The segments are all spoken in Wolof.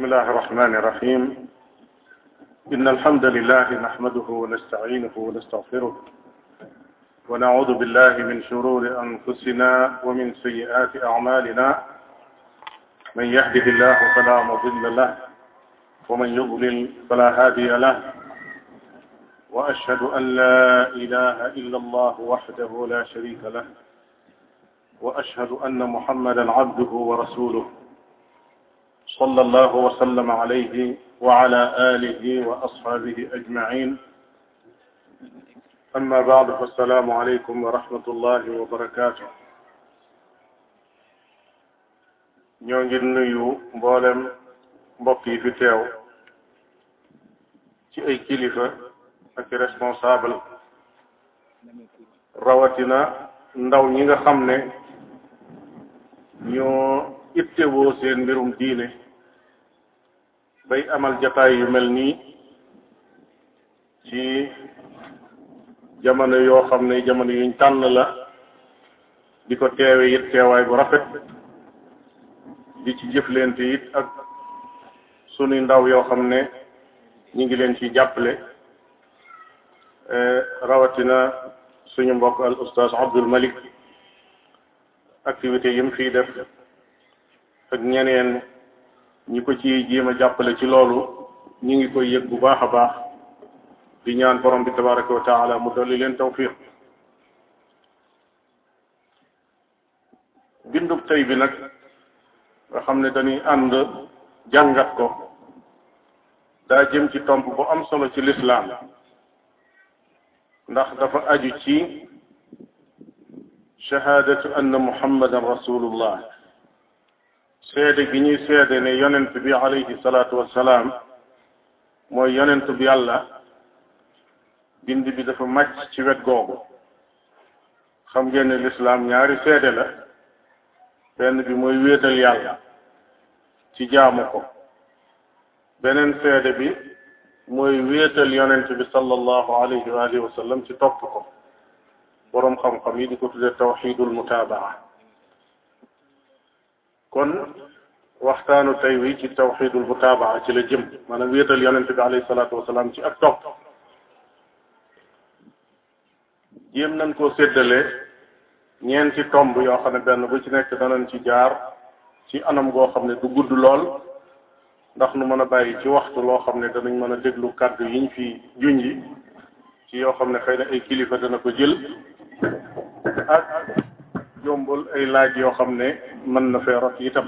بسم الله الرحمن الرحيم إن الحمد لله نحمده ونستعينه ونستغفره ونعوذ بالله من شرور أنفسنا ومن سيئات أعمالنا من يهده الله فلا مضل له ومن يضلل فلا هادي له وأشهد أن لا إله إلا الله وحده لا شريك له وأشهد أن محمدا عبده ورسوله sallallahu wa sallam alayhi wa ala alihi wa ashaabihi ajmain amma baadu fa salaamu aleykum wa rahmatullahi wa barakaatu. ñoo ngi nuyu mboolem mbokk yi fi teew ci ay kilifa ak responsable rawatina ndaw ñi nga xam ne ñoo ittewoo seen mbirum diine bay amal jataay yu mel nii ci jamono yoo xam ne jamono yuñ tànn la di ko teewe it teewaay bu rafet di ci jëflante it ak sunuy ndaw yoo xam ne ñu ngi leen ci jàppale eh, rawatina suñu mbokk al oustaz Abdul Malik activité yi mu def ak ñeneen ñi ko ci jéem a jàppale ci loolu ñu ngi koy yëg bu baax a baax di ñaan borom bi tabaraka wa taala mu dolli leen tawfiq bindub tey bi nag nga xam ne dañuy ànd jàngat ko daa jëm ci tomp bu am solo ci lislaam ndax dafa aju ci shahaadatu anna muhammadan rasulullah seede gi ñuy seede ne yonent bi alayhi salaatu wassalaam mooy yonent bi yàlla bind bi dafa màcc ci wet googu xam ngeen ne lislaam ñaari seede la benn bi mooy wéetal yàlla ci jaamu ko beneen seede bi mooy wéetal yonent bi sallallahu alayhi wa alihi ci topp ko boroom xam-xam yi di ko tudde tawxidul mutaabaa kon waxtaanu tey wi ci bu mutaabaa ci la jëm maanaam wéetal yonente bi alayhi salaatu wasalaam ci ak topp jéem nañ koo séddale ñeenti tomb yoo xam ne benn bu ci nekk danañ ci jaar ci anam goo xam ne du gudd lool ndax nu mën a bàyyi ci waxtu loo xam ne danañ mën a déglu kàddu yiñ fi junji ci yoo xam ne xëy na ay kilifa dana ko jël ak jombul ay laaj yoo xam ne mën na fee rot itam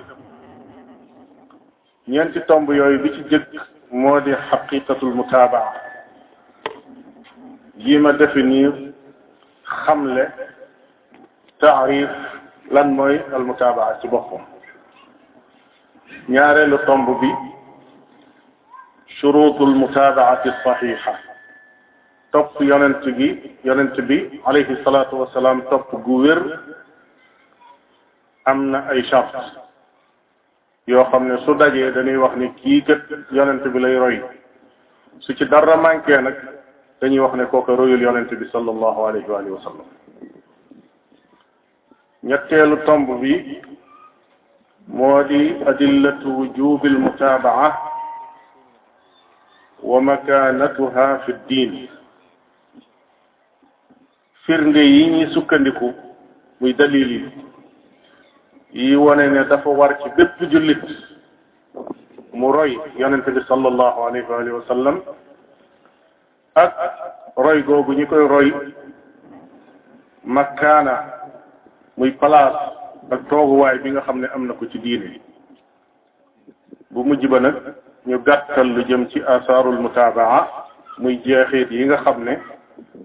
ñeenti tomb yooyu bi ci jëkk moo di xaqiqatul mutaabaa yi ma définir xamle taarif lan mooy al mutaabaa ci boppam ñaareelu tomb bi shurutul mutaabaati saxiixa topp yonent gi yonent bi alayhi salaatu wasalaam topp gu wér am na ay charte yoo xam ne su dajee dañuy wax ni kii kat yonent bi lay roy su ci dara manqué nag dañuy wax ne kooka royul yonent bi sallallahu alayhi wa alihi ñetteelu tomb bi moo di adillatu wujubi almutaabaa wa makaanatuha fi diin firnde yi ñuy sukkandiku muy dalil yi wane ne dafa war ci bépp jullit mu roy yonente bi sallallahu alayhi wa alihi ak roy googu ñi koy roy makkaana muy place ak tooguwaay bi nga xam ne am na ko ci diine bu mujj ba nag ñu gàttal lu jëm ci asaarul mutaabaa muy jeexit yi nga xam ne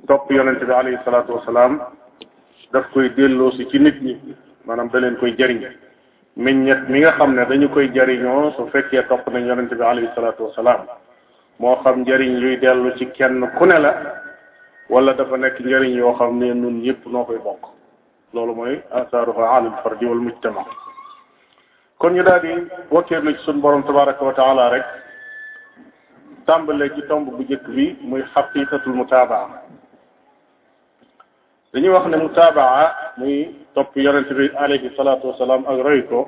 topp yonente bi alayhi salaatu wasalaam daf koy delloosi ci nit ñi maanaam da leen koy jëriñ meññet mi nga xam ne dañu koy jariñoo su fekkee topp nañ yonente bi alayhi salaatu wasalaam moo xam njariñ luy dellu ci kenn ku ne la wala dafa nekk njëriñ yoo xam ne nun ñëpp noo koy bokk loolu mooy asaaruha alal fardi wal mujtama kon ñu daal di wakkeerlu ci suñu borom tabaraka wa rek tàmbalee ci tomb bu njëkk bi muy xaqiqatul mutaabaa dañuy wax ne mutaabaa muy topp yonente bi alayhi salaatu wasalaam ak roy ko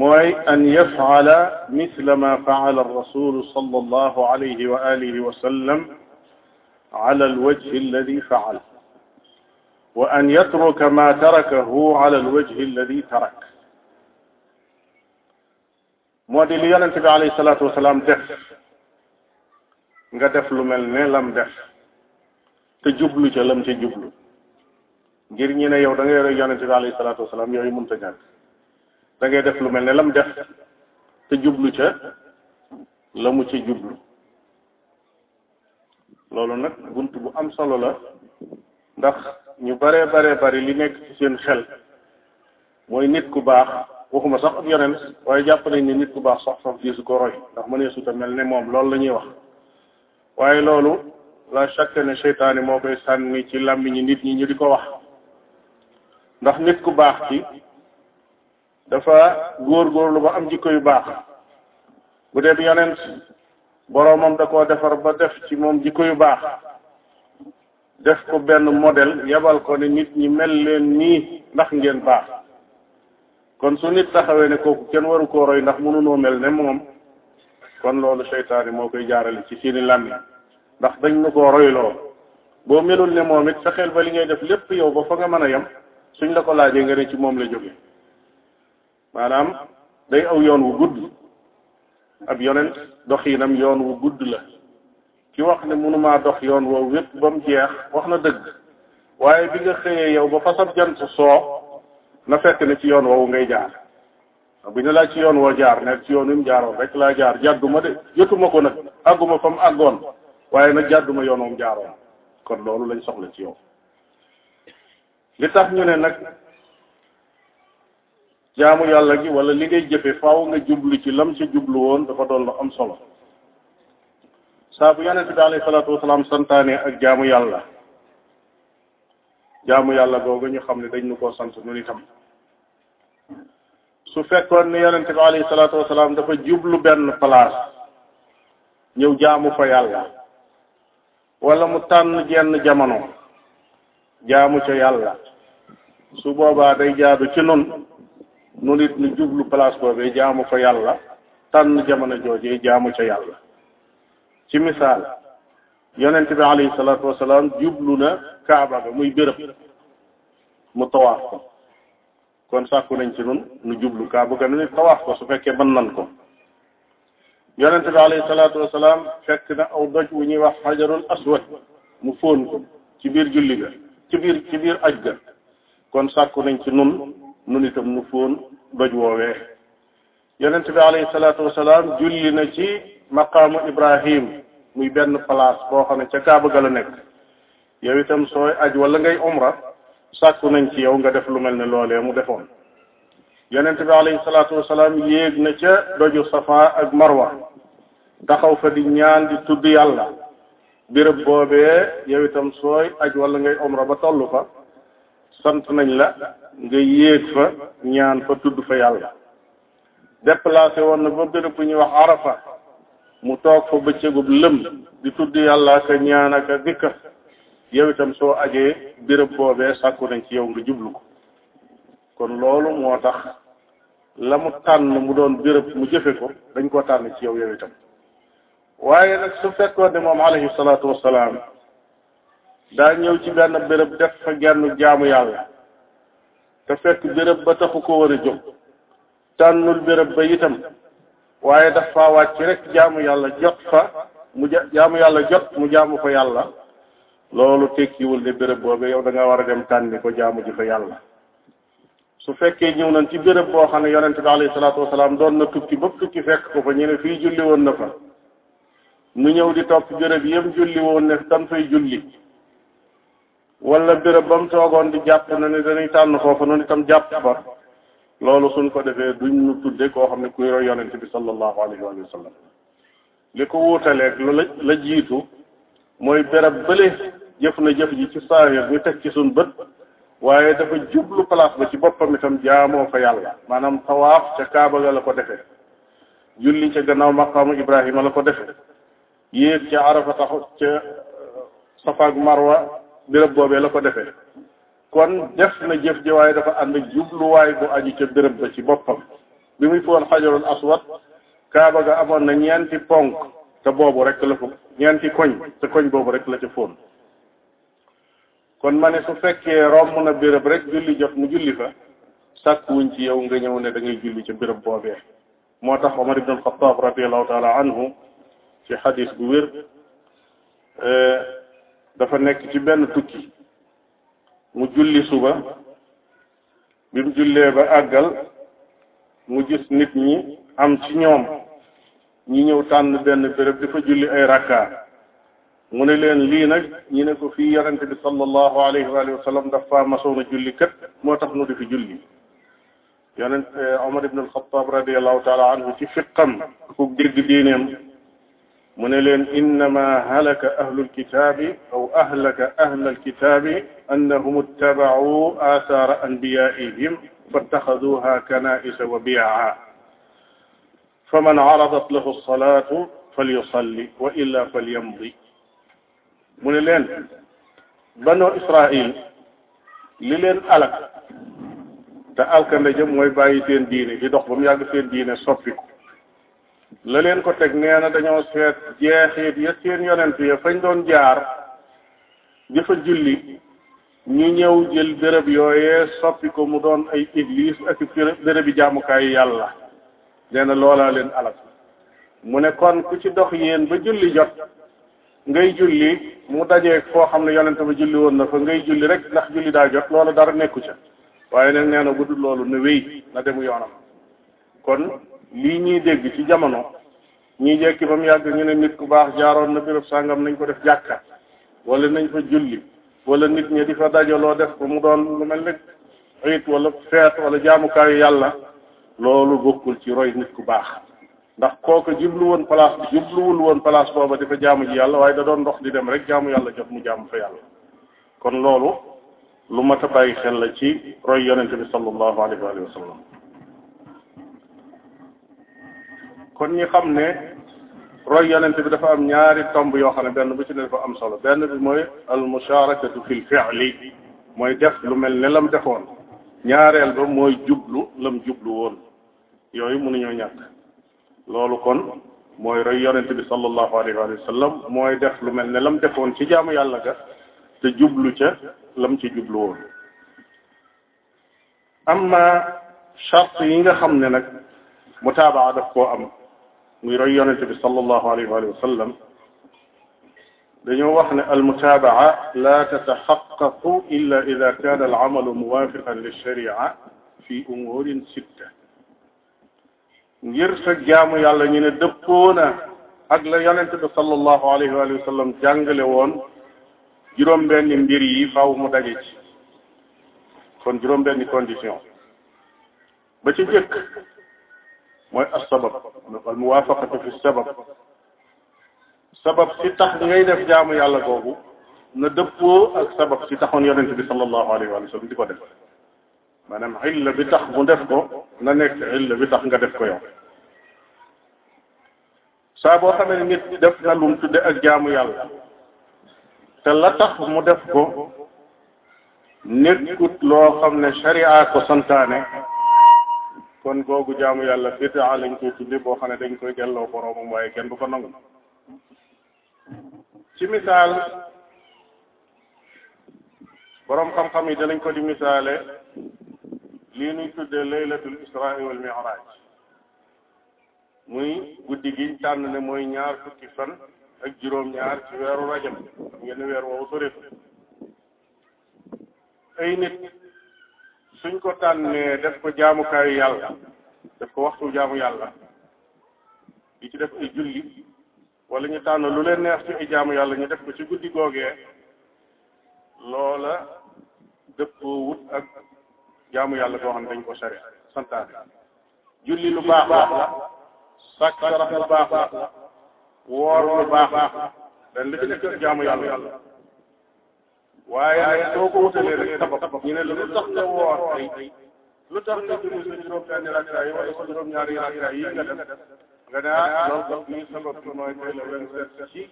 mooy an yafala misla ma faala rasulu sallallahu alayhi wa alihi wa sallam ala alwajhi alladi faal wa an yatruka ma tarakahu ala alwajhi alladi tarak moo di li yonente bi alayhi salaatu wasalaam def nga def lu mel ne lam def te jublu ca lam ca jublu ngir ñi ne yow dangay nga yore yonente bi alayhi salaatu wasalaam yooyu mënta ñàkk da ngay def lu mel ne lam def te jublu ca la mu ci jublu loolu nag bunt bu am solo la ndax ñu baree baree bari li nekk ci seen xel mooy nit ku baax waxuma sax ak yonent waaye jàpp nañ ni nit ku baax sax sax gisu ko ndax mënee suta mel ne moom loolu la ñuy wax waaye loolu la chaque ne seytaane moo koy sànni ci làmmiñi nit ñi ñu di ko wax ndax nit ku baax ci dafa góorgóorlu ba am jikko yu baax bu dee yonent boroomam da koo defar ba def ci moom jikko yu baax def ko benn modèle yebal ko ne nit ñi mel leen nii ndax ngeen baax kon su nit taxawee ne kooku kenn waru koo roy ndax mënuloo mel ne moom kon loolu seytaan yi moo koy jaarale ci seeni làmmi ndax dañ na koo royloo boo melul ne moom it fexeel ba li ngay def lépp yow ba fa nga mën a yem suñ la ko laajee nga ne ci moom la jóge maanaam day aw yoon wu gudd ab yonent doxiinam yoon wu gudd la ki wax ne mënumaa dox yoon woowu wépp ba mu jeex wax na dëgg waaye bi nga xëyee yow ba fasab jant soo na fekk ne ci yoon woowu ngay jaar bu ñu laaj ci yoon woo jaar nekk ci yoon wi mu jaaroon rek laa jaar jàdduma de jotuma ko nag àgguma fa mu àggoon waaye nag jàdduma yoon woo jaaroon kon loolu lañ soxla ci yow li tax ñu ne nag jaamu yàlla gi wala li ngay jëfe faaw nga jublu ci lam ci jublu woon dafa doon lu am solo saabu bu yonent bi alayhi salaatu wasalaam santaane ak jaamu yàlla jaamu yàlla googu ñu xam ne dañ nu ko sant ñun itam su fekkoon ne yonent bi alayhi salaatu wasalaam dafa jublu benn place ñëw jaamu fa yàlla wala mu tànn jenn jamono jaamu ca yàlla su boobaa day jaadu ci nun nu nit ñu jublu place boobee jaamu ko yàlla tànn jamono joojee jaamu ca yàlla ci misaal yonent bi alayhi salaatu wasalaam jublu na kaaba ga muy bérëb mu tawaaf ko kon sàkku nañ ci nun nu jublu kaaba ga nu nit tawaaf ko su fekkee mën nan ko yonent bi alayhi salaatu wasalaam fekk na aw doj wu ñuy wax xajarul aswad mu fóon ko ci biir julli ga ci biir ci biir aj ga kon sàkku nañ ci nun nun itam nu fóon doj woowee yonent bi alayhi salaatu wasalaam julli na ci maqaamu ibrahim muy benn place boo xam ne ca kaaba ga la nekk yow itam sooy aj wala ngay umra sàkku nañ ci yow nga def lu mel ne loolee mu defoon yonent bi alayhi salaatu wasalaam yéeg na ca doju safa ak marwa taxaw fa di ñaan di tudd yàlla béréb boobee yow itam sooy aj wala ngay omra ba toll fa sant nañ la nga yéeg fa ñaan fa tudd fa yàlla déplacé woon na ba béréb bu ñuy wax arafa mu toog fa bëccëgub lëm di tudd yàlla ak ñaan ak a yow itam soo ajee béréb boobee sàkku nañ ci yow nga jublu ko kon loolu moo tax la mu tànn mu doon béréb mu jëfe ko dañ koo tànn ci yow yow itam waaye nag su fekkoon ne moom alayhi salaatu wassalaam daa ñëw ci benn béréb def fa genn jaamu yàlla te fekk béréb ba taxu ko war a jóg tànnul bërëb ba itam waaye daf faa wàcc rek jaamu yàlla jot fa mu jaamu yàlla jot mu jaamu fa yàlla loolu tekkiwul ne béréb boobu yow da war a dem tànni ko jaamu ji fa yàlla su fekkee ñëw nañ ci béréb boo xam ne yonente bi alayhi salaatu wasalaam doon na tukki ba tukki fekk ko fa ñu ne fii julli woon na fa nu ñëw di topp béréb yëm julli woon ne dan fay julli wala béréb ba mu toogoon di jàpp na ni dañuy tànn foofu noonu itam jàpp fa loolu suñ ko defee duñ nu tudde koo xam ne kuy roy yonent bi sallallahu alayhi wa sallam li ko wuutaleeg lu la la jiitu mooy béréb bële jëf na jëf ji ci saahir ñu teg ci suñ bët waaye dafa jublu place ba ci boppam itam jaamoo fa yàlla maanaam tawaaf ca Kaaba ga la ko defee julli ca gannaaw maqaamu Ibrahima la ko defee yéeg ca Arafa tax ca Safa ak Marwa béréb boobee la ko defee kon def na jëf ji waaye dafa ànd ak jubluwaay bu aju ca béréb ba ci boppam bi muy foon xajarul aswad kaaba ga amoon na ñeenti ponk te boobu rek la ko ñeenti koñ te koñ boobu rek la ca foon kon ma ne su fekkee romb na béréb rek julli jot mu julli fa wuñ ci yow nga ñëw ne da ngay julli ca béréb boobee moo tax Omar ibn al-Khattab radiallahu taala anhu ci xadis bu wér eh, dafa nekk ci benn tukki mu julli suba bi mu jullee ba àggal mu gis nit ñi am ci ñoom ñi ñëw tànn benn béréb dafa julli ay rakkaa mu ne leen lii nag ñi ne ko fii yonente bi sallallahu alayhi wa sallam dafa masoon a julli kat moo tax nu di fi julli yonent eh, Omar ibn al-Khattab radiallahu taala anhu ci fiqam ku dégg diineem mu ne leen innama halaka ahlul kitaabi aw ahlaka ahlal kitaabi annahum ittabau aathaara anbiyaihim fattaxaduha kanaisa wa biyaa faman aradat lahu salaatu falyusalli wa illa falyamdi mu ne leen banu israil li leen alak te alkande jëm mooy bàyyi seen diine di dox ba mu yàgg seen diine soppiku la leen ko teg nee dañoo seet jeexit ya seen yonent ya fañ doon jaar di fa julli ñu ñëw jël béréb yooye soppi ko mu doon ay église ak bérébi jàmmukaay yàlla nee na loolaa leen alal mu ne kon ku ci dox yéen ba julli jot ngay julli mu dajeeg foo xam ne yonent ba julli woon na fa ngay julli rek ndax julli daa jot loolu dara nekku ca waaye nag nee na bu dul loolu ne wéy na demu yoonam kon lii ñuy dégg ci jamono ñuy jekki ba mu yàgg ñu ne nit ku baax jaaroon na béréb sàngam nañ ko def jàkka wala nañ fa julli wala nit ñi di fa dajaloo def ko mu doon lu mel ne it wala feet wala jaamukaayu yàlla loolu bokkul ci roy nit ku baax ndax kooku jublu woon place bi woon place booba di fa jaamu ji yàlla waaye da doon ndox di dem rek jaamu yàlla jot mu jaamu fa yàlla kon loolu lu mat a bàyyi xel la ci roy yonente bi sallallahu alayhi wa sallam kon ñi xam ne roy yonent bi dafa am ñaari tomb yoo xam ne benn bu ci ne dafa am solo benn bi mooy al musharakatu fil fi'li mooy def lu mel ne lam defoon ñaareel ba mooy jublu lam jublu woon yooyu mënuñoo ñàkk loolu kon mooy roy yonent bi sallallahu alayhi wa sallam mooy def lu mel ne lam defoon ci jaamu yàlla ga te jublu ca lam ci jublu woon amma charte yi nga xam ne nag mutaabaa daf koo am muy roy yonente bi sallallahu alayhi wa sallam dañoo wax ne almutaabaa la tataxaqaqu illa ida kaana alamalu muwafiqan lilsharia fi umurin sitta ngir sa jaamu yàlla ñu ne dëppoona ak la yonente bi sallallahu alayhi wa sallam jàngale woon juróom benni mbir yi faw mu daje ci kon juróom benni condition ba ci jëkk mooy as-sabab al muwaafaqatu fi sabab sabab si tax ngay def jaamu yàlla googu na dëppoo ak sabab si taxoon yonent bi sallallahu alayhi wa sallam di ko def maanaam illa bi tax mu def ko na nekk illa bi tax nga def ko yow saa boo xamee ne nit def na lum tudde ak jaamu yàlla te la tax mu def ko nekkut loo xam ne sharia ko santaane kon googu jaamu yàlla bidaa lañ koy tudde boo xam ne dañ koy delloo boroomam waaye kenn du ko nangu ci misaal boroom xam-xam yi danañ ko di misaale lii nuy tudde laylatul israa wal mi'raj muy guddi gi tànn ne mooy ñaar fukki fan ak juróom-ñaar ci weeru rajam xam ngeen ne weer woowu soreetu ay nit suñ ko tànnee def ko jaamukaay yàlla def ko waxtu jaamu yàlla di ci def ay julli wala ñu tànn lu leen neex ci ay jaamu yàlla ñu def ko ci guddi googee loola dëppoo wut ak jaamu yàlla boo xam dañ ko sare santaane julli lu baax baax la sàkk sarax lu baax baax la woor lu baax baax la dañ li ci jaamu yàlla waaye nag soo ko wutalee rek sabab ñu ne la lu tax nga woor tey lu tax nga jëmu sa juróom benn rakka yi wala sa juróom ñaari rakka yi nga def nga ne ah loolu sax muy sabab bi mooy tey la vingt-sept ci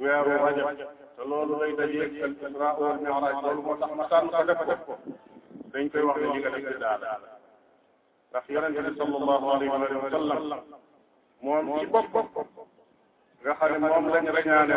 weeru rajab te loolu lay dajeeg al isra wal mi'raj loolu moo tax ma tànn ko def ko dañ koy wax ne li nga def ci daala ndax yonente bi sallallahu alayhi wa sallam moom ci bopp nga xam ne moom lañ reñaane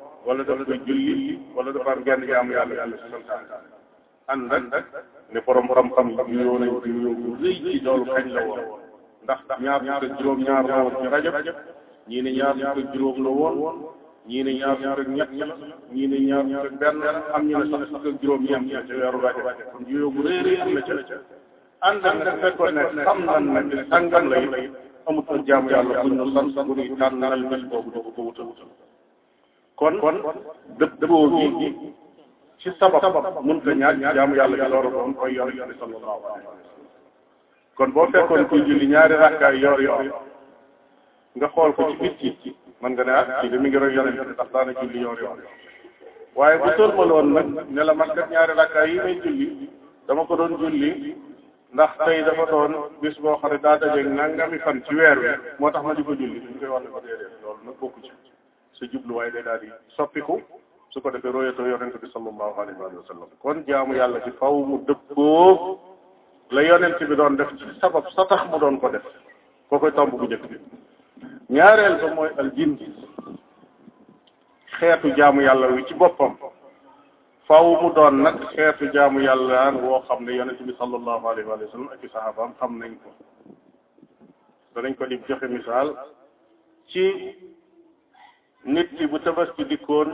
wala daf koy julli wala dafa am genn jaamu yàlla yàlla si santaan ànd ak ne borom xam-xam yi ñëw nañ ci ñëw bu rëy ci loolu kañ la woon ndax ñaar fukk ak juróom ñaar la woon ci rajab ñii ne ñaar fukk juróom la woon ñii ne ñaar fukk ak ñett ñii ne ñaar fukk ak benn am ak juróom ñeent ña ca weeru rajab kon ñëw bu rëy rëy am na ca ànd ak nag fekkoon ne xam nan nag ne sàngan la it amut ak jaamu yàlla buñ nu sant bu ñuy tànnal bés boobu da ko wutal kon kon dëpp dëppoo gi ci sabab mënut a ñaar jaamu yàlla gi door a doon koy yor yor sallallahu alayhi wa kon boo fekkoon kuy julli ñaari rakkaay yor yor nga xool ko ci bitti ci man nga ne ah kii de mi ngi roy yonent bi ndax daana julli yor yor waaye bu yi dama ko doon julli ndax tey dafa doon bis boo xam ne daa dajeeg nangami fan ci weer wi moo tax ma di ko julli dañ koy wax ne ko déedéet loolu sa jubluwaay day daal di soppiku su ko defee royatoo yonent bi sallallahu alayhi wa sallam kon jaamu yàlla ci faw mu dëppoo la yonent bi doon def ci sabab sa tax mu doon ko def koo koy tomb bu njëkk bi ñaareel ba mooy al xeetu jaamu yàlla wi ci boppam faw mu doon nag xeetu jaamu yàlla woo xam ne yonent bi sallallahu alayhi wa sallam ak xam nañ ko danañ ko di joxe misaal ci nit ki bu tabaski dikkoon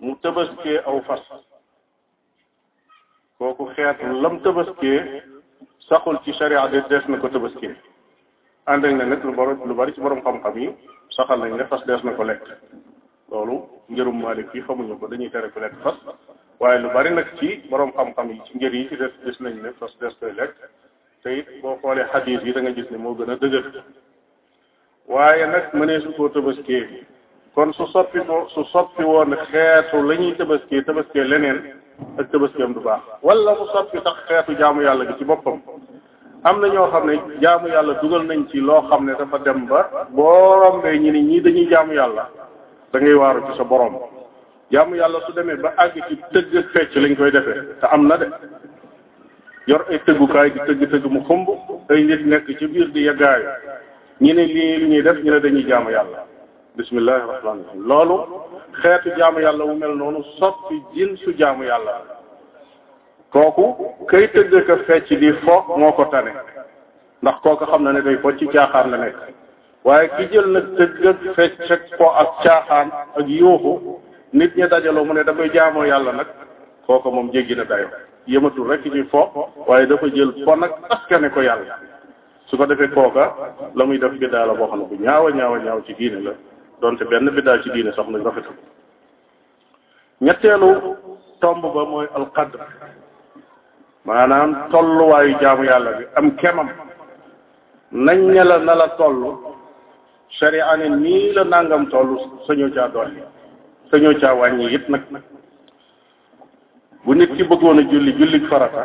mu tabaskee aw fas kooku xeet lam tabaskee saxul ci sharia de dees na ko tabaskee ànd ak na nag lu bari lu bari ci borom xam-xam yi saxal nañ ne fas dees na ko lekk loolu njërum Maalik yi xamuñu ko dañuy tere ku lekk fas waaye lu bari nag ci borom xam-xam yi ci njër yi ci def gis nañ ne fas dees koy lekk te boo xoolee xadiis yi da nga gis ne moo gën a dëgër waaye nag mënee su koo tabaskee kon su soppi ko su soppi woon xeetu la ñuy tabaski tabaski leneen ak tabaskiyam du baax wala mu soppi sax xeetu jaamu yàlla gi ci boppam am na ñoo xam ne jaamu yàlla dugal nañ ci loo xam ne dafa dem ba boo rombee ñi ni ñii dañuy jaamu yàlla da ngay waaru ci sa borom jaamu yàlla su demee ba àgg ci tëgg ak fecc lañ koy defe te am na de yor ay tëggukaay di tëgg tëgg mu xumb ay nit nekk ci biir di yeggaayu ñi ne lii li ñuy def ñu ne dañuy jaamu yàlla bismillahi rahmaani rahim loolu xeetu jaamu yàlla wu mel noonu soppi jin su jaamu yàlla kooku kay tëgg ka fecc di fo moo ko tane ndax kooku xam na ne day fo ci caaxaan la nekk waaye ki jël nag tëgg ak fecc ak fo ak caaxaan ak yooxu nit ñi dajaloo mu ne da jaamoo yàlla nag kooku moom jéggi na dayo yëmatul rek ci fo waaye dafa jël fo nag askane ko yàlla su ko defee kooka la muy def bi daala boo xam bu ñaawa ñaawa ñaaw ci diine la donte benn biddaa ci diine sax nag rafetul ñetteelu tomb ba mooy alqadr maanaam tolluwaayu jaamu yàlla bi am kemam nañ ne la na la toll sharia ne nii la nangam toll sañoo caa dolli sañoo caa wàññi it nag bu nit ki bëggoon a julli julli farata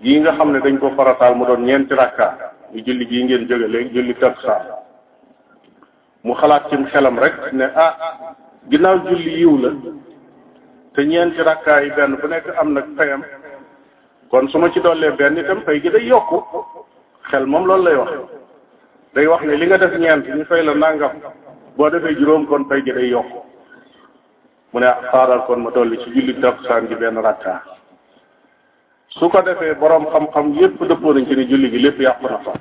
yi nga xam ne dañ ko farataal mu doon ñeenti rakka ñu julli gii ngeen jóge léegi julli takkusaan mu xalaat cim xelam rek ne ah ginnaaw julli yiw la te ñeenti rakkaa yi benn bu nekk am nag payam kon su ma ci dollee benn itam pay gi day yokku xel moom loolu lay wax day wax ne li nga def ñeent ñu fay la nangam boo defee juróom kon pay gi day yokk mu ne ah, xaaral kon ma dolli ci julli saan gi benn rakkaa su ko defee boroom xam-xam yépp dëppoo nañ ci ne julli gi lépp yàqu na fa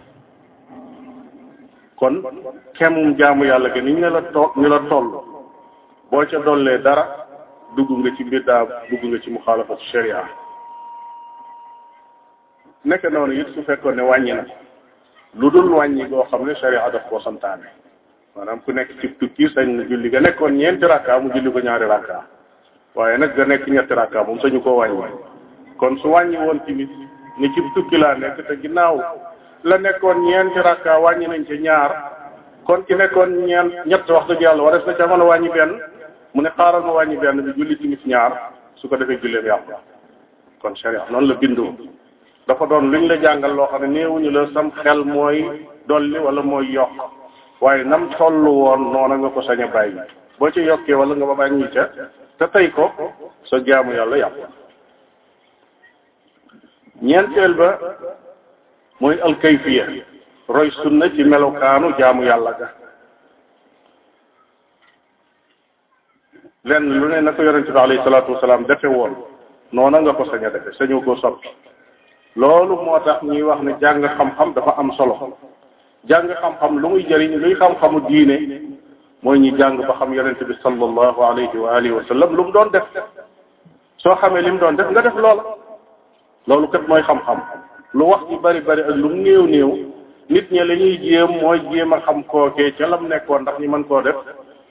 kon xemum jaamu yàlla ga ni ñu la to ñu la toll boo ca dollee dara dugg nga ci biddaa dugg nga ci muxaalafatu sharia nekk noonu it su fekkoon ne wàññi na lu dul wàññi goo xam ne sharia daf koo santaane maanaam ku nekk ci tukki sañ na julli ga nekkoon ñeenti rakka mu julli ko ñaari rakka waaye nag ga nekk ñetti rakka moom sañu koo wàññi kon su wàññi woon tamit ni ci tukki laa nekk te ginnaaw la nekkoon ñeenti rakka wàññi nañ ci ñaar kon ki nekkoon ñeent ñett wax dëgg yàlla warees na ca mën a wàññi benn mu ne xaaral ma wàññi benn bi julli timis ñaar su ko defee julleem yàqu kon sharia noonu la bindoo dafa doon luñ la jàngal loo xam ne néewuñu la sam xel mooy dolli wala mooy yokk waaye nam toll woon noona nga ko saña a bàyyi boo ci yokkee wala nga ba bàyyi ca te tey ko sa jaamu yàlla yàqu ñeenteel ba mooy alkayfiya roy sunna ci melokaanu jaamu yàlla ga lenn lu ne na ko yonente bi alayhi salaatu wasalaam defe woon noona nga ko sañ a defe sañu koo soppi loolu moo tax ñuy wax ne jàng xam-xam dafa am solo jàng xam-xam lu muy jëriñ luy xam-xamu diine mooy ñu jàng ba xam yonente bi sallallahu alayhi lu mu doon def soo xamee li mu doon def nga def loola loolu kat mooy xam-xam lu wax ci bari bari ak lu mu néew néew nit ñi la ñuy jéem mooy jéem a xam kookee ca la mu nekkoon ndax ñu man koo def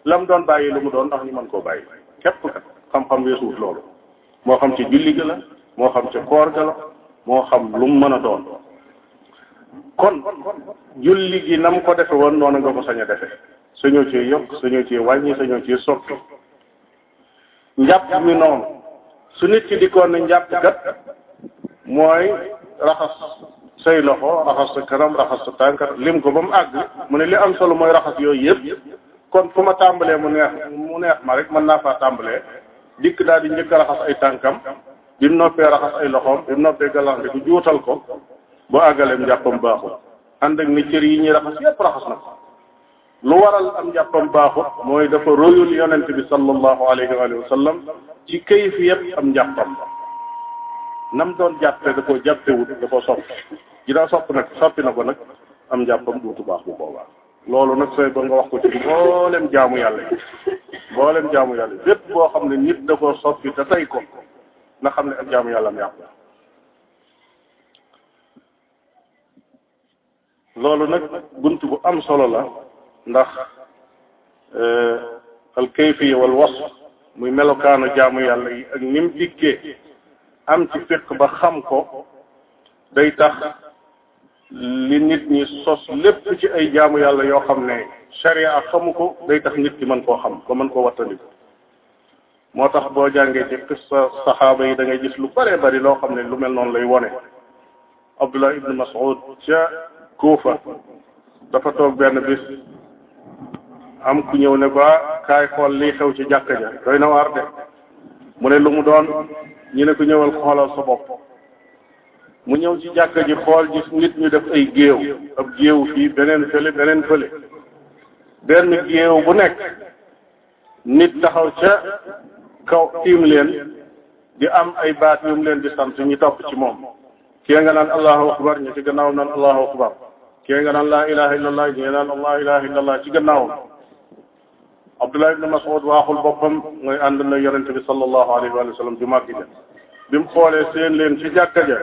lam doon bàyyi lu mu doon ndax ñu man koo bàyyi képp kat xam-xam weesuut loolu moo xam ci julli ga la moo xam ci koor ga la moo xam lu mu mën a doon kon julli gi mu ko defe woon noonu nga ko sañ a defe sañoo ci yokk sañoo ci wàññi sañoo ci soppi njàpp mi noonu su nit ki di ne njàpp kat mooy raxas say loxo raxas sa kanam raxas sa tànk lim ko ba mu àgg mu ne li am solo mooy raxas yooyu yëpp kon fu ma tàmbalee mu neex mu neex ma rek mën naa fa tàmbalee dikk daal di njëkk a raxas ay tànkam di noppee raxas ay loxoom bi mu noppee galandiku juutal ko bu àggaleem njàppam baaxul ànd ak ni cër yi ñuy raxas yëpp raxas na ko lu waral am njàppam baaxut mooy dafa royul yonent bi sallallahu alayhi wa sallam ci kayfiyat am njàppam nam doon jàppe da koo jàppewut da koo sopp ginnaaw sopp nag soppi na ko nag am jàppam duutu baax bu boobaa loolu nag sooy ba nga wax ko ci mboolem jaamu yàlla yi mboolem yàlla yi bépp boo xam ne nit da koo soppi te tey ko na xam ne ak jaamu yàlla am yàqu loolu nag bunt bu am solo la ndax eh, al kayfiya wal wasf muy melokaanu jaamu yàlla yi ak nim dikkee am ci fiq ba xam ko day tax li nit ñi sos lépp ci ay jaamu yàlla yoo xam ne sharia xamu ko day tax nit ki mën koo xam ba mën koo wattandiku moo tax boo jàngee ci sa saxaaba yi da ngay gis lu bëree bëri loo xam ne lu mel noonu lay wone Abdullah ibn Mas'ud ca Kuufa dafa toog benn bis am ku ñëw ne ko ah, kaay xool lii xew ci jàkka ja doy na de mu ne lu mu doon ñu ne ko ñëwal xoolal sa bopp mu ñëw ci jàkka ji xool gis nit ñu def ay géew ab géew fii beneen fële beneen fële benn géew bu nekk nit taxaw ca kaw tiim leen di am ay baat yu mu leen di sant ñu topp ci moom kee nga naan allahu akbar ñu ci gannaaw naan allahu akbar kee nga naan laa ilaha illallah ñu naan allah ilaha illallah ci gannaawam Abdullah ibn Mas'ud waaxul boppam mooy ànd na yonente bi sallallahu alayhi wa sallam ju màgg ja bi mu xoolee seen leen ci jàkka ja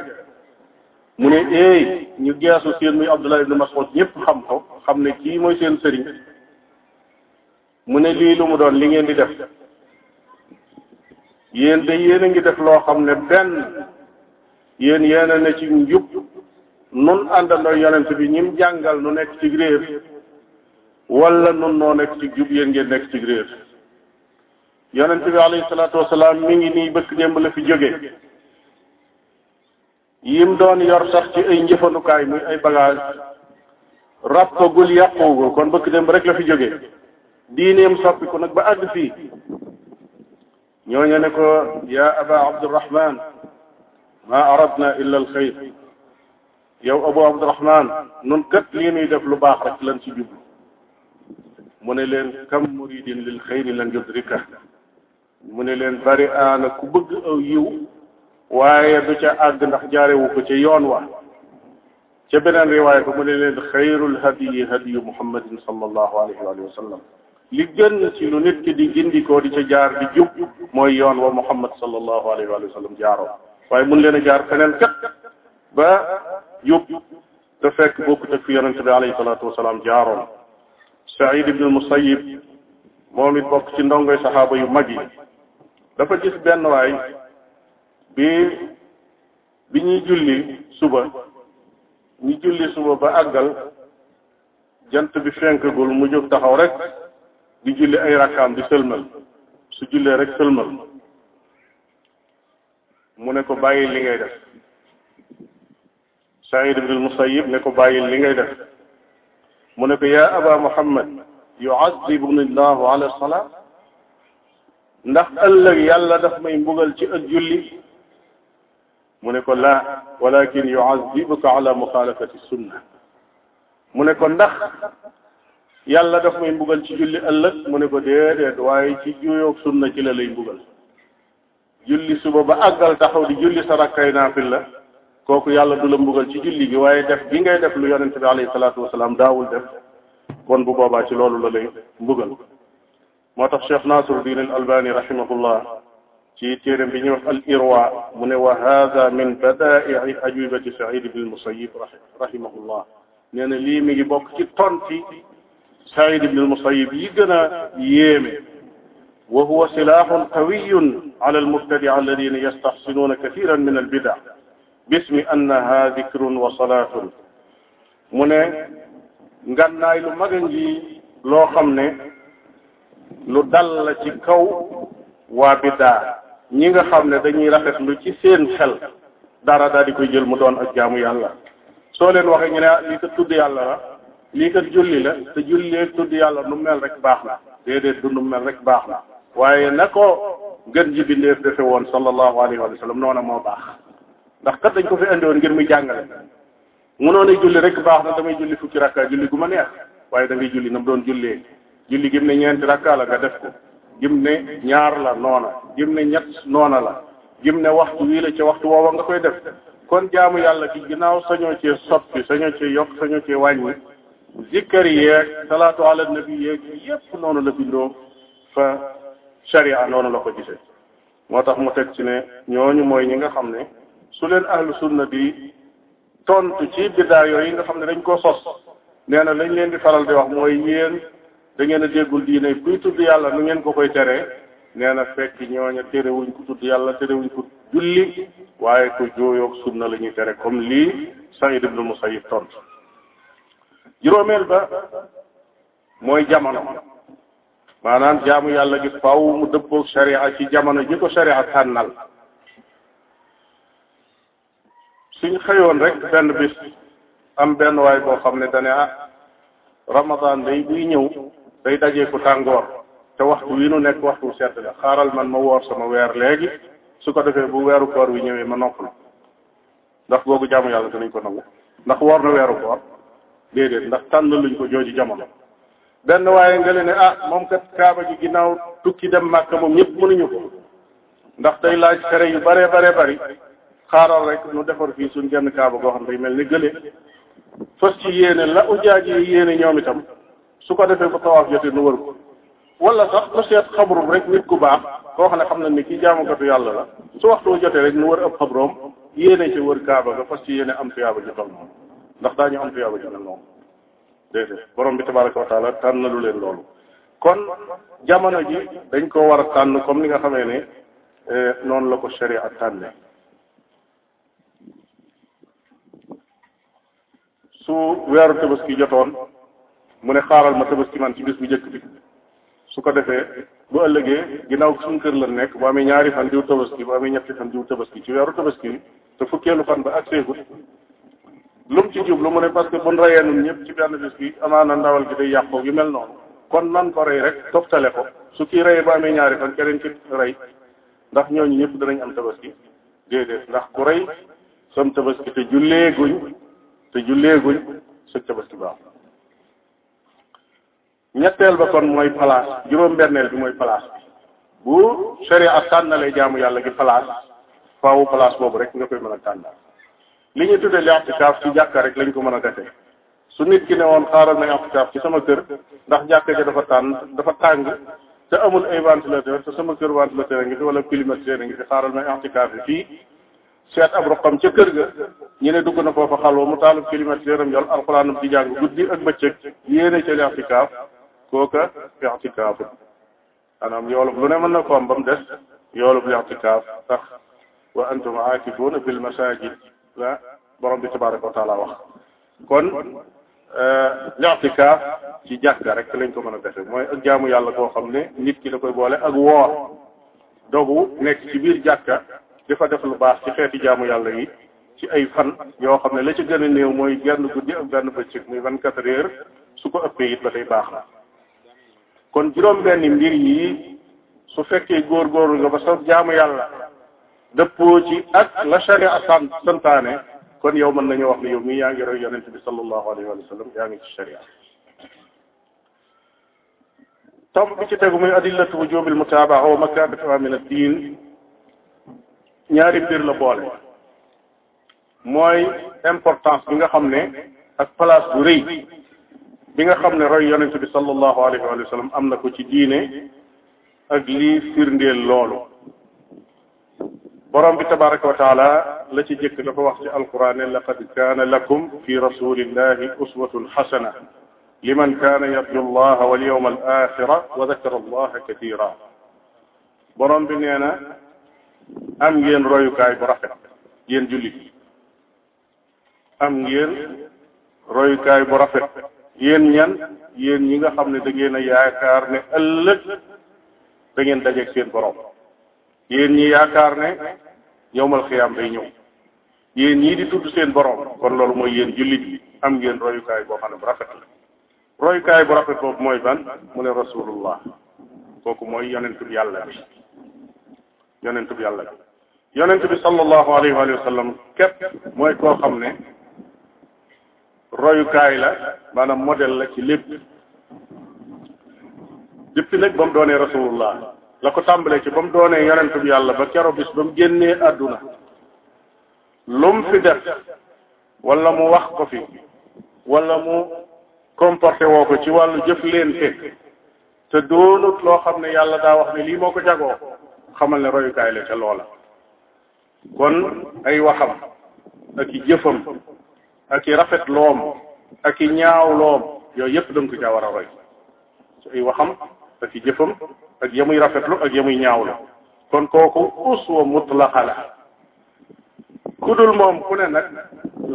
mu ne eey ñu geesu seen muy Abdullah ibn Mas'ud ñëpp xam ko xam ne kii mooy seen sëriñ mu ne lii lu mu doon li ngeen di def yéen de yéen a ngi def loo xam ne benn yéen yéen a ne ci njub nun àndandoo yonent bi ñim jàngal nu nekk ci réer wala nun noo nekk jub yéen ngeen nekk ci réer yonent bi alayhi salaatu wasalaam mi ngi nii bëkk bu la fi jóge yim doon yor sax ci ay njëfandukaay muy ay bagage rappagul yàqugul kon bëkk démb rek la fi jóge diineem soppiku nag ba àgg fii ñooñu ne ko yaa aba abdurrahman ma aradna illa alxayr yow abu abdurrahman nun kat lii def lu baax rek lan ci jublu mu ne leen kam muridin lil xayri lan yudrika mu ne leen bari aana ku bëgg aw yiw waaye du ca àgg ndax jaarewu ko ca yoon wa ca beneen riwaaya ba mu ne leen xayrul hadiyi hadiyu muhammadin sallallahu alayhi wa sallam li gën ci lu nit ki di gindikoo di ca jaar di jub mooy yoon wa muhammad sallallahu alayhi wa sallam jaaroo waaye mun leen a jaar feneen kat ba yóbbu te fekk bokkut ak fi yonente bi alayhi salaatu wasalaam jaaroon Saïd ibn Musayyib moom it bokk ci ndongoy saxaaba yu mag yi dafa gis benn waay bi bi ñuy julli suba ñu julli suba ba àggal jant bi fenkagul mu jóg taxaw rek di julli ay rakkaam di sëlmal su jullee rek sëlmal mu ne ko bàyyi li ngay def Saïd ibn Musayyib ne ko bàyyi li ngay def mu ne ko yaa aba muhammad yuadibuni llahu ala salaa ndax ëllëg yàlla daf may mbugal ci ak julli mu ne ko laa walakin yuadibuka ala muxaalafati sunna mu ne ko ndax yàlla daf may mbugal ci julli ëllëg mu ne ko déedéet waaye ci juyoog sunna ci la lay mbugal julli suba ba àggal taxaw di julli sa rakkay naafil la kooku yàlla du la mbugal ci julli gi waaye def gi ngay def lu yonente bi alayhi salaatu wasalaam daawul def kon bu boobaa ci loolu la lay mbugal moo tax cheikh nasiruddin al albani rahimahullah ci téeram bi ñuy wax al irwa mu ne wa hada min badaa'i ajwibati said ibn musayib rahimahullah nee na lii mi ngi bokk ci tonti said ibn musayib yi gën a yéeme wa huwa silaahun qawiyun ala almubtadia alladina yastaxsinuuna kathiran min albidaa bismi annaha dikrun wa salaatun mu ne ngànnaay lu mag a ngi loo xam ne lu dal la ci kaw waa biddaa ñi nga xam ne dañuy rafetlu ci seen xel dara daal di koy jël mu doon ak jaamu yàlla soo leen waxee ñu ne lii kat tudd yàlla la lii kat julli la te julleeg tudd yàlla nu mel rek baax na déedéet du nu mel rek baax na waaye na ko gën ji bindeef defe woon sallallahu alayhi wa sallam noona moo baax ndax kat dañ ko fi andi woon ngir muy jàngale munoon a julli rek baax na damay julli fukki rakka julli gu ma neex waaye da julli nam doon jullee julli gim ne ñeenti rakka la nga def ko gim ne ñaar la noona gim ne ñett noona la gim ne waxtu wii la ca waxtu woowa nga koy def kon jaamu yàlla gi ginnaaw sañoo cee soppi sañoo cee yokk sañoo cee wàññi zikkar yeeg salaatu ala bi yeeg yépp noonu la bindoo fa sharia noonu la ko gisee moo tax mu teg ci ne ñooñu mooy ñi nga xam ne su leen ahlu sunna bi tontu ci biddaa yooyu nga xam ne dañ koo sos nee na lañ leen di faral di wax mooy yéen da ngeen a déggul diine kuy tudd yàlla nu ngeen ko koy teree nee na fekk ñooña terewuñ ko tudd yàlla terewuñ ko julli waaye ko jooyoog sunna la ñuy tere comme lii Saïd ibnu Musayyib tontu juróomeel ba mooy jamono maanaam jaamu yàlla gi faw mu dëppoog sharia ci jamono ji ko sharia tànnal suñ xëyoon rek benn bis am benn waay boo xam ne dane ah ramadan day buy ñëw day dajeeku tàngoor te waxtu wi nu nekk waxtu sedd la xaaral man ma woor sama weer léegi su ko defee bu weeru koor wi ñëwee ma noppalu ndax googu jaamu yàlla nañ ko nangu ndax woor na weeru koor déedéet ndax tànn luñ ko jooju jamono benn waaye nga leen ah moom kat kaaba gi ginnaaw tukki dem màkka moom ñëpp mënuñu ko ndax day laaj fere yu bare bare bari xaaral rek nu defar fii suñ genn kaaba goo xam ne mel ni gële fas ci yéene la ujaaj yi yéene ñoom itam su ko defee ba tawaaf jotee nu wër ko wala sax nu seet xabrum rek nit ku baax koo xam ne xam na ni ki jaamukatu yàlla la su waxtu jotee rek nu wër ab xabroom yéene ci wër kaaba ga fas ci yéene am tuyaaba ji tol noonu ndax daañu am tuyaaba ji mel noonu déedéet borom bi tabaraka wa taala tànn lu leen loolu kon jamono ji dañ ko war a tànn comme ni nga xamee ne eh, noonu la ko sharia tànne su weeru tabaski jotoon mu ne xaaral ma tabaski man ci bis bu njëkk bi su ko defee bu ëllëgee ginnaaw suñu kër la nekk bu amee ñaari fan diw tabaski bu amee ñetti fan diw tabaski ci weeru tabaski bi te fukkeelu fan ba ak seegut lu mu ci jublu mu ne parce que buñ rayee nun ñëpp ci benn bis bi amaana ndawal gi day yàqoo yu mel noonu kon nan ko rey rek toftale ko su kii reyee ba amee ñaari fan keneen ci rey ndax ñooñu ñëpp danañ am tabaski déedéet ndax ku rey sam tabaski te jullee te julleeguñ sa tabaski baax ñetteel ba kon mooy place juróom-benneel bi mooy place bi bu sharia ak tànnalee jaamu yàlla gi place faawu place boobu rek nga koy mën a tànnal li ñu tuddee li i'tikaaf ci jàkka rek lañ ko mën a defee su nit ki ne woon xaaral na i'tikaaf ci sama kër ndax jàkka ja dafa tànn dafa tàng te amul ay ventilateur te sama kër ventilateur a ngi fi wala climatiseur a ngi fi xaaral na i'tikaaf yi fii seet ab roqam ca kër ga ñu ne dugg na foofa xalwa mu taalub climatiseur am yor alxuraanam di jàng guddi ak bëccëg yéene ca lextikaaf kooka lextikaafu maanaam yoolub lu ne mën na ko am ba mu des yoolub lextikaaf sax wa antum aakifuuna fil masajid la borom bi tabaraka wa taala wax kon lextikaaf ci jàkka rek lañ ko mën a defe mooy ak jaamu yàlla koo xam ne nit ki da koy boole ak woor dogu nekk ci biir jàkka di def lu baax ci xeeti jaamu yàlla yi ci ay fan yoo xam ne la ci gën a néew mooy genn guddi ak genn bëccëg muy vingt quatre heures su ko ëppee it ba tey baax na kon juróom benni mbir yi su fekkee góor góorgóorlu nga ba sa jaamu yàlla dëppoo ci ak la sharia san santaane kon yow mën nañu wax ne yow mii yaa ngi roy yonent bi sallallahu alayhi wa sallam yaa ngi ci sharia tomb bi ci tegu muy adillatu wujubil mutaabaa wa makaanatuha min ad-diin ñaari mbir la boole mooy important bi nga xam ne ak place bu rëy nga xam ne roy yonent bi sallallahu alayhi wa sallam am na ko ci diine ak lii firndeel loolu borom bi tabaraka wa taala la ci jëkk dafa wax ci alquran ne laqad kaana lakum fi rasulillahi uswatun xasana liman kaana yarju llaha walyawma al axira wa dakara allaha katira borom bi nee na am ngeen royukaay bu rafet yéen jullit am ngeen royukaay bu rafet yéen ñan yéen ñi nga xam ne da ngeen a yaakaar ne ëllëg dangeen ngeen seen borom yéen ñi yaakaar ne yowmal xiyaam day ñëw yéen ñii di tudd seen borom kon loolu mooy yéen jullit yi am ngeen royukaay boo xam ne bu rafet la royukaay bu rafet boobu mooy ban mu ne rasulullah kooku mooy yeneen yonentu yàlla bi yonent bi yàlla bi yonent bi sallallahu alayhi wa sallam képp mooy koo xam ne royukaay la maanaam modèle la ci lépp depuis nag ba mu doonee rasulullah la ko tàmbalee ci ba mu doonee yonent yàlla ba kero bis ba mu génnee àdduna lu mu fi def wala mu wax ko fi wala mu comporté woo ko ci wàllu jëf leen te doonut loo xam ne yàlla daa wax ne lii moo ko jagoo xamal ne royukaay la ca loola kon ay waxam ak i jëfam ak i rafet loom ak i ñaaw loom yooyu yëpp da nga ko caa war a roy ay waxam ak i jëfam ak yamuy rafetlu ak yamuy ñaawlu kon kooku uswa mutlaqa la ku dul moom ku ne nag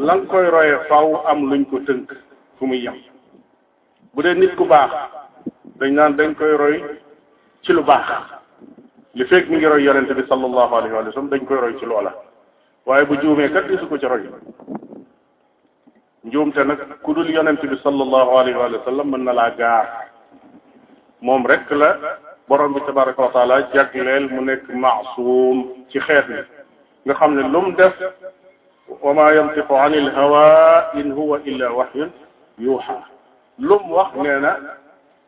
la koy roye faw am luñ ko tënk fu muy yem bu dee nit ku baax dañ naan dañ koy roy ci lu baax li fekk mi ngi roy yonente bi sallallahu alayhi wa sallam dañ koy roy ci loola waaye bu juumee kat gisu ko ci roy njuumte nag ku dul yonente bi sallallahu alayhi wa sallam mën na laa gaar moom rek la borom bi tabaraka wa taala jagleel mu nekk maasuum ci xeet mi nga xam ne lu mu def wa ma yantiqu an il hawa in huwa illa waxyun yuuxa lu mu wax nee na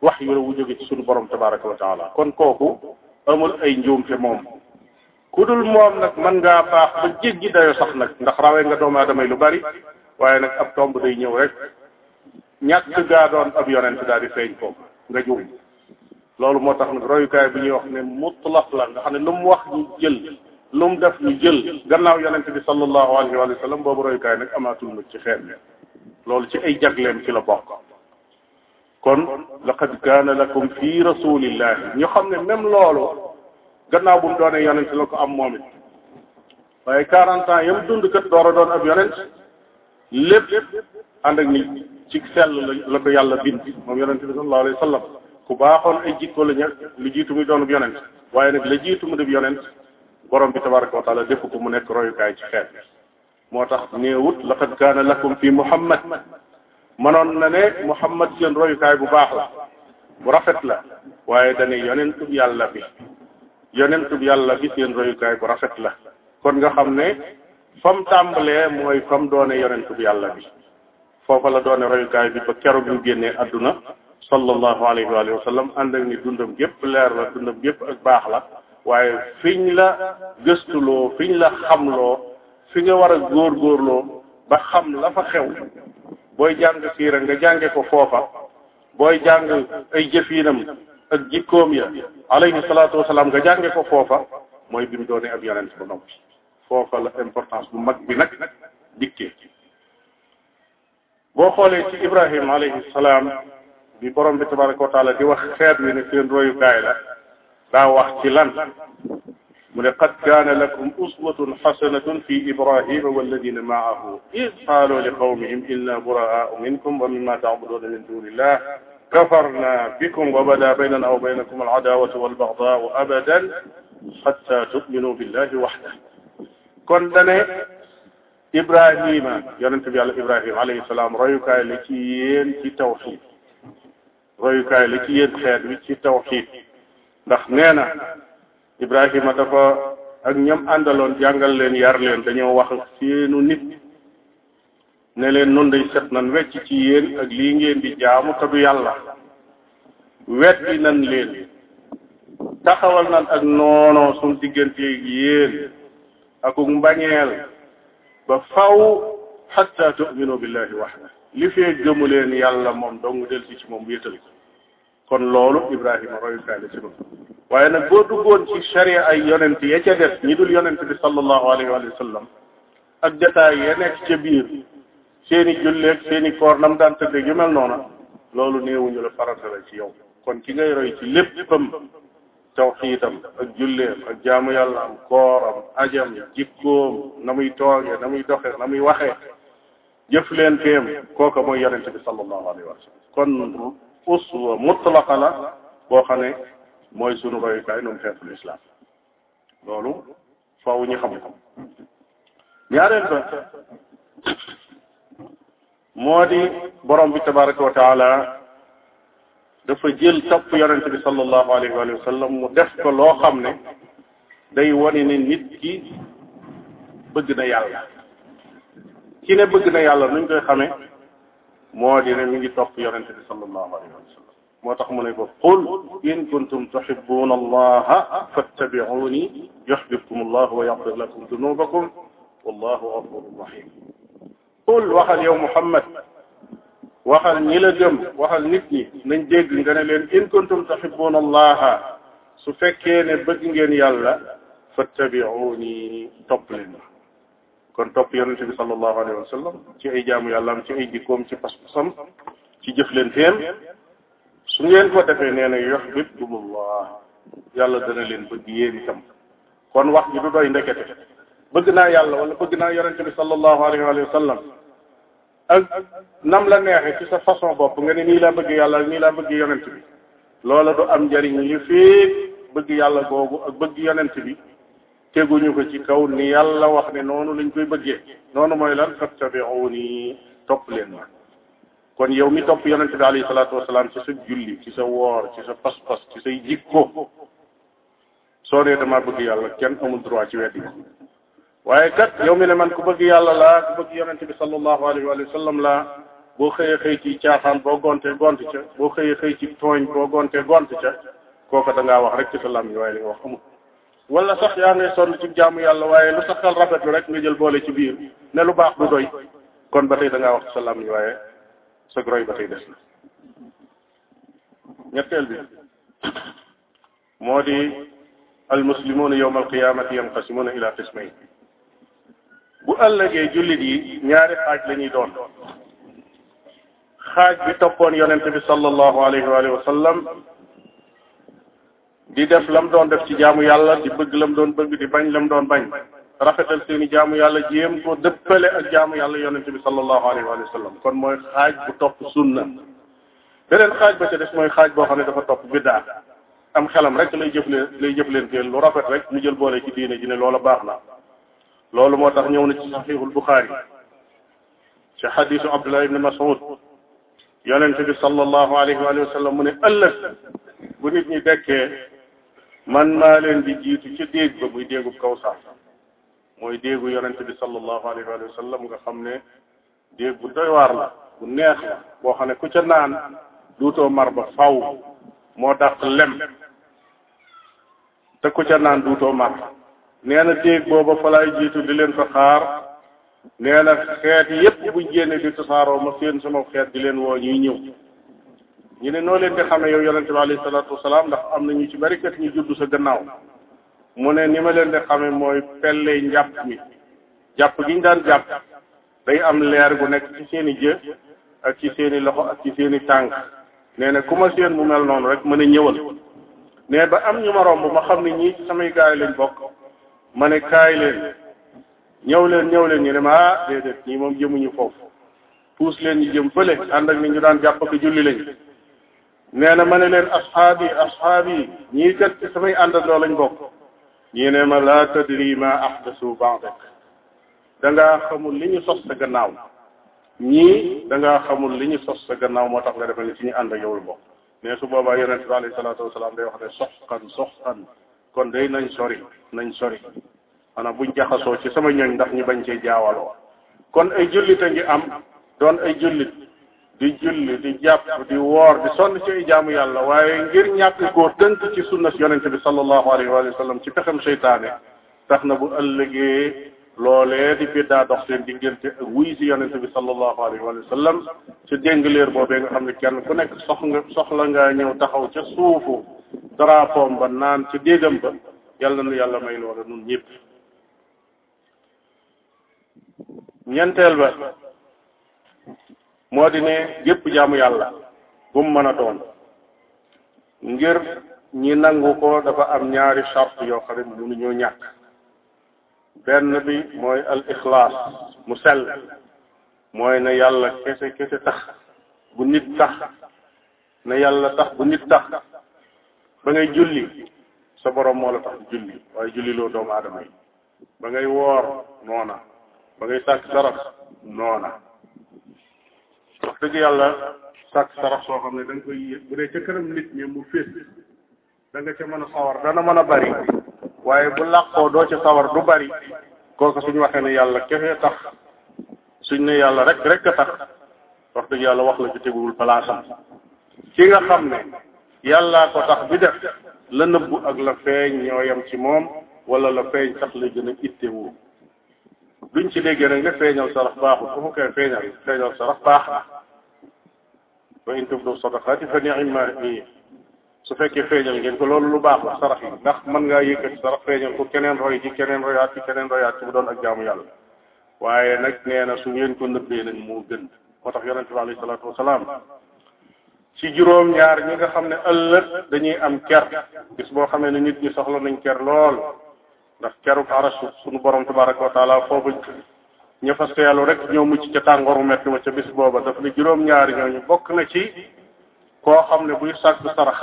wax yu la wu jóge ci sunu borom tabaraka wa taala kon kooku amul ay njuumte moom ku dul moom nag mën ngaa baax ba jéggi dayo sax nag ndax rawee nga doomu aadama lu bari waaye nag ab tomb day ñëw rek ñàkk gaa doon ab yonent daal di feeñ ko nga juum loolu moo tax nag royukaay bi ñuy wax ne mutlaq la nga xam ne lu mu wax ñu jël lu mu def ñu jël gannaaw yonent bi sallallahu alayhi wa sallam boobu royukaay nag amaatul nag ci xeet loolu ci ay jagleem ci la bokk kon laqad kaana lakum fi rasulillahi ñu xam ne même loolu gannaaw bu mu doonee yonent la ko am moom it waaye quarante ans yam dund kat door a doon ab yonent lépp ànd ak nit ci sell la ko yàlla bind moom yonent bi sallallahu alayhi wa sallam ku baaxoon ay jikko la ñu lu jiitu muy doonub yonent waaye nag la jiitu mu def yonent borom bi tabaraka wa taala def ko mu nekk royukaay ci xeet moo tax néewut laqad kaana lakum fi muhammad mënoon na ne Muhammad seen royukaay bu baax la bu rafet la waaye dane yonentub yàlla bi yonentub yàlla bi seen royukaay bu rafet la kon nga xam ne fam tàmbalee mooy fam doone yonentub yàlla bi foofa la doone royukaay bi ba keroog ñu génne àdduna sallallahu alayhi wa sallam ànd ak ni dundam gépp leer la dundam gépp ak baax la waaye ñu la gëstuloo ñu la xamloo fi nga war a góor góorloo ba xam la fa xew booy jàng siira nga jànge ko foofa booy jàng ay jëfiinam ak jikkoom ya alayhi salaatu wasalaam nga jànge ko foofa mooy bi mu doone ab yonent ba noppi foofa la importance bu mag bi nag dikkee boo xoolee ci Ibrahim alayhi salaam bi borom bi tabaraka wa di wax xeet wi ne seen royukaay la daa wax ci lan mu ne qad kaana lakum uswatun xasanatun fi ibrahima walladina maahu id qaalu li qawmihim inna buraau minkum wa mima tacbuduuna min dunillah kafarna bikum wa bada baynana wa baynakum aladaawatu walbaxdaau abadan xatta tuminu billahi waxda kon dane ibrahima yonent bi yàlla ibrahima alayhi salaam royukaay la ci yéen ci tawxid royukaay la ci yéen xeet wi ci tawxid ndax nee na Ibrahima dafa ak ñam àndaloon jàngal leen yar leen dañoo wax seenu nit ne leen nun day set nan wecc ci yéen ak lii ngeen di jaamu te du yàlla weddi nan leen taxawal nan ak noonoo suñ digganteeg yéen akuk mbañeel ba faw xatta tuminu billahi waxda li fee gëmu leen yàlla moom dong del si ci moom wéetal kon loolu Ibrahima royukaay la ci waaye nag boo duggoon ci sharia ay yonent ya ca def ñi dul yonent bi sallallahu alayhi wa sallam ak jataay ya nekk ca biir seeni julleeg seeni koor nam daan tëddee yu mel noona loolu néewuñu la farata la ci yow kon ci ngay roy ci léppam tawxiidam ak julleem ak jaamu yàlla am kooram ajam jikkoom na muy toogee na muy doxee na muy waxee jëf leen teem kooka mooy yonente bi sallallahu alayhi wa sallam kon uswa mutlaqa la boo xam ne mooy sunu royukaay ñoom xeetul islam loolu faaw ñu xam ko ñaareel ba moo di borom bi tabaraka wa taala dafa jël topp yonente bi sallallahu alayhi wa sallam mu def ko loo xam ne day wane ne nit ki bëgg na yàlla ki ne bëgg na yàlla nuñ koy xamee moo di ne mi ngi topp yonente bi sallallahu alayhi wa sallam moo tax mu ne ko qul in kuntum tuhibbuna allaha fattabi'uni yuhbibkum allah wa yaghfir lakum dunubakum wallahu ghafurun rahim qul waxal yow muhammad waxal ñi la gëm waxal nit ñi nañ dégg nga ne leen in kuntum tuhibbuna allaha su fekkee ne bëgg ngeen yàlla fattabi'uni topp leen kon topp yonente bi sallallahu alayhi wa sallam ci ay jaamu yàllaam ci ay jikkoom ci pas-pasam ci jëflanteem su ngeen koo defee nee na yuhbibkumullah yàlla dana leen bëgg yéen itam kon wax ji du doy ndekete bëgg naa yàlla wala bëgg naa yonente bi sallallahu alayhi wa sallam ak nam la neexe ci sa façon bopp nga ne nii laa bëgg yàlla ak nii laa bëgg yonent bi loola du am njariñ li fii bëgg yàlla boobu ak bëgg yonent bi teguñu ko ci kaw ni yàlla wax ne noonu lañ koy bëggee noonu mooy lan nii topp leen ma kon yow mi topp yonente bi alayhi salaatu wasalaam ci sa julli ci sa woor ci sa pas-pas ci say jikko soo nee damaa bëgg yàlla kenn amul droit ci wet ko waaye kat yow mi ne man ku bëgg yàlla laa ku bëgg yonente bi sallallahu alayhi wa sallam laa boo xëyee xëy ci caaxaan boo gontee gont ca boo xëyee xëy ci tooñ boo gontee gont ca kooka da ngaa wax rek ci sa làmmiñ waaye wax amul wala sax yaa ngay sonn ci jaamu yàlla waaye lu sax xel rafetlu rek nga jël boole ci biir ne lu baax du doy kon ba tey da ngaa wax sa làmmiñ waaye sa roy ba tey des ñetteel bi moo di almuslimuuna yowma alqiyamati yanqasimuuna ila qismayn bu ëllëgee jullit yi ñaari xaaj lañuy ñuy doon xaaj bi toppoon yonente bi sallallahu alayhi wa di def lam doon def ci jaamu yàlla di bëgg lam doon bëgg di bañ lam doon bañ rafetal seen i jaamu yàlla jéem ko dëppale ak jaamu yàlla yonente bi sallallahu alayhi wa sallam kon mooy xaaj bu topp sunna beneen xaaj ba ca des mooy xaaj boo xam ne dafa topp biddaa am xelam rek lay jëf leen lay leen teel lu rafet rek mu jël boole ci diine ji ne loola baax na loolu moo tax ñëw na ci saxiixul buxaari ci xadiisu abdullah ibni mas'ud yonente bi sallallahu alayhi wa sallam mu ne ëllëg bu nit ñi dekkee man maa leen di jiitu ca déeg ba muy déegub kawsar mooy déegu yonente bi sallallahu alayhi wa sallam nga xam ne déeg bu doy waar la bu neex la boo xam ne ku ca naan duutoo mar ba faw moo dàq lem te ku ca naan duutoo mar nee na déeg booba fa laay jiitu di leen fa xaar nee na xeet yépp buñ génne di tasaaroo ma seen sama xeet di leen woo ñuy ñëw ñu ne noo leen di xamee yow yonente bi alayhi salaatu wasalaam ndax am na ñu ci bari kat ñu juddu sa gannaaw mu ne ni ma leen di xamee mooy pelle njàpp mi jàpp gi ñu daan jàpp day am leer gu nekk ci seen i jë ak ci seen i loxo ak ci seen i tànk nee na ku ma seen mu mel noonu rek mën a ñëwal ne ba am ñu ma romb ma xam ne ñii ci samay gaay lañ bokk ma ne kaay leen ñëw leen ñëw leen ñu ne ma ah déedéet ñii moom jëmuñu foofu puus leen ñu jëm fële ànd ak ni ñu daan jàpp ak julli lañ nee na ma ne leen asxaab yi asxaab yi ñii kat ci samay àndandoo lañ bokk ñii ne ma laa tadri ma ahdasu baadak da ngaa xamul li ñu sos sa gannaaw ñii da ngaa xamul li ñu sos sa gannaaw moo tax nga defal ni ci ñu ànd ak yow bokk mais su boobaa yonente bi alayhi salaatu wasalaam day wax ne soxkan soxkan kon day nañ sori nañ sori maanaam buñ jaxasoo ci sama ñooñ ndax ñu bañ cee jaawaloo kon ay jullit a ngi am doon ay jullit di julli di jàpp di woor di sonn ci ay jaamu yàlla waaye ngir ñàkk koo tënk ci sunna yonent bi sallallahu alayhi wa sallam ci pexem seytaane tax na bu ëllëgee loolee di biddaa dox seen diggante ak wuy si yonent bi sallallahu alayhi wa sallam ci déngaleer boobee nga xam ne kenn ku nekk sox nga soxla ngaa ñëw taxaw ca suufu drapeau ba naan ci déggam ba yàlla na yàlla may loola nun ñëpp ñeenteel ba moo di ne gépp jaamu yàlla bu mu mën a doon ngir ñi nangu ko dafa am ñaari charte yoo xam ne mënu ñàkk benn bi mooy al mu sell mooy na yàlla kese kese tax bu nit tax na yàlla tax bu nit tax ba ngay julli sa borom moo la tax julli waaye julli loo doomu aadama yi ba ngay woor noona ba ngay sàkk saraf noona wax dëgg yàlla sàkk sarax soo xam ne da koy yéeg bu dee ca këram nit ñi mu fés da ca mën a sawar dana mën a bari waaye bu làqoo doo ca sawar du bari kooku suñu waxee ne yàlla kefe tax suñ ne yàlla rek rek a tax wax dëgg yàlla wax la ci teguwul palaasam ki nga xam ne yàllaa ko tax bi def la nëbbu ak la feeñ ñoo yam ci moom wala la feeñ sax la gën a ittewoo duñ ci déggee nag ne feeñal sarax baaxul bu mu koy feeñal feeñal sarax baax na wa in tubdu sadaqaati fa ni'ma hiya su fekkee feeñal ngeen ko loolu lu baax la sarax yi ndax mën ngaa yëkkati sarax feeñal ko keneen roy ci keneen royaat ci keneen royaat ci mu doon ak jaamu yàlla waaye nag nee na su ngeen ko nëbbee nag moo gën moo tax yonente bi alayhi salaatu wasalaam ci juróom-ñaar ñi nga xam ne ëllëg dañuy am ker bis boo xam ne nit ñi soxla nañ ker lool ndax keruk arasu suñu borom tabaraka wa taala foofu ña seelu rek ñoo mucc ca tàngooru metti ma ca bis booba daf ne juróom-ñaari ñu bokk na ci koo xam ne buy sàkk sarax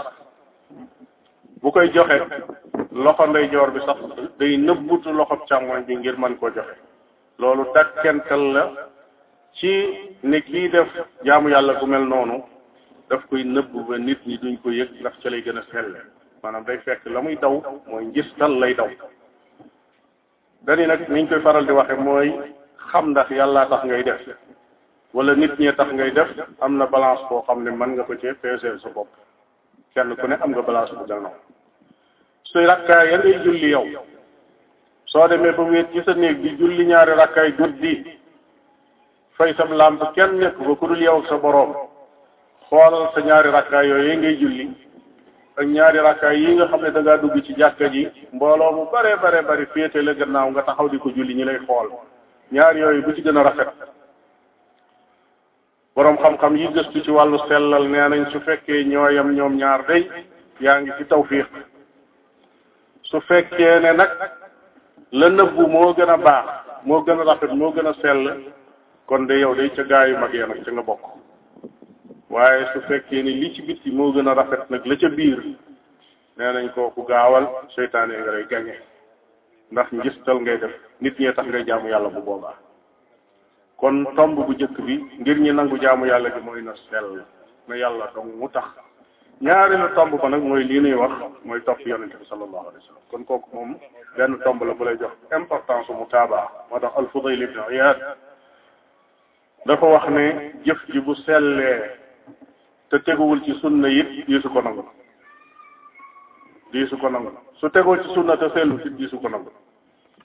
bu koy joxe loxo ndeyjoor bi sax day nëbbutu loxo càmmoñ bi ngir mën koo joxe loolu dakkental la ci ne kii def jaamu yàlla gu mel noonu daf koy nëbb ba nit ñi duñ ko yëg ndax ca lay gën a selle maanaam day fekk la muy daw mooy njistal lay daw dañu nag niñ koy faral di waxe mooy xam ndax yàllaa tax ngay def wala nit ñee tax ngay def am na balance koo xam ne mën nga ko ci peser sa bopp kenn ku ne am nga balance bu dana su rakkaa ya ngay julli yow soo demee ba wéet ci sa néeg di julli ñaari rakkaay guddi fay sam làmp kenn nekk ko ku dul yow sa boroom xoolal sa ñaari rakkaay yooyu ngay julli ak ñaari rakkaay yi nga xam ne danga dugg ci jàkka ji mbooloo mu bare bare bari féete la gannaaw nga taxaw di ko julli ñi lay xool ñaar yooyu bu ci gën a rafet boroom xam-xam yi gëstu ci wàllu sellal nee nañ su fekkee ñooyam ñoom ñaar day yaa ngi ci tawfiq su fekkee ne nag la nëbbu moo gën a baax moo gën a rafet moo gën a sell kon de yow day ca gaayu mag ya nag ca nga bokk waaye su fekkee ni li ci bitti moo gën a rafet nag la ca biir nee nañ ko ku gaawal seytaane nga lay gañe ndax njistal ngay def nit ñee tax ngay jaamu yàlla bu boobaa kon tomb bu jëkk bi ngir ñi nangu jaamu yàlla gi mooy na sell na yàlla dong mu tax ñaari na tomb ko nag mooy lii nuy wax mooy topp yonente bi sallallahu alayhi wa kon kooku moom benn tomb la bu lay jox importance mu taabaa moo tax wax ne jëf ji bu sellee te teguwul ci sunna it diisu ko nangu diisu ko nangu su tegoo ci sunna te sellu it diisu ko nangu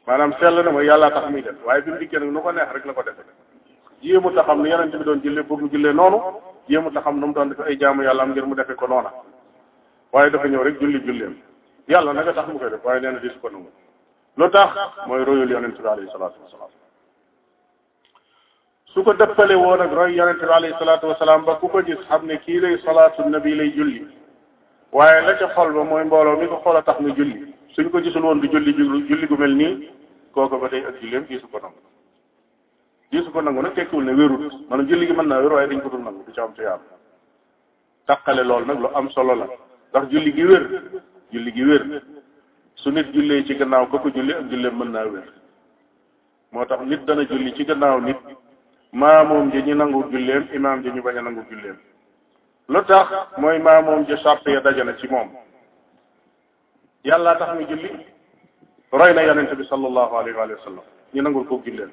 maanaam sell na mooy yàllaa tax muy def waaye bi mu dikkee nag nu ko neex rek la ko defe jéemu ta xam ne yonente bi doon jullee pour mu jullee noonu jéemu a xam nu mu doon def ay jaamu yàlla am ngir mu defee ko noona waaye dafa ñëw rek julli julleem yàlla nag a tax mu koy def waaye nee na diisu ko nangu lu tax mooy royul yonente bi alayhi salaatu wasalaam su ko dëppale woon ak roy yonente bi alayhi salaatu wasalaam ba ku ko gis xam ne kii lay salaatu nabi lay julli waaye la ca xol ba mooy mbooloo mi ko xol a tax mu julli suñ ko gisul woon du julli julli gu mel nii kooku ba tey ak julleem gisu ko nangu gisu ko nangu nag tekkiwul ne wérut maanaam julli gi mën naa wér waaye dañ ko dul nangu du ca am tuyaab taqale lool nag lu am solo la ndax julli gi wér julli gi wér su nit jullee ci gannaaw ko ko julli ak julleem mën naa wér moo tax nit dana julli ci gannaaw maamoom ji ñu nangu julleem imaam ji ñu bañ a nangu julleem lu tax mooy maamoom ji sàppe ya daje na ci moom yàlla tax mu julli roy na yonente bi sallallahu alayhi wa sallam ñu nangul ko julleem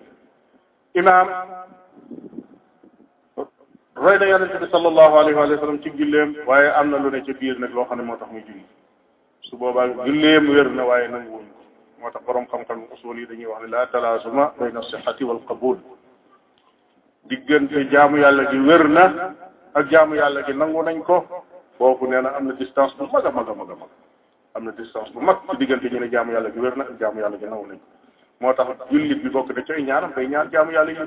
imaam roy na yonente bi sallallahu alayhi wa sallam ci julleem waaye am na lu ne ca biir nag loo xam ne moo tax mu julli su boobaa julleem wér na waaye nanguwuñ ko moo tax borom xam-xam usul yi dañuy wax ne la talaasuma bayna sixati wal qabul diggante jaamu yàlla gi wér na ak jaamu yàlla gi nangu nañ ko foofu nee na am na distance bu mag a mag a mag a mag am na distance bu mag ci diggante ñu ne jaamu yàlla gi wér na ak jaamu yàlla gi nangu nañ ko moo tax jullit bi bokk na ci ay ñaanam day ñaan jaamu yàlla yi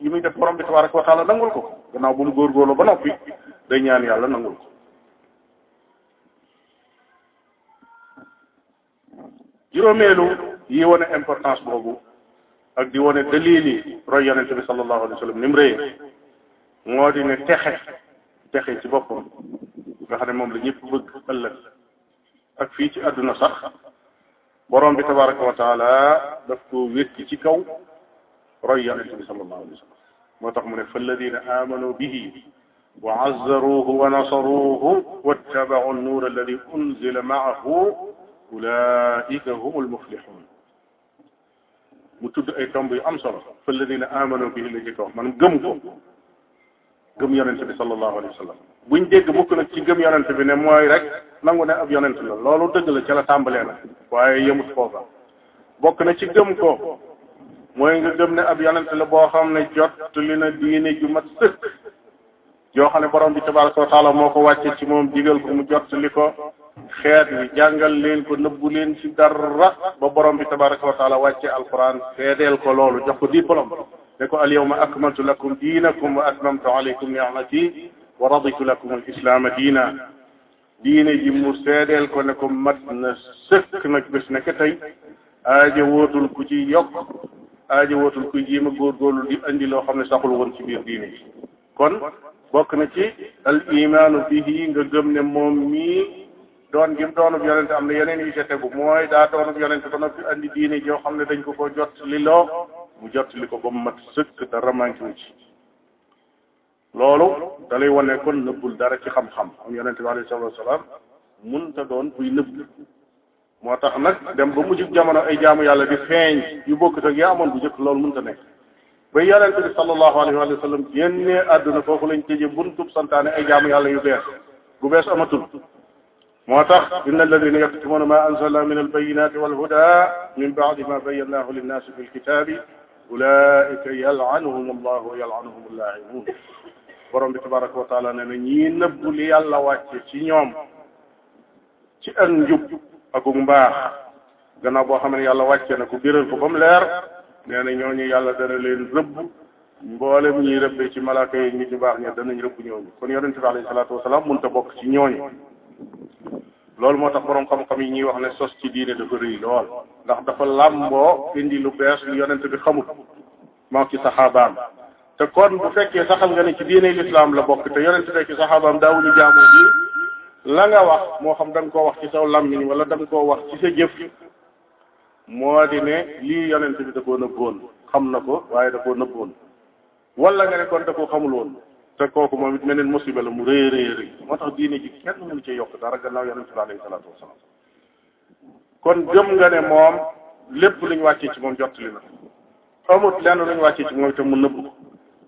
yi muy def borom bi tabaraka wa taala nangul ko gannaaw bu mu góorgóorlu ba noppi day ñaan yàlla nangul ko juróomeelu yi wane importance boobu ak di wane dalili roy yonente bi sallallahu alayhi wa sallam ni mu rëyee moo di ne texe texe ci boppam nga xam ne moom la ñëpp bëgg ëllëg ak fii ci àdduna sax borom bi tabaraka wa taala daf ko wékki ci kaw roy yonente bi sallallahu alayhi wa sallam moo tax mu ne fa alladina amanu bihi wa azzaruuhu wa nasaruuhu wattabau nuur alladi unzila maahu ulaika hum almuflixuun mu tudd ay tomb yu am solo fa alladina amanu bihi la ci kaw maanaam gëm ko gëm yonente bi sallallahu alayhi wa sallam buñ dégg bokk nag ci gëm yonente bi ne mooy rek nangu ne ab yonente la loolu dëgg la ca la tàmbalee na waaye yëmut foofa bokk na ci gëm ko mooy nga gëm ne ab yonente la boo xam ne jot li na diine ju mat sëkk yoo xam ne borom bi tabaraka wa moo ko wàcce ci moom digal ko mu jot li ko xeet wi jàngal leen ko nëbbu leen ci dara ba borom bi tabaraka wa al wàcce alquran ko loolu jox ko diplôme ne ko alyawma akmaltu lakum diinakum wa atmamtu alaykum ni'mati wa raditu lakum al islaama diina diine ji mu seedeel ko ne ko mat na sëkk nag bés na tey aaja wootul ku ci yokk aaja wootul ku jéem a góorgóorlu di andi loo xam ne saxul woon ci biir diine ji kon bokk na ci al imaanu bihi nga gëm ne moom mii doon gi mu doonub yonent am na yeneen yu ca tegu mooy daa doonub yonent ba noppi andi diine joo xam ne dañ ko ko jot li loo mu jot li ko ba mu mat sëkk dara manqué wu ci loolu da lay wane kon nëbbul dara ci xam-xam am yonent bi alayhi salaatu wasalaam mun ta doon buy nëbb moo tax nag dem ba mujjug jamono ay jaamu yàlla di feeñ yu bokk ak yaa amoon bu njëkk loolu mun ta nekk ba yonent bi sallallahu alayhi wa sallam génnee àdduna foofu lañ tëjee buntub santaane ay jaamu yàlla yu bees moo tax inna alladina yaktumuna ma anzalna min albayinati walhuda min badi ma bayannahu linnaasi fi lkitabi ulaika yalanuhum allah wa yalanuhum allaainun borom bi tabaraka wa taala nee na ñii nëbbu li yàlla wàcce ci ñoom ci ak njub akuk mbaax gannaaw boo xam ne yàlla wàcce na ko biral ko ba mu leer nee na ñooñu yàlla dana leen rëbb mboolem ñuy rëbbee ci malaaka yi nit ñu baax ña danañ rëbb ñooñu kon yonente bi alayhi salaatu ci ñooñu loolu moo tax boroom xam-xam yi ñuy wax ne sos ci diine dafa rëy lool ndax dafa làmboo indi lu bees lu yonent bi xamul moo ci saxaabaam te kon bu fekkee saxal nga ne ci diine lislaam la bokk te yonent bi ci saxaabaam daawuñu jaamu bi la nga wax moo xam da nga koo wax ci saw yi wala da nga koo wax ci sa jëf moo di ne lii yonent bi da koo nëbboon xam na ko waaye da koo nëbboon wala nga ne kon da koo xamul woon te kooku moom it meneen musiba la mu rëy a rëy a rëy moo tax diine ji kenn mënu ci yokk dara gannaaw yonente bi alayhi salaatu wasalaam kon gëm nga ne moom lépp lu ñu wàccee ci moom jottali na amut lenn lu ñu wàccee ci moom te mu nëbb ko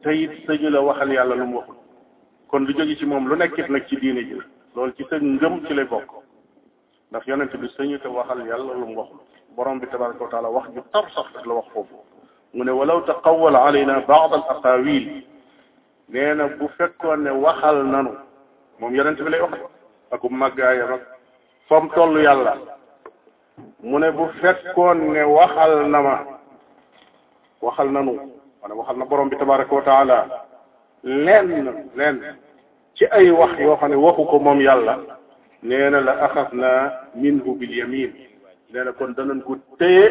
te it sañu la waxal yàlla lu mu waxul kon lu jóge ci moom lu nekkit nag ci diine ji la loolu ci sa ngëm ci lay bokk ndax yonente bi sañu te waxal yàlla lu mu waxul borom bi tabaraka wa taala wax ju tar sax la wax foofu mu ne walaw nee na bu fekkoon ne waxal nanu moom yonent bi lay wax ak màggaayam ak fam toll yàlla mu ne bu fekkoon ne waxal na ma waxal nanu maanaam waxal na borom bi tabaraka wa lenn lenn ci ay wax yoo xam ne waxu ko moom yàlla nee na la axas naa minhu bil yamin nee kon danañ ko téye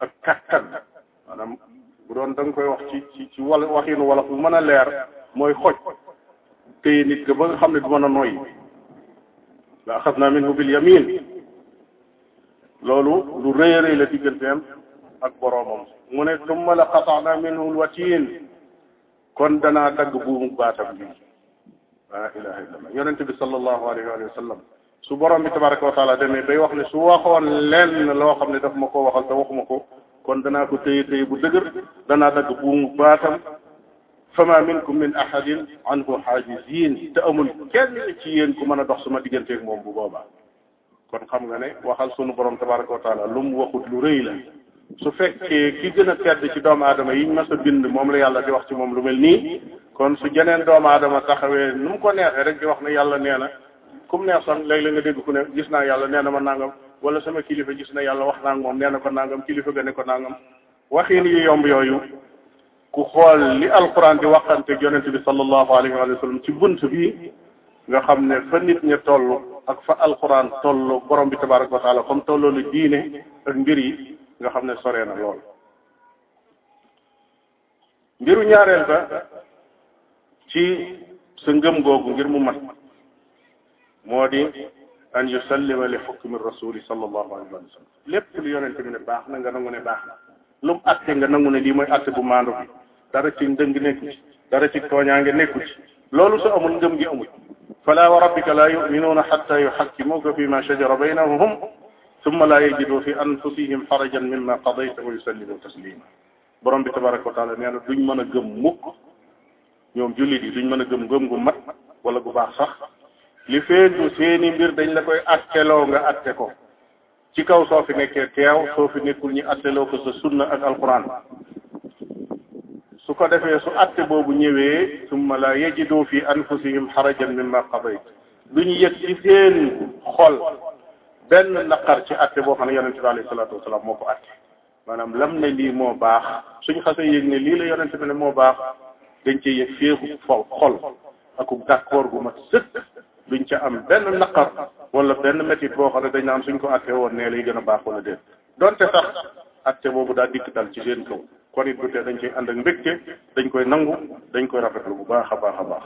ak kattan maanaam bu doon danga koy wax ci ci ci wala waxinu wala fu mën a leer mooy xoj téye nit ka ba nga xam ne du mën a noyyi la naa minhu bil yamin loolu lu rëy rëy la digganteem ak boroomam mu ne tumma la qataana minhu lwatiin kon danaa dagg buumu baatam bi la ilaha illallah yonent bi sallallahu alayhi wa sallam su borom bi tabaraka wa taala demee bay wax ne su waxoon lenn loo xam ne daf ma ko waxal te waxuma ko kon danaa ko téye téye bu dëgër danaa dagg buumu baatam fama minkum min ahadin anhu xaajisiin te amul kenn ci yéen ku mën a dox suma digganteeg moom bu boobaa kon xam nga ne waxal sunu borom tabaraka wa taala lu mu waxut lu rëy la su fekkee ki gën a tedd ci doomu aadama yi mas a bind moom la yàlla di wax ci moom lu mel nii kon su jeneen doomu aadama taxawee nu mu ko neexee rek di wax na yàlla nee na kum neex sax léeg-léeg nga dégg ko ne gis naa yàlla nee na ma nangam wala sama kilifa gis na yàlla wax naa moom nee na ko nangam kilifa ga ne ko nangam waxiin yu yomb yooyu ku xool li alquran di waxante yonente bi sallallahu alayhi wa sallam ci bunt bi nga xam ne fa nit ña toll ak fa alquran toll borom bi tabaraka wa taala comme tolloolu diine ak mbir yi nga xam ne soree na lool mbiru ñaareel ba ci sa ngëm googu ngir mu mat moo di an yusallima li xukmi rasuli sallallahu alayhi wa sallam lépp lu ne baax na nga nangu ne baax na lu mu atte nga nangu ne lii mooy atte bu maandu bi dara ci ndëng nekku ci dara ci tooñaange nekku ci loolu su amul ngëm gi amul fala wa rabbika la yuminuuna xatta yuxakkimuuka fi ma shajara baynahum summa laa yajiduu fi anfusihim xarajan mimma qadayta wa yusallimu taslima borom bi tabaraka wa taala nee na duñ mën a gëm mukk ñoom jullit yi duñ mën a gëm gëm gu mat wala gu baax sax li feeñu seeni mbir dañ la koy atteloo nga atte ko ci kaw soo fi nekkee teew soo fi nekkul ñu atteloo ko sa sunna ak alquran su ko defee su atte boobu ñëwee summa la yajidu fii anfusihim xarajan mimma qadayt lu ñu yëg ci seen xol benn naqar ci atte boo xam ne yonente bi alayhi salaatu moo ko atte maanaam lam ne lii moo baax suñ xasee yëg ne lii la yonente bi ne moo baax dañ cee yëg féexu fol xol akub d'accord gu mat sëkk duñ ca am benn naqar wala benn métit boo xam ne dañ naan suñ ko atte woon nee lay gën a baax wala déet donte sax atte boobu daa dikk dal ci seen kaw kon it bu tee dañ koy ànd ak mbégte dañ koy nangu dañ koy rafetlu bu baax a baax a baax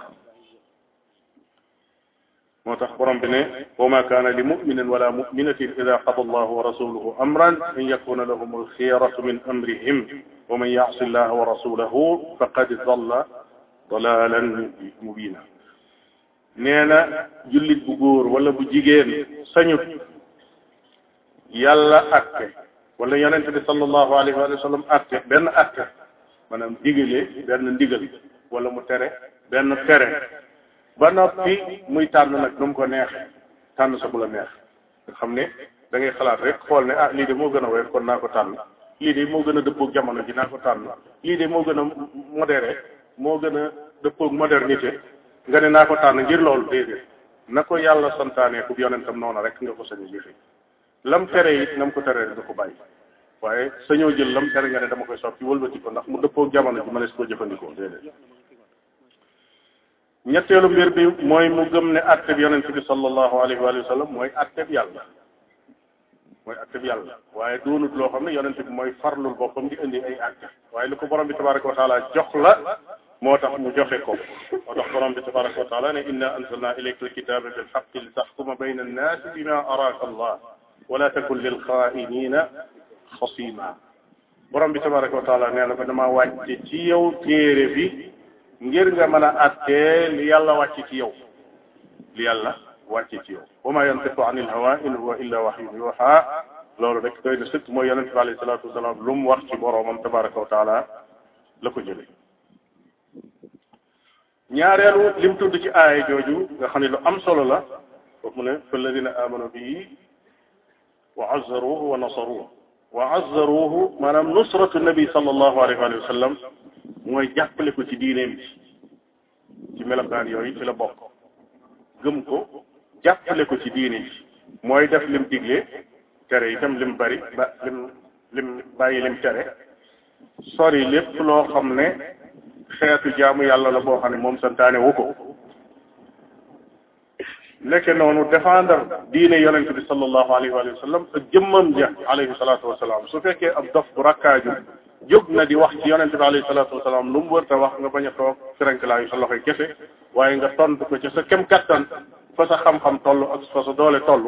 moo tax borom bi ne wa ma kaana li muminin wala muminatin ida qada allahu wa rasuluhu amran an yakuna lahum alxiyaratu min amrihim wa man yaasi allaha wa rasulahu faqad dalla dalalan mubina nee na jullit bu góor wala bu jigéen sañut yàlla atte wala yonente bi sallallahu alayhi wa sallam atte benn atte maanaam digalee benn ndigal wala mu tere benn tere ba noppi muy tànn nag nu mu ko neexee tànn sa bu la neex nga xam ne da xalaat rek xool ne ah lii de moo gën a woyof kon naa ko tànn lii de moo gën a dëppoog jamono ji naa ko tànn lii de moo gën a modéré moo gën a dëppook modernité nga ne naa ko tànn ngir loolu déedéet na ko yàlla santaanee ku yonentam noonu rek nga ko sañ a jëfe lam tere ko teree rek nga ko bàyyi waaye sañoo jël lam tere nga ne dama koy ci wëlbati ko ndax mu dëppoo jamono ji ma lees koo jëfandikoo déedéet ñetteelu mbir bi mooy mu gëm ne atteb yonent bi sallallahu alayhi wa sallam mooy atteb yàlla mooy atteb yàlla waaye doonut loo xam ne yonent bi mooy farlul boppam di indi ay atte waaye lu ko borom bi tabaraka wa taala jox la moo tax mu joxe ko moo tax borom bi tabaraka wa taala ne inna anzalna ilayka alkitaba bilxaqi li taxkuma bayna annaasi bima araka allah wala takun lil xaainina xasima borom bi tabaraka wa ko dama wàcce ci yow bi ngir nga mën a attee li yàlla wàcce ci yow li yàlla wàcce ci yow wa ma yantiqu an il hawa in huwa illa waxyun yuha loolu rek doy na sëkk mooy yonente bi alayhi salatu la ko jëlee ñaareelu lim tudd ci aaya jooju nga xam ne lu am solo la foofu mu ne fa alladina amanu bii wa azzaruuhu wa nasaruuhu wa azzaruuhu maanaam nusratu nabi sallallahu alayhi wa sallam mooy jàppale ko ci diineem bi ci melokaan yooyu ci la bokk gëm ko jàppale ko ci diine bi mooy def lim digle tere itam lim bari ba lim lim bàyyi lim tere sori lépp loo xam ne xeetu jaamu yàlla la boo xam ne moom santaane wu ko nekke noonu défendre diine yonente bi sallallahu alayhi wa sallam ak jëmmam ja alayhi salaatu wasalaam su fekkee ab dof bu rakkaaju jóg na di wax ci yonente bi alayhi salaatu wasalaam lu mu wër te wax nga bañ a toog ferenklaayu sa loxoy kese waaye nga tontu ko ca sa kem kattan fa sa xam-xam toll ak fa sa doole toll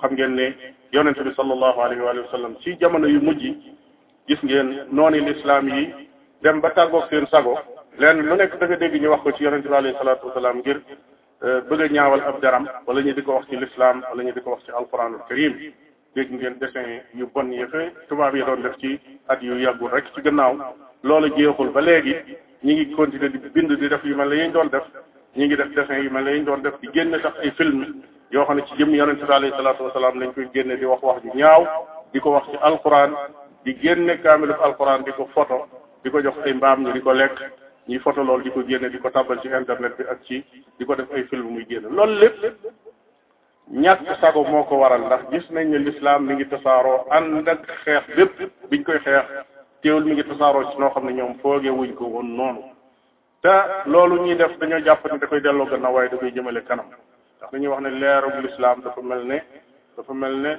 xam ngeen ne yonente bi sallallahu alayhi wa sallam ci jamono yu mujj gis ngeen nooni lislaam yi dem ba tàggoog seen leen lu nekk da nga dégg ñu wax ko ci yonente bi alayhi salaatu wasalaam ngir euh, bëgg a ñaawal ab daram wala ñu di ko wax ci lislaam wala ñu di ko wax ci alquranul karim dégg ngeen dessin yu bon yi fa tubaab yi doon def ci at yu yàggul rek ci gannaaw loolu jeexul ba léegi ñi ngi continuer di bind di def yu mel ne yañ doon def ñi ngi def dessin yu mel ne yañ doon def di génne sax ay film yoo xam ne ci jëm yonente bi alayhi salaatu wasalaam lañ koy génne di wax wax ju ñaaw di ko wax ci alquran di génne kaamilu alquran di ko photo di ko jox ay mbaam ñu di ko lekk ñuy foto loolu di ko génne di ko tàbbal ci internet bi ak ci di ko def ay film muy génne loolu lépp ñàkk sago moo ko waral ndax gis nañ ne lislaam mi ngi tasaaroo ànd ak xeex bépp biñ koy xeex teewul mi ngi tasaaroo ci noo xam ne ñoom foogee wuñ ko woon noonu te loolu ñuy def dañoo jàpp ne da koy delloo gannaaw waaye da koy jëmale kanam ndax dañuy wax ne leerug lislaam dafa mel ne dafa mel ne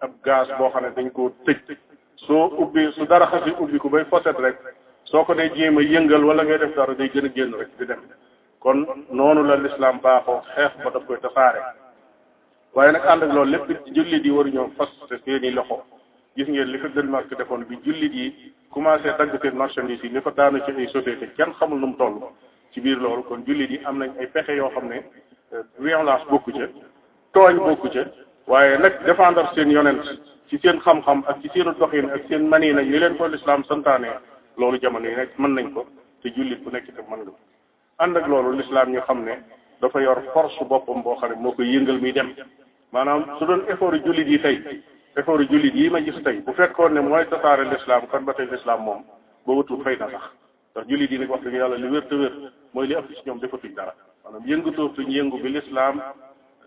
ab gaz boo xam ne dañ koo tëj soo ubbi su dara xasi ubbi ko bay foset rek soo ko dee jéem a yëngal wala ngay def dara day gën a génn rek di dem kon noonu la lislaam baaxoo xeex ba daf koy tasaare waaye nag ànd ak loolu lépp it jullit yi waruñoo fas te seeni loxo gis ngeen li ko Danemark defoon bi jullit yi commencé dagg seen marchandise yi li ko daanu ci ay société kenn xamul nu mu toll ci biir loolu kon jullit yi am nañ ay pexe yoo xam ne euh, violence bokku ca tooñ bokku ca waaye nag défendre seen yonent ci seen xam-xam ak ci seenu doxin ak seen maniin ak ni leen ko lislaam santaane loolu jamono yi nekk mën nañ ko te jullit bu nekk itam mën nga ko ànd ak loolu lislaam ñu xam ne dafa yor force boppam boo xam ne moo koy yëngal muy dem maanaam su doon effort yu jullit yi tey effort jullit yi ma gis tey bu fekkoon ne mooy tasaare lislaam kon ba tey lislaam moom ba watul fay na sax jullit yi nag wax dëgg yàlla li wér te wér mooy li ëpp ci ñoom defatuñ dara maanaam yëngatootuñ yëngu bi lislaam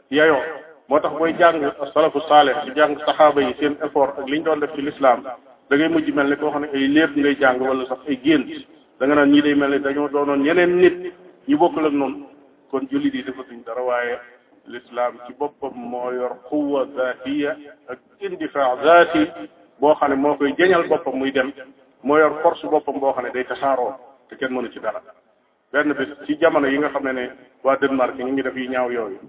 yayoo moo tax booy jàng salafu saaleh di jàng saxaaba yi seen effort ak li ñu doon def ci lislaam da ngay mujj mel ni koo xam ne ay léeb ngay jàng wala sax ay génn danga naan ñii day mel ne dañoo doonoon yeneen nit ñu bokkul ak noonu kon jullit yi defatuñ dara waaye lislaam ci boppam moo yor quwa zaatiya ak indifaa zaati boo xam ne moo koy jeñal boppam muy dem moo yor force boppam boo xam ne day tasaaroo te kenn mënu ci dara benn bés ci jamono yi nga xam ne ne waa Danemark ñu ngi def yi ñaaw yooyu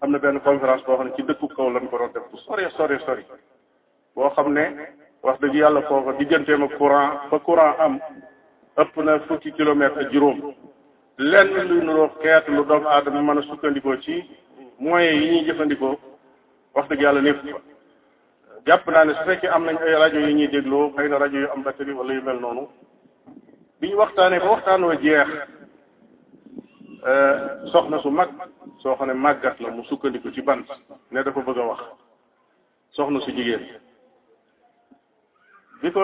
am na benn conférence boo xam ne ci dëkku kaw lañ ko doon def bu boo xam ne wax dëgg yàlla foofa digganteem ak courant fa courant am ëpp na fukki kilomètre ak juróom lenn lu nuroo xeet lu doomu aadama mën a sukkandikoo ci moyens yi ñuy jëfandikoo wax dëgg yàlla nekk fa jàpp naa ne su fekkee am nañ ay rajo yi ñuy dégloo xëy na rajo yi am batterie wala yu mel noonu bi ñu waxtaanee ba waxtaanoo jeex euh, soxna su mag soo xam ne màggat la mu sukkandiku ci bant ne dafa bëgg a wax soxna su jigéen bi ko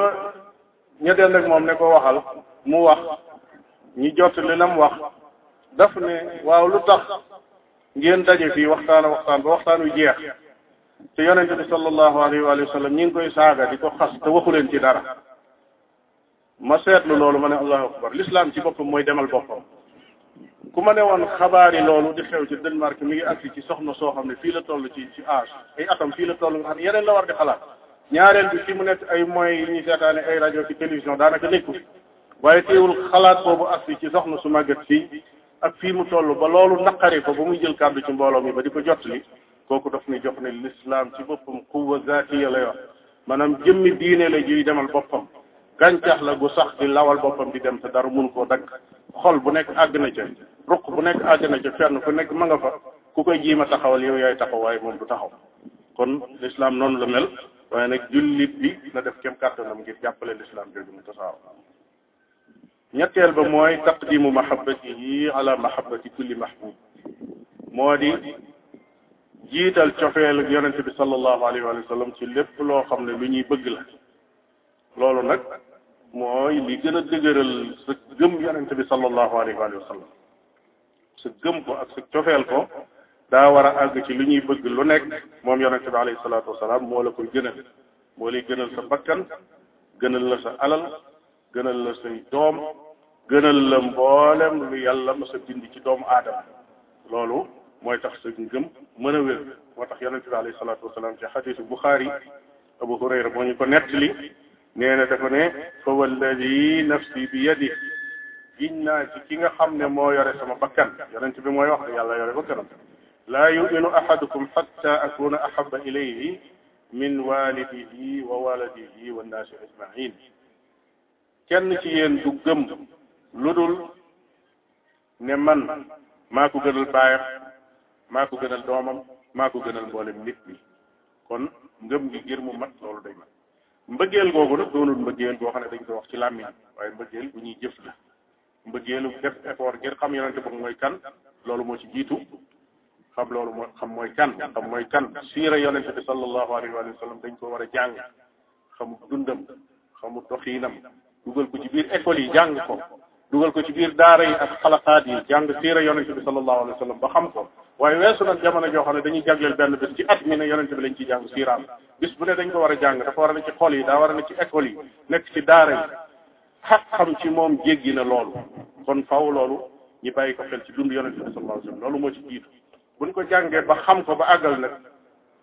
ña dend ak moom ne ko waxal mu wax ñi jot li mu wax daf ne waaw lu tax ngeen daje fii waxtaan waxtaan ba waxtaan wi jeex te yonente bi sallallahu alayhi wa sallam ñi ngi koy saaga di ko xas te waxu leen ci dara ma seetlu loolu ma ne allahu akbar l'islam ci boppam mooy demal boppam ku ma ne woon xabaar yi loolu di xew ci Danemark mi ngi agsi ci soxna soo xam ne fii la toll ci ci âge ay atam fii la toll nga xam ne yeneen la war di xalaat ñaareel bi fi mu nekk ay moyens yi ñuy seetaane ay rajo ci télévision daanaka nekkul waaye teewul xalaat boobu agsi ci soxna su màgget si ak fii mu toll ba loolu naqari ko ba muy jël kàddu ci mbooloo mi ba di ko jot li kooku daf ni jox ne lislaam ci boppam quwa zaatiya la yor maanaam jëmmi diine la juy demal boppam gàncax la gu sax di lawal boppam di dem te dara mun koo dagg xol bu nekk àgg na ca ruq bu nekk àgg na ca fenn fu nekk ma nga fa ku koy jiima taxawal yow yaay taxaw waaye taxaw kon lislaam noonu la mel waaye nag jullit bi na def kem kàttanam ngir jàppale lislaam jooju mu tasaaroo ñetteel ba mooy taqdimu mahabbatihi ala mahabbati kulli mahbub moo di jiital cofeel yonent bi sallallahu alayhi wa sallam ci lépp loo xam ne lu ñuy bëgg la loolu nag mooy li gën a dëgëral sa gëm yonent bi sallallahu alayhi wa sallam sa gëm ko ak sa cofeel ko daa war a àgg ci li ñuy bëgg lu nekk moom yonente bi alayhi salaatu wasalaam moo la koy gënal moo lay gënal sa bakkan gënal la sa alal gënal la say doom gënal la mboolem lu yàlla ma sa bind ci doomu aadama loolu mooy tax sa ngëm mën a wér moo tax yonente bi alayhi salaatu wasalaam ci xadiisu Buxaari Abu Hurayra moo ñu ko nettali nee na dafa ne fa walladi nafsi bi yadi giñ naa ci ki nga xam ne moo yore sama bakkan yonente bi mooy wax yàlla yore laa yuminu ahadukum xatta akuna ahaba ilayhi min walidihi wa waladihi wa nnaasi ajmain kenn ci yéen du gëm lu dul ne man maa ko gënal baayam maa ko gënal doomam maa ko gënal mboolem nit ñi kon ngëm gi ngir mu mat loolu day mat mbëggeel googu nag doonul mbëggeel boo xam ne dañ ko wax ci làmmiñ waaye mbëggeel bu ñuy jëf la mbëggeelu def effort ngir xam yonente boobu mooy kan loolu moo ci jiitu xam loolu mooy xam mooy kan xam mooy kan siira yonente bi sallallahu alayhi wa sallam dañ ko war a jàng xamu dundam xamu doxiinam dugal ko ci biir école yi jàng ko dugal ko ci biir daara yi ak xalaqaat yi jàng siira yonente bi sallallahu alayhi wa sallam ba xam ko waaye weesu nag jamono joo xam ne dañuy jagleel benn bés ci at mi ne yonente bi lañ ciy jàng siiraam bis bu ne dañ ko war a jàng dafa war a ne ci xol yi daa war a ne ci école yi nekk ci daara yi xam ci moom jéggi na loolu kon faw loolu ñu bàyyi ko xel ci dund yonente bi sallallahu alayhi wa sallam bu buñ ko jàngee ba xam ko ba àggal nag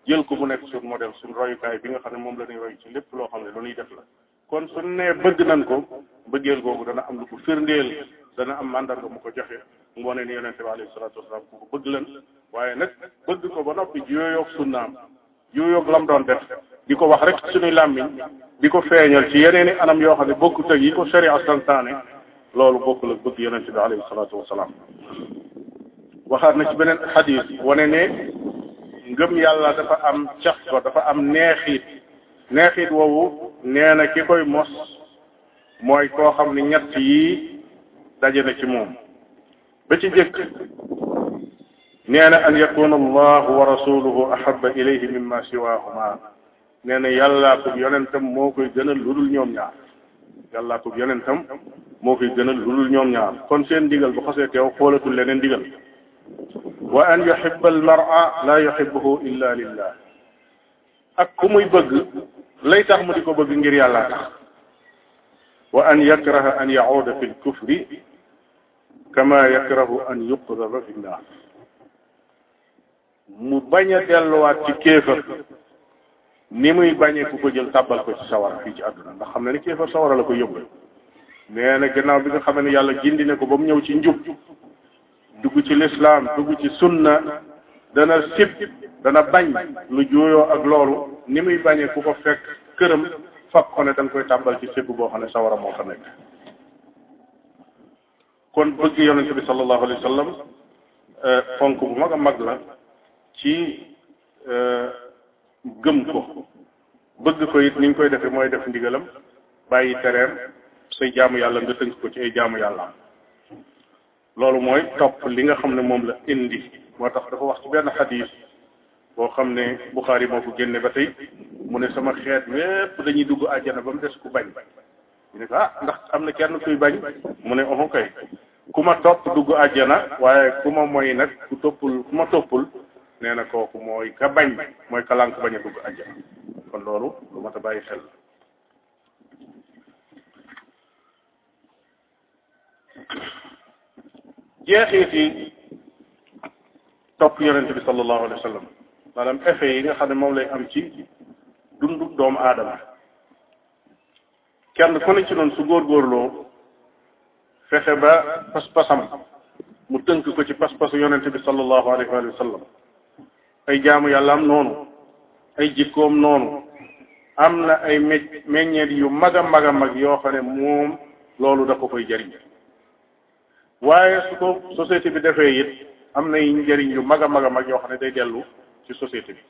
jël ko bu nekk suñ modèle suñ royukaay bi nga xam ne moom la ñuy roy ci lépp loo xam ne lu ñuy def la kon suñ nee bëgg nañ ko bëggeel googu dana am lu ko firndeel dana am mandarga mu ko joxee mu wane ni yonente bi alayhi salaatu wasalaam ku ko bëgg lan waaye nag bëgg ko ba noppi yooyoog sunnaam yooyoog lam doon def di ko wax rek suñuy làmmiñ di ko feeñal ci yeneeni anam yoo xam ne bokk ak yi ko sharia santaane loolu bokkul ak bëgg yonente bi alayhi salaatu wasalaam waxaat na ci beneen xadiis wane ne ngëm yàlla dafa am cax ko dafa am neexiit neexiit woowu nee na ki koy mos mooy koo xam ne ñett yii daje na ci moom ba ci jëkk nee na an yakuna allahu wa rasuluhu ahaba ilayhi mimma siwahuma nee na yàllaa ko yonentam moo koy gënal lu dul ñoom ñaar yàllaa ko yonentam moo koy gënal lu dul ñoom ñaar kon seen digal bu xasee teew xoolatul leneen ndigal wa an yuhibba al mar'a la yuhibbuhu illa lillah ak ku muy bëgg lay tax mu di ko bëgg ngir yàlla tax wa an yakraha an yauda fi lkufri kama yakrahu an yuqdaba fi nnaar mu bañ a delluwaat ci kéefar ni muy bañee ku ko jël tàbbal ko ci sawara fii ci àdduna ndax xam na ni kéefar sawara la ko yóbbu nee na gannaaw bi nga xam ne yàlla gindi ne ko ba mu ñëw ci njub dugg ci lislaam dugg ci sunna dana sib dana bañ lu juuyoo ak loolu ni muy bañee ku ko fekk këram fab ko ne da koy tàbbal ci sib boo xam ne sawara moo fa nekk kon bëgg yonente bi sallallahu alayhi wa sallam euh, bu mag a mag la ci euh, gëm ko bëgg ko yit ni ñu koy defee mooy def ndigalam bàyyi tereem say jaamu yàlla nga tënk ko ci ay jaamu yàlla loolu mooy topp li nga xam ne moom la indi moo tax dafa wax ci benn xadis boo xam ne Buxaari moo ko génne ba tey mu ne sama xeet yépp dañuy dugg àjjana ba mu des ku bañ ñu ne ah, ndax am na kenn kuy bañ mu ne oho kay ku ma topp dugg àjjana waaye ku ma moy nag ku toppul ku ma toppul nee na kooku mooy ka bañ mooy ka lànk dugg àjjana kon loolu lu mat a bàyyi xel la jeexeeti topp yonent bi sallallahu alayhi wa sallam maanaam effet yi nga xam ne moom lay am ci dundu doomu aadama kenn ku ne ci noonu su góorgóorloo fexe ba pas-pasam mu tënk ko ci pas-pasu yonent bi sallallahu alayhi wa ay jaamu yàlla am noonu ay jikkoom noonu am na ay meññeet yu mag a mag a mag yoo xam ne moom loolu da ko koy jariñ waaye su ko société bi defee it am nay njëriñ yu mag a mag a mag yoo xam ne day dellu ci société bi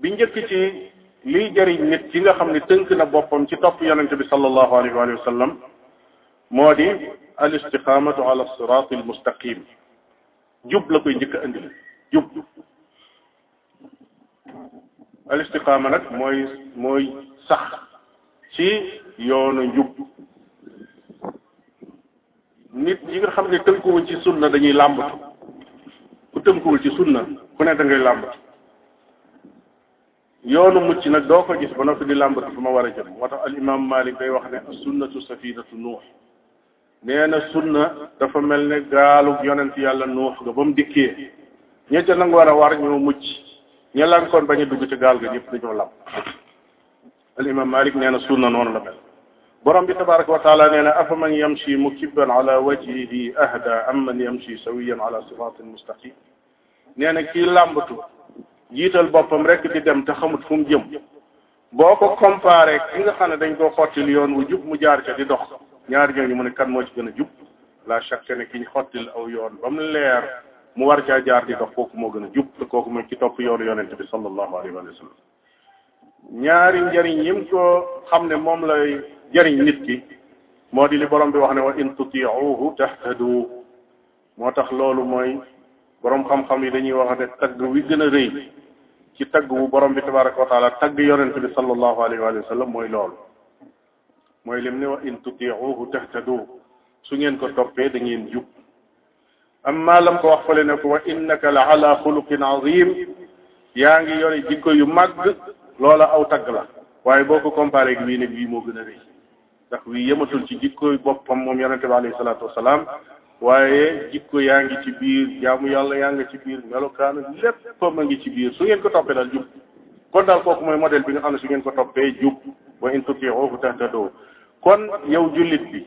bi njëkk ci liy jëriñ nit ki nga xam ne tënk na boppam ci topp yonente bi sallallahu alayhi wa sallam moo di al istiqamatu la koy njëkk a indi jub al istiqaama nag mooy mooy sax ci yoonu njub nit yi nga xam ne tënkuwuñ ci sunna dañuy làmbatu ku tënkuwul ci sunna ku ne da ngay làmbatu yoonu mucc nag doo ko gis ba noppi di làmbatu fu ma war a jëm moo tax al imam malik day wax ne sunnatu safinatu nuux nee na sunna dafa mel ne gaalu yonent yàlla nuux ga ba mu dikkee ña ca nangu war a war ñoo mucc ña lankoon bañ dugg ci gaal ga ñëpp dañoo làmb al imam malik nee na sunna noonu la mel borom bi tabaraka wa taala nee na afaman yamshi mukibban ala wajhihi ahda am man yamshi sawiyan ala siratin mustaqim nee na kii làmbatu jiital boppam rek di dem te xamut fu mu jëm boo ko comparé ki nga xam ne dañ koo xottil yoon wu jub mu jaar ca di dox ñaar ñooñu mu ne kan moo ci gën a jub la chaque ne ki ñu xottil aw yoon ba mu leer mu war caa jaar di dox kooku moo gën a jub te kooku mooy ci topp yoonu yonente bi sallallahu alayhi wa sallam ñaari njëriñ yim ko xam ne moom lay jëriñ nit ki moo di li borom bi wax ne wa in tutiuhu tahtadu moo tax loolu mooy borom xam-xam yi dañuy wax ne tagg wi gën a rëy ci tagg wu borom bi tabaraka wa taala tagg yonent bi sallallahu alayhi wa sallam mooy loolu mooy lim ne wa in tutiuhu tahtadu su ngeen ko toppee da ngeen jub amma lam ko wax fale ne ko wa innaka la ala xuluqin azim yaa ngi yore jikko yu màgg loola aw tagg la waaye boo ko comparé gi bii ne bii moo gën a rëy ndax wi yëmatul ci jikko boppam moom yonente bi alayhi salaam wasalaam waaye jikko yaa ngi ci biir jaamu yàlla yaa ngi ci biir melokaanu lépp a ngi ci biir su ngeen ko toppee daal jub kon daal kooku mooy modèle bi nga xam ne su ngeen ko toppee jub wa in tutiuhu tahtadoo kon yow jullit bi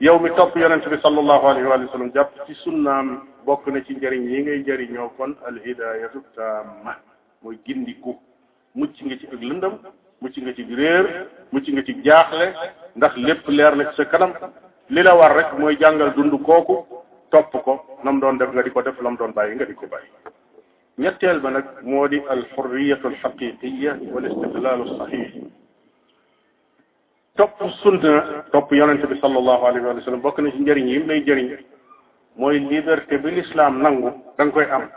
yow mi topp yonente bi sallallahu alayhi wa sallam jàpp ci sunnaam bokk na ci njariñ yi ngay jëriñoo kon al hidayatu taamma mooy gindiku mucc nga ci ak lëndam mucc nga ci réer mucc nga ci jaaxle ndax lépp leer na ci sa kanam li la war rek mooy jàngal dund kooku topp ko nam doon def nga di ko def lam doon bàyyi nga di ko bàyyi ñetteel ba nag moo di al xurriyatu al xaqiqiya wal istidlalu saxiix topp sunna topp yonente bi sallallahu alayhi wa sallam bokk na ci njariñ yi lay jëriñ mooy liberté bi l'islam nangu da nga koy am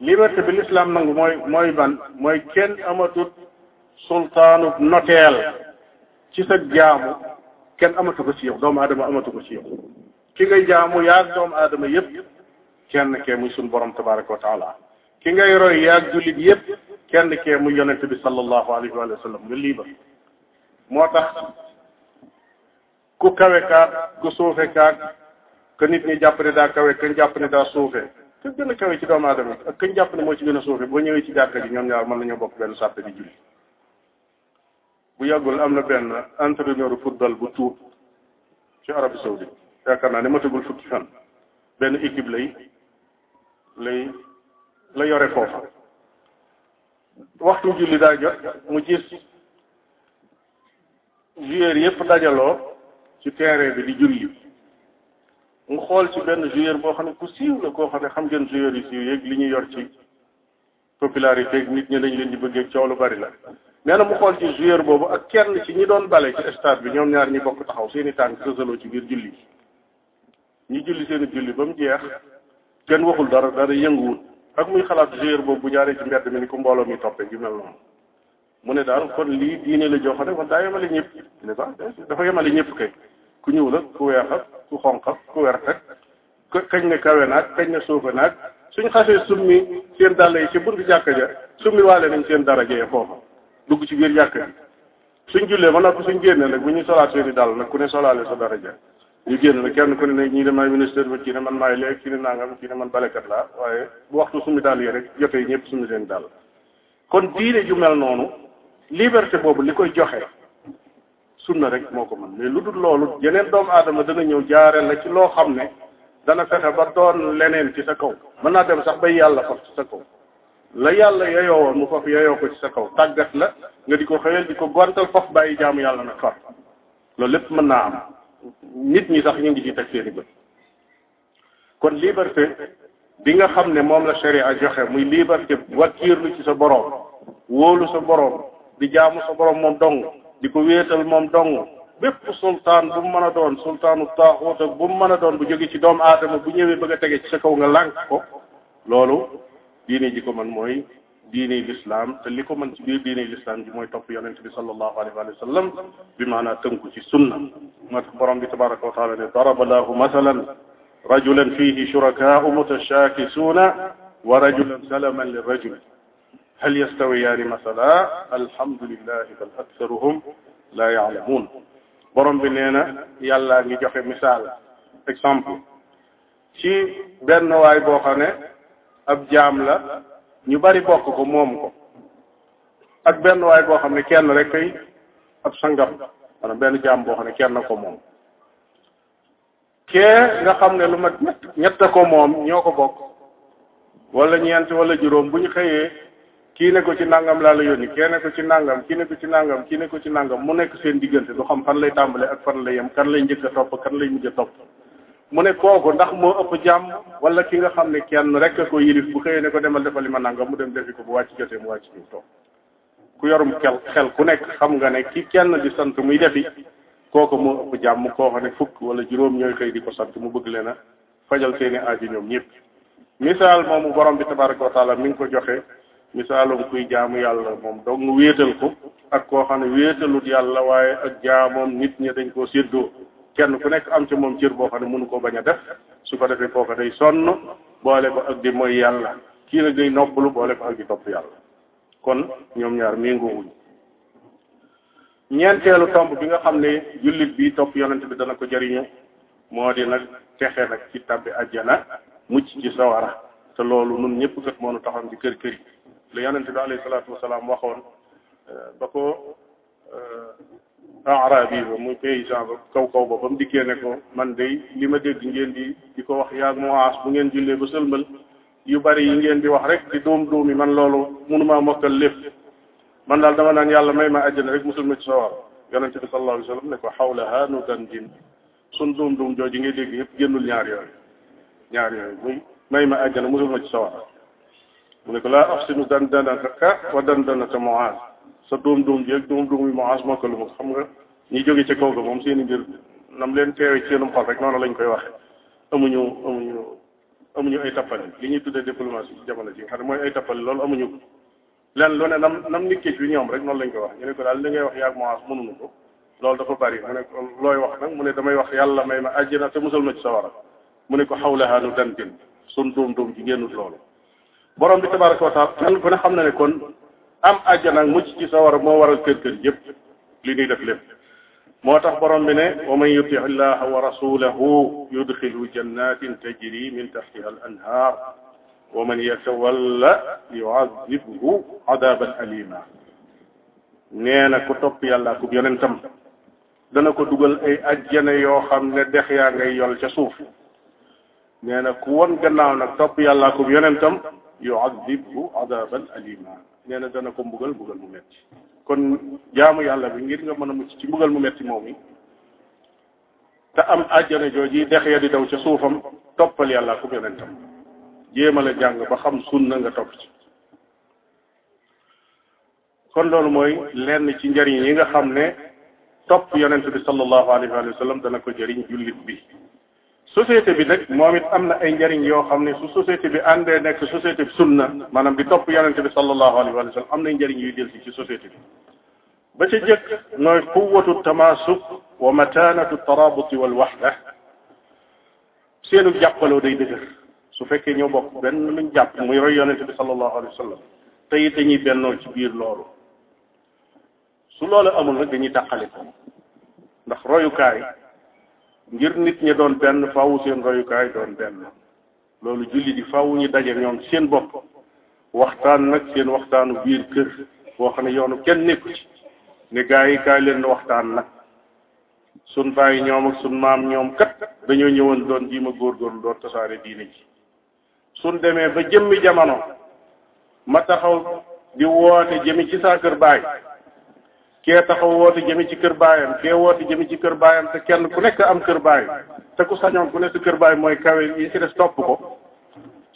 liberté bi l'islam nangu mooy ban mooy kenn amatut sultaanub noteel ci sa jaamu kenn amatu ko ci yow doomu aadama amatu ko ci yow ki ngay jaamu yaag doomu aadama yépp kenn kee muy sunu borom tabaraka wa taala ki ngay roy yaag jullit yépp kenn kee mu yonente bi sallallahu alayhi wa sallam nga lii ba moo tax ku kawe kaag ku suufe kaag ka nit ñi jàpp ne daa kawe kañ jàpp ne daa suufe ka a kawe ci doomu aadama ak kañ jàpp ne moo ci gën a suufe boo ñëwee ci jàkka ji ñoom ñaar mën nañoo bokk benn sàppe di julli bu yàggul am na benn entraîneur football bu tuub ci Arabie Saoudite yaakaar naa ne matagul fukki fan benn équipe lay lay la yore foofa waxtu julli daa jot mu gis joueur yépp dajaloo ci terrain bi di julli mu xool ci benn joueur boo xam ne ku siiw la koo xam ne xam ngeen joueur yi siiw yéeg li ñu yor ci popularité ak nit ñi dañ leen di bëggeek coow lu bari la nee na mu xool ci joueur boobu ak kenn ci ñi doon bale ci stade bi ñoom ñaar ñi bokk taxaw seeni tànk sësaloo ci biir julli ñi julli seen julli ba mu jeex kenn waxul dara dara yënguwul ak muy xalaat joueur boobu bu jaaree ci mbedd mi ni ko mbooloo mi toppee gi mel noonu mu ne daal kon lii diine la joo xam ne kon daa yemale ñëpp ne dafa yemale ñëpp kay ku ñuul ak ku weex ak ku xonq ak ku wert ak kañ ne kawe naag kañ ne suufe naag suñ xasee summi seen dàll yi ci buntu jàkk ja summi waale nañ seen daraja ya foofa dugg ci biir jàkka ji suñ jullee ba noppi suñ génne nag bu ñuy solaat seen i dàll nag ku ne solaale sa daraja ñu génn nag kenn ku ne nag ñii de maay ministère ba ci ne man maay léeg ci ne nangam ci ne man balekat laa waaye bu waxtu summi dàll yi rek jotee ñëpp summi seen dàll kon diine ju mel noonu liberté boobu li koy joxe sun na rek moo ko mën mais lu dul loolu yeneen doomu aadama dana ñëw jaare la loo xam ne dana fexe ba doon leneen ci sa kaw mën naa dem sax bay yàlla faf ci sa kaw la yàlla yeyoo woon mu faf yeyoo ko ci sa kaw tàggat la nga di ko xëyal di ko gontal faf bàyyi jaamu yàlla nag far loolu lépp mën naa am nit ñi sax ñu ngi ci teg seeni bët kon liberté bi nga xam ne moom la sharia joxe muy liberté wakkiirlu ci sa boroom wóolu sa boroom di jaamu sa boroom moom dong di ko wéetal moom dong bépp sultaan bu mën a doon sultaanu taaxuut ak bu mu mën a doon bu jóge ci doomu aadama bu ñëwee bëgg a tege ci sa kaw nga lànk ko loolu diine ji ko mën mooy diine lislaam te li ko mën ci biir diine lislaam ji mooy topp yonent bi sallallahu alayhi wa sallam bi maanaa tënku ci sunna moo tax borom bi tabaraka wa taala ne daraba laahu masalan rajulan fihi shurakaau mutashaakisuuna wa rajulan salaman li rajul hal yastawiyaani masala alhamdulillahi bal aktaruhum laa yaalamuun borom bi nee na yàlla ngi joxe misaal exemple ci benn waay boo xam ne ab jaam la ñu bari bokk ko moom ko ak benn waay boo xam ne kenn rek kay ab sangam maanaam benn jaam boo xam ne kenn ko moom kee nga xam ne lu ma ñett ko moom ñoo ko bokk wala ñeent wala juróom bu ñu xëyee kii ne ko ci nangam laa la yónni kii ne ko ci nangam kii ne ko ci nangam kii ne ko ci nangam mu nekk seen diggante du xam fan lay tàmbale ak fan lay yem kan lay njëkk a topp kan lay mujj a topp mu ne kooku ndax moo ëpp jàmm wala ki nga xam ne kenn rek a ko yilif bu xëyee ne ko demal defali ma nangam mu dem defi ko bu wàcc jotee mu wàcc ci toog ku yorum xel xel ku nekk xam nga ne ki kenn di sant muy defi kooku moo ëpp jàmm koo xam ne fukk wala juróom ñooy xëy di ko sant mu bëgg leen a fajal seeni aaji ñoom ñëpp misaal moomu borom bi tabaraka wa taala mi ngi ko joxe misaalum kuy jaamu yàlla moom dong mu wéetal ko ak koo xam ne wéetalut yàlla waaye ak jaamoom nit ñi dañ koo séddoo kenn ku nekk am ci moom cër boo xam ne mënu koo bañ a def su ko defee kooka day sonn boole ko ak di mooy yàlla kii nag day noppalu boole ko ak di topp yàlla kon ñoom ñaar méngoowuñ ñeenteelu tomb bi nga xam ne jullit bi topp yonent bi dana ko jariñu moo di nag texe nag ci tabbi ajjana mucc ci sawara te loolu nun ñëpp kat moo nu taxam kër kër yi lu yonent bi alayhi salaatu wasalaam waxoon euh, ba ko euh, arabi ba muy paysan ba kaw kaw ba ba mu dikkee ne ko man de li ma dégg ngeen di di ko wax yaag moas bu ngeen jullee ba sëlmal yu bari yi ngeen di wax rek di doom doom yi man loolu mënumaa mokkal lépp man daal dama naan yàlla may ma àjjana rek ma ci sawar yonente bi sallallahu alayhi wasallam ne ko xawlaha nu dan jin sun doom doom jooju ngay dégg yëpp génnul ñaar yooyu ñaar yooyu muy may ma àjjana musulma ci sawar mu ne ko laa axsinu dandanataka wa dandanata Muaz sa doom doom ji ak doom doom yi Muaz mokkalu ma xam nga ñi jóge ca kaw moom seen i mbir leen teewe ci seenum xol rek noonu lañ koy waxe amuñu amuñu amuñu ay tappale li ñuy tuddee diplomatie jamono ji nga ne mooy ay tappale loolu amuñu ko lenn lu ne nam nam nikkee ci ñoom rek lañ koy wax ñu ne ngay wax yaag Muaz mënuñu ko loolu dafa bari mu ne ko looy wax nag mu ne damay wax yàlla may ma àjjana te musal ma ci sawara ne ko xawlahaanu dantin sun doom doom ji génnut loolu borom bi tabaraka wa taala kenn ku ne xam na ne kon am àjjana ak mucc ci sawara moo waral kër kër yëpp li ñuy def lépp moo tax borom bi ne wa man yuti illaha wa rasulahu yudxilu jannatin tajri min taxtiha al anhar wa man yatawalla yuazibhu adaban alima nee na ku topp yàlla ku yonentam dana ko dugal ay ajjana yoo xam ne dex yaa ngay yool ca suuf nee na ku won gannaaw nag topp yàlla ku yonentam yu'adhibhu 'adaban alima nee na dana ko mbugal mbugal mu metti kon jaamu yàlla bi ngir nga mën a mucc ci mbugal mu metti moom yi te am àjjana jooji dex ya di daw ca suufam toppal yàlla ku yonentam jéemal a jàng ba xam sunna nga topp ci kon loolu mooy lenn ci njariñ yi nga xam ne topp yonent bi sallallahu alayhi wa sallam dana ko jariñ jullit bi société bi nag moom it am na ay njariñ yoo xam ne su société bi àndee nekk société bi sunna maanaam bi topp yonente bi sallallahu alayhi wa sallam am na njariñ yuy del ci société bi ba ca jëkk nooy quwatu tamaasuk wa mataanatu tarabuti wal waxda seenu jàppaloo day dëgër su fekkee ñoo bokk benn luñ jàpp muy roy yonente bi sallallahu alayhi wa sallam te it dañuy bennoo ci biir loolu su loolu amul nag dañuy tàqale ko ndax royukaay ngir nit ñi doon benn faaw seen royukaay doon benn loolu julli di faaw ñu daje ñoom seen bopp waxtaan nag seen waxtaanu biir kër boo xam ne yoonu kenn nekku ci ne gaa yi kaay leen waxtaan nag sun bàyyi ñoom ak sun maam ñoom kat dañoo ñëwoon doon jiima góorgóorlu doon tasaare diine ji sun demee ba jëmm jamono ma taxaw di woote jëmi ci saa kër baay kee taxaw woote jëme ci kër baayam kee woote jëme ci kër baayam te kenn ku nekk am kër baay te ku sañoon ku nekk kër baay mooy kawe yi ci des topp ko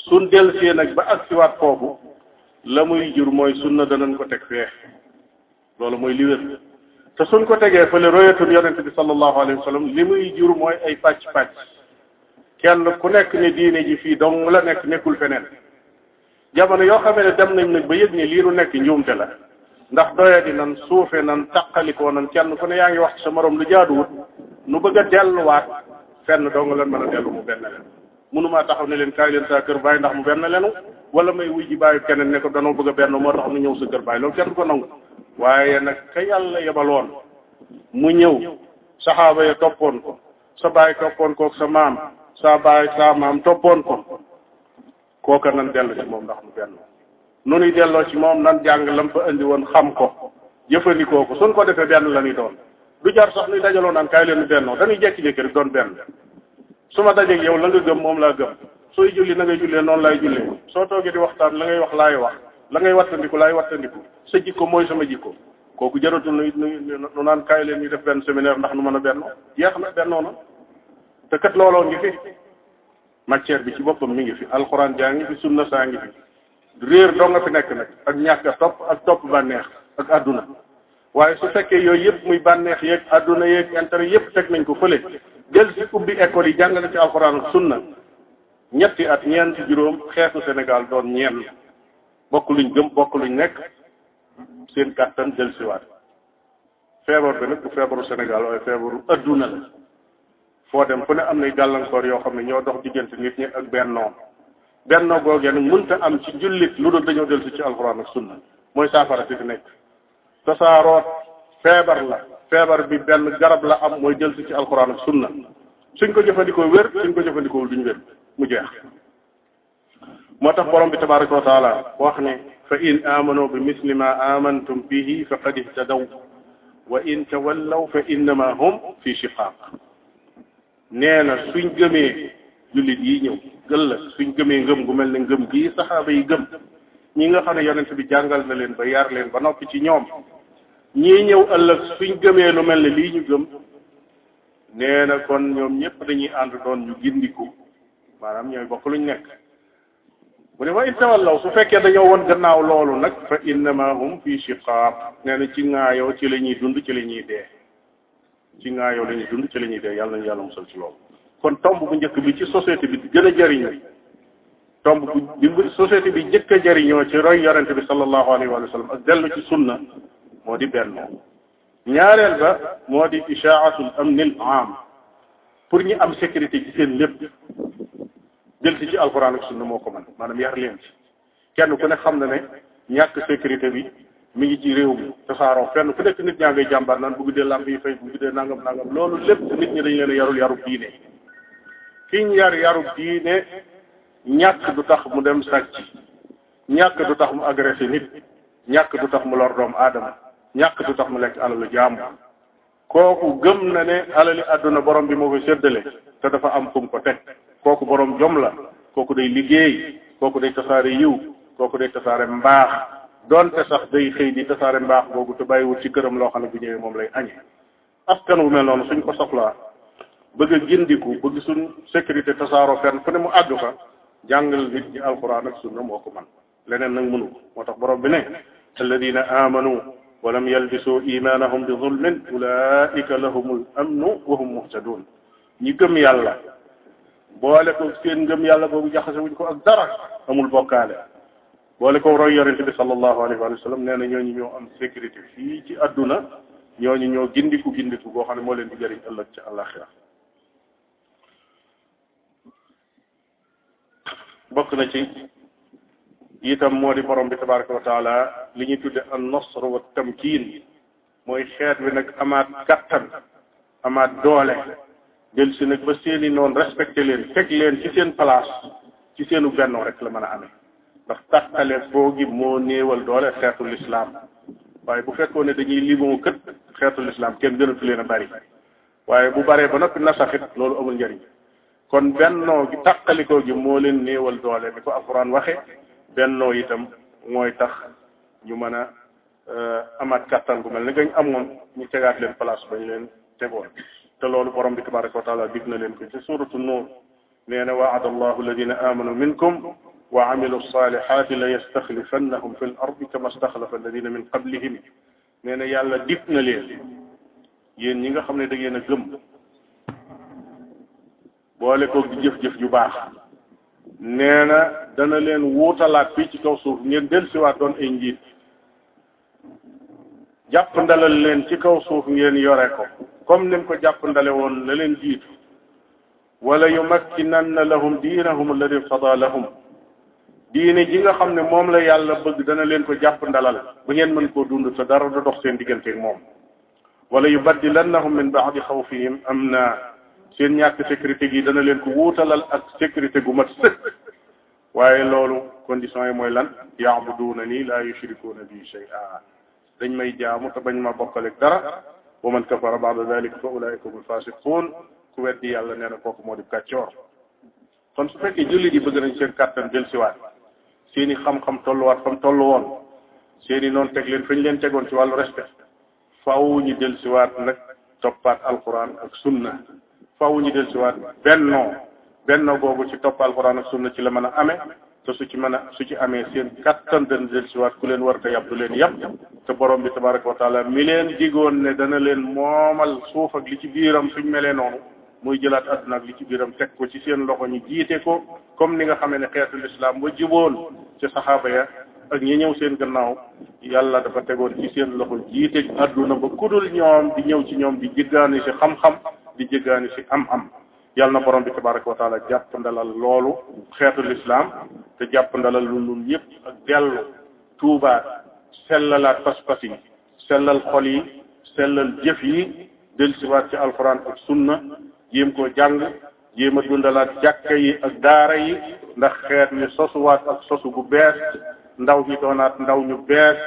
suñ dellusee nag ba agsiwaat foofu la muy jur mooy na danañ ko teg fee loolu mooy li wér te suñ ko tegee fële royatul yonente bi sallallahu alayhi wa li muy jur mooy ay pàcc-pàcc kenn ku nekk ne diine ji fii dong la nekk nekkul feneen jamono yoo xamee ne dem nañ nag ba yëg ne lii nu nekk njuumte la ndax doyadi nan suufe nan taqalikoo nan kenn ku ne yaa ngi wax ci sa morom lu jaaduwut nu bëgg a delluwaat fenn doo nga leen mën a dellu mu benn leen mënumaa taxaw ne leen kaay leen saa kër bàyyi ndax mu benn leenu wala may wuy ji bàyyi keneen ne ko danoo bëgg a benn moo tax nu ñëw sa kër bàyyi loolu kenn ko nangu waaye nag ka yàlla yebaloon mu ñëw saxaaba ya toppoon ko sa bàyyi toppoon ko sa maam saa bàyyi saa maam toppoon ko kooka nan dellu ci ndax mu benn nu nuy delloo ci moom nan jàng lam fa indi woon xam ko jëfandikoo ko suñ ko defee benn la ñuy doon du jar sax nuy dajaloo naan kaay leen bennoo dañuy jekki-jekki rek doon benn su ma dajeeg yow la moom laa gëm sooy julli na ngay jullee noonu laay jullee soo toogee di waxtaan la ngay wax laay wax la ngay wattandiku laay wattandiku sa jikko mooy sama jikko kooku jëratu nu nu naan kaay leen ñu def benn séminaire ndax nu mën a bennoo yeex na bennoo na te kat looloo ngi fi matière bi ci boppam mi ngi fi alxuraan jaa ngi fi na saa ngi fi réer doo nga fi nekk nag ak ñàkk a topp ak topp bànneex ak àdduna waaye su fekkee yooyu yëpp muy bànneex yeeg àdduna yeeg intérêt yëpp teg nañ ko fële del si ubbi école yi jàngale ci alxuraan ak sunna ñetti at ñeent juróom xeetu Sénégal doon ñeen bokk luñ gëm bokk luñ nekk seen kàttan del siwaat feebar bi nag du feebaru Sénégal waaye feebaru àdduna la foo dem fu ne am na gàllankoor yoo xam ne ñoo dox diggante nit ñi ak benn noonu benn googee nag mënta am ci jullit lu dul dañoo dellu ci alxuraan ak sunna mooy saafara si fi nekk tasaaroo feebar la feebar bi benn garab la am mooy dellu ci alxuraan ak sunna suñ ko jëfandikoo wér suñ ko jëfandikoo duñ wér mu jeex moo tax borom bi tabaraka wa taala wax ne fa in amano bi misli ma amantum bihi faqad ihtadaw wa in tawallaw fa innama hum fi shiqaaq nee na suñ gëmee jullit yi ñëw ëllëg suñ gëmee ngëm gu mel ne ngëm gii saxaaba yi gëm ñi nga xam ne yonent bi jàngal na leen ba yar leen ba noppi ci ñoom ñii ñëw ëllëg suñ gëmee lu mel ne lii ñu gëm nee na kon ñoom ñëpp dañuy ànd doon ñu gindiku maanaam ñooy bokk luñ nekk mu ne wa in tawallaw su fekkee dañoo woon gannaaw loolu nag fa innama hum fi shiqaaq nee na ci ŋaayoo ci la ñuy dund ci la ñuy dee ci ŋaayoo la ñuy dund ci la ñuy dee yàlla nañu yàlla musal ci loolu kon tomb bu njëkk bi ci société bi gën a jëriñu tomb bu bi bi njëkk a jëriñoo ci roy yonente bi sallallahu alayhi wa sallam ak dellu ci sunna moo di benn ñaareel ba moo di ishaatul amnil am pour ñu am securité ci seen lépp jël si ci alquran ak sunna moo ko mën maanaam yar leen ci kenn ku ne xam ne ne ñàkk sécurité bi mi ngi ci réew mi tasaaroo fenn ku nekk nit ñaa ngay jàmbaar naan bu guddee làmp yi fay bu guddee nangam nangam loolu lépp nit ñi dañ leen a yarul yarub kiñ yar gii ne ñàkk du tax mu dem sàcc ñàkk du tax mu agressé nit ñàkk du tax mu lor doomu aadama ñàkk du tax mu lekk alalu jàmm kooku gëm na ne alali àdduna borom bi moo ko séddale te dafa am fu ko teg kooku borom jom la kooku day liggéey kooku day tasaare yiw kooku day tasaare mbaax doonte sax day xëy di tasaare mbaax boobu te bàyyiwul ci këram loo xam ne bu ñëwee moom lay añee askan wu mel noonu suñ ko soxlaa bëgg a gindiku bëgg suñ sécurité tasaaroo fenn fu ne mu àgg fa jàngal nit ñi alquran ak sunna moo ko man leneen nag mënu moo tax borom bi ne alladina amanu wa lam yalbisu imanahum bi zulmin ulaika lahumul amnu wa hum muhtadun ñi gëm yàlla boole ko seen ngëm yàlla boobu jaxase wuñ ko ak dara amul bokkaale boole ko roy yonente bi sallallahu alayhi wa sallam nee na ñooñu ñoo am sécurité fii ci àdduna ñooñu ñoo gindiku gindiku boo xam ne moo leen di jëriñ ëllëg ci àllaxira bokk na ci itam moo di borom bi tabaraka wa li ñuy tudde an nasr wa tamkiin mooy xeet bi nag amaat kattan amaat doole del si nag ba seeni noonu respecté leen teg leen ci seen place ci seenu benno rek la mën a amee ndax tàqale boo gi moo néewal doole xeetul lislaam waaye bu fekkoon ne dañuy limoo kët xeetu lislaam kenn gënatu leen a bari waaye bu baree ba noppi nasaxit loolu amul njariñ kon bennoo gi tàqalikoo gi moo leen néewal doole ni ko alxuraan waxe bennoo itam mooy tax ñu mën a euh, amaat kattan gu mel ni gañ amoon ñu tegaat leen place ba ñu leen tegoon te loolu borom bi tabaraka wa taala dig na leen ko ci suratu nuur nee na waada allahu alladina amanu minkum wa amilu salihati la yastaxlifannahum fi l ardi kama staxlafa alladina min qablihim nee na yàlla dig na leen yéen ñi nga xam ne da ngeen a gëm boole koog di jëf-jëf ju baax nee na dana leen wuutalaat bi ci kaw suuf ngeen dellusiwaat doon ay njiit jàpp ndalal leen ci kaw suuf ngeen yore ko comme nin ko jàpp ndale woon la leen jiitu wala yumakkinanna lahum diinahum alladi irtada lahum diine ji nga xam ne moom la yàlla bëgg dana leen ko jàpp ndalal ba ngeen mën koo dund te dara du dox seen digganteeg moom wala yubaddilannahum min baadi xawfihim amna seen ñàkk sécurité gi dana leen ko wuutalal ak sécurité gu mat waaye loolu condition yi mooy lan na nii laa yushrikuuna bi shay'a dañ may jaamu te bañ ma bokkaleg dara wa man kafara ba'da dhalika fa ulaa'ika humul fasiquun ku weddi yàlla nee na kooku moo di kàccoor kon su fekkee jullit yi bëgg nañ seen kàttan del siwaat seen i xam-xam tolluwaat fam tollu woon seen i noonu teg leen fañ leen tegoon ci wàllu respect faaw ñu del siwaat nag toppaat alquran ak sunna faaw ñu del siwaat bennoo bennoo googu ci topp alxuraan ak sunna ci la mën a amee te su ci mën a su ci amee seen kattan dana del siwaat ku leen war te yàpp du leen yàpp te borom bi tabaraka wa taala mi leen digoon ne dana leen moomal suuf ak li ci biiram suñ melee noonu muy jëlaat àdduna ak li ci biiram teg ko ci seen loxo ñu jiite ko comme ni nga xamee ne xeetu lislaam ba jiboon ci saxaaba ya ak ñi ñëw seen gannaaw yàlla dafa tegoon ci seen loxo jiite àdduna ba kudul ñoom di ñëw ci ñoom di jiggaani ci di jéggaani ci am-am yàlla na borom bi tabaraka wa taala jàpp ndalal loolu xeetu lislaam te jàpp ndalal loolu yépp ak dellu tuubaat sellalaat pas-pas yi sellal xol yi sellal jëf yi dellusiwaat ci alxuraan ak sunna jéem koo jàng jéem a dundalaat jàkka yi ak daara yi ndax xeet mi sosuwaat ak sosu bu bees ndaw ñi doonaat ndaw ñu bees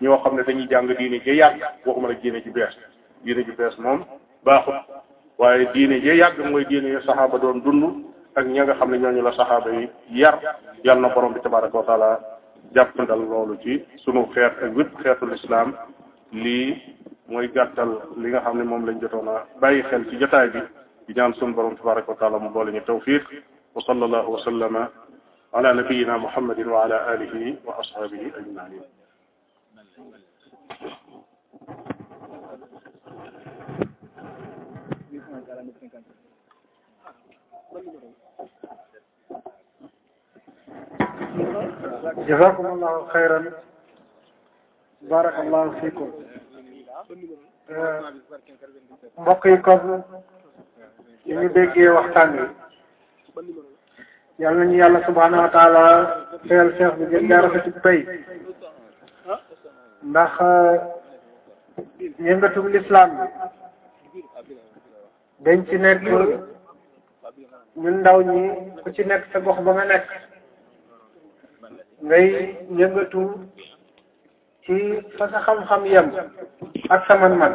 ñoo xam ne dañuy jàng diine ja yàgg waxuma la diine ju bees diine ju bees moom baaxut waaye diine jee yàgg mooy diine yi saxaaba doon dund ak ñi nga xam ne ñooñu la saxaaba yi yar yal na borom bi tabaraka wa taala jàppandal loolu ci sunu xeet ak wépp xeetul islam lii mooy gàttal li nga xam ne moom lañ jotoon bàyyi xel ci jotaay bi di ñaan sunu borom tabaraka wa taala mu boole ñu tawfiq wa sallallahu wa sallama ala nabiyina muhammadin wa ala alihi wa ashabihi ajmain la mètre cinquante jazakumullahu xayran barakallahu fiikum eh, mbokk yi kon li ñu déggee waxtaan bi yal nañu yàlla subhaanahu wa taala fayal cheikh bi gën gaa rafet ci pay ndax yëngatum dañ ci nekk ñun ndaw ñi ku ci nekk sa gox ba nga nekk ngay yëngatu ci fa sa xam-xam yem ak sa man-man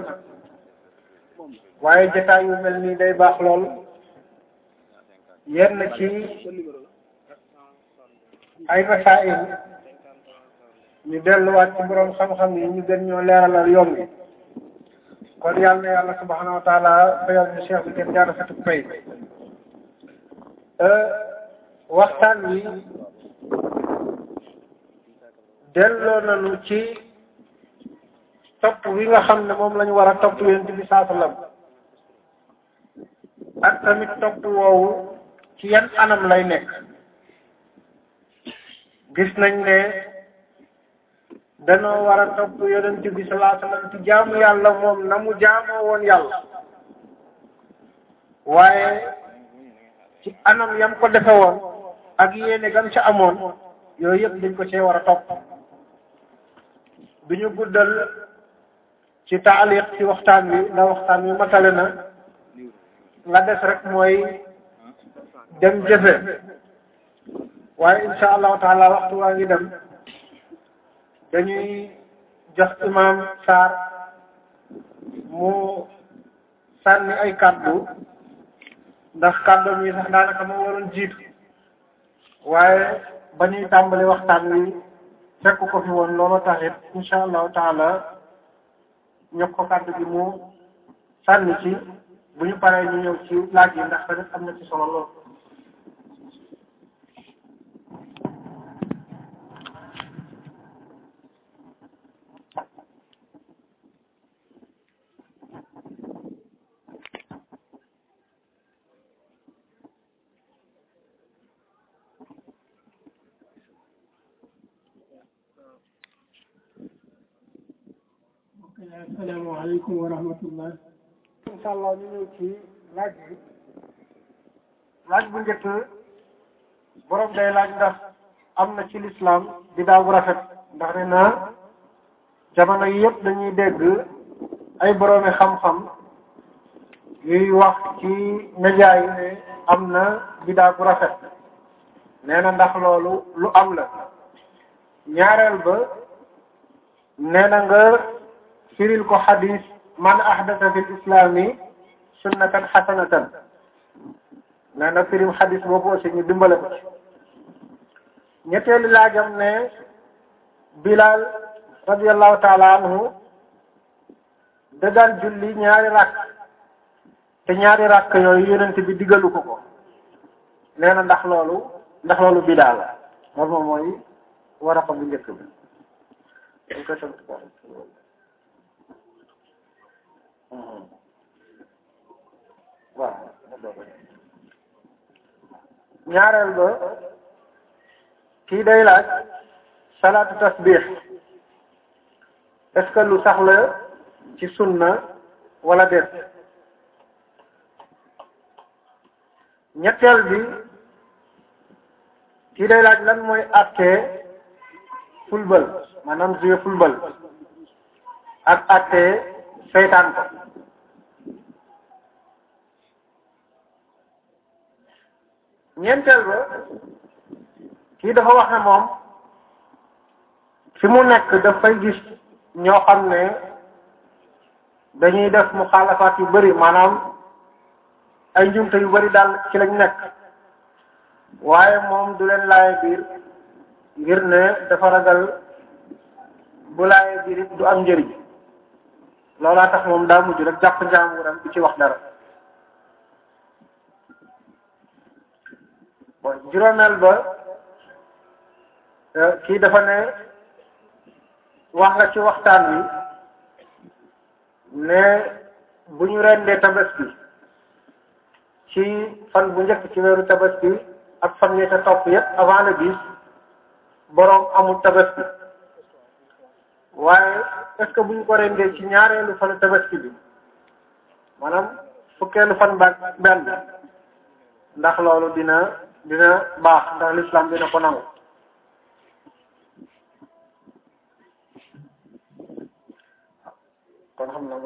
waaye jotaay mel nii day baax lool yenn ci ay masaa'il ñu delluwaat ci boroom xam-xam yi ñu gën ñoo leeralal yoon kon yàlla na yàlla subhaanahu wa taala fayal ñu cheikh bi kenn jaara fatuk pay waxtaan wi delloo nañu ci topp wi nga xam ne moom lañu war a topp yonent bi saa sallam ak tamit topp woowu ci yan anam lay nekk gis nañ ne danoo war a topp yonent bi salaa sallam ci jaamu yàlla moom na mu jaamoo woon yàlla waaye ci anam yam ko defe woon ak yéene gam ca amoon yooyu yëpp dañ ko cee war a topp du ñu guddal ci taaliq ci waxtaan wi ndax waxtaan wi matale na la def rek mooy dem jëfe waaye insha allahu taala waxtu waa ngi dem dañuy jox imam Sarr mu sànni ay kàddu ndax kàddu yi sax daanaka moo waroon jiitu waaye ba ñuy tàmbali waxtaan wi fekk ko fi woon loolu taxit incha allahu taala ñëpp ko kàddu gi mu sànni ci bu ñu paree ñu ñëw ci laaj yi ndax tamit am na ci solo aleykum wa rahmatullah incha allah ci laaj bi laaj bu njëkk boroom day laaj ndax am na ci lislaam bidaa bu rafet ndax nee na jamono yëpp dañuy dégg ay boroome xam-xam yuy wax ci média ne am na biddaa bu rafet nee na ndax loolu lu am la ñaareel ba nee na nga firil ko xadis man ahdasa fi islami sunnatan xasanatan nee na firim xadis boobu aussi ñu dimbale ko ci ñetteelu laajam ne Bilal radiallahu taala anhu da julli ñaari ràkk te ñaari ràkk yooyu yonent bi diggalu ko ko nee ndax loolu ndax loolu Bilal la loolu moom mooy waraka bu njëkk bi Hmm. waaw ñaareel ba kii day laaj salaatu tasbih est-ce que lu sax la ci sunna wala bi kii day laaj lan mooy àttee fulbal maanaam jouer fulbal ak àttee seytaan ko ñeenteel ba kii dafa wax ne moom fi mu nekk dafay gis ñoo xam ne dañuy def muxaalafaat yu bari maanaam ay njumte yu bari daal ci lañ nekk waaye moom du leen laaye biir ngir ne dafa ragal bu laaye biir du am njëriñ loolaa tax moom daa mujj rek jàpp njaamuram bi ci wax dara bon juróomeel ba euh, kii dafa ne wax la ci waxtaan wi ne bu ñu rendee tabaski ci fan bu njëkk ci weeru tabaski ak fan yi te topp yépp avant le dix boroom amul tabaski waaye est que bu ñu ko rendee ci ñaareelu fanu tabaski bi maanaam fukkeelu fan ba benn ndax loolu dina dina baax ndax lislaam dina ko na mën nañ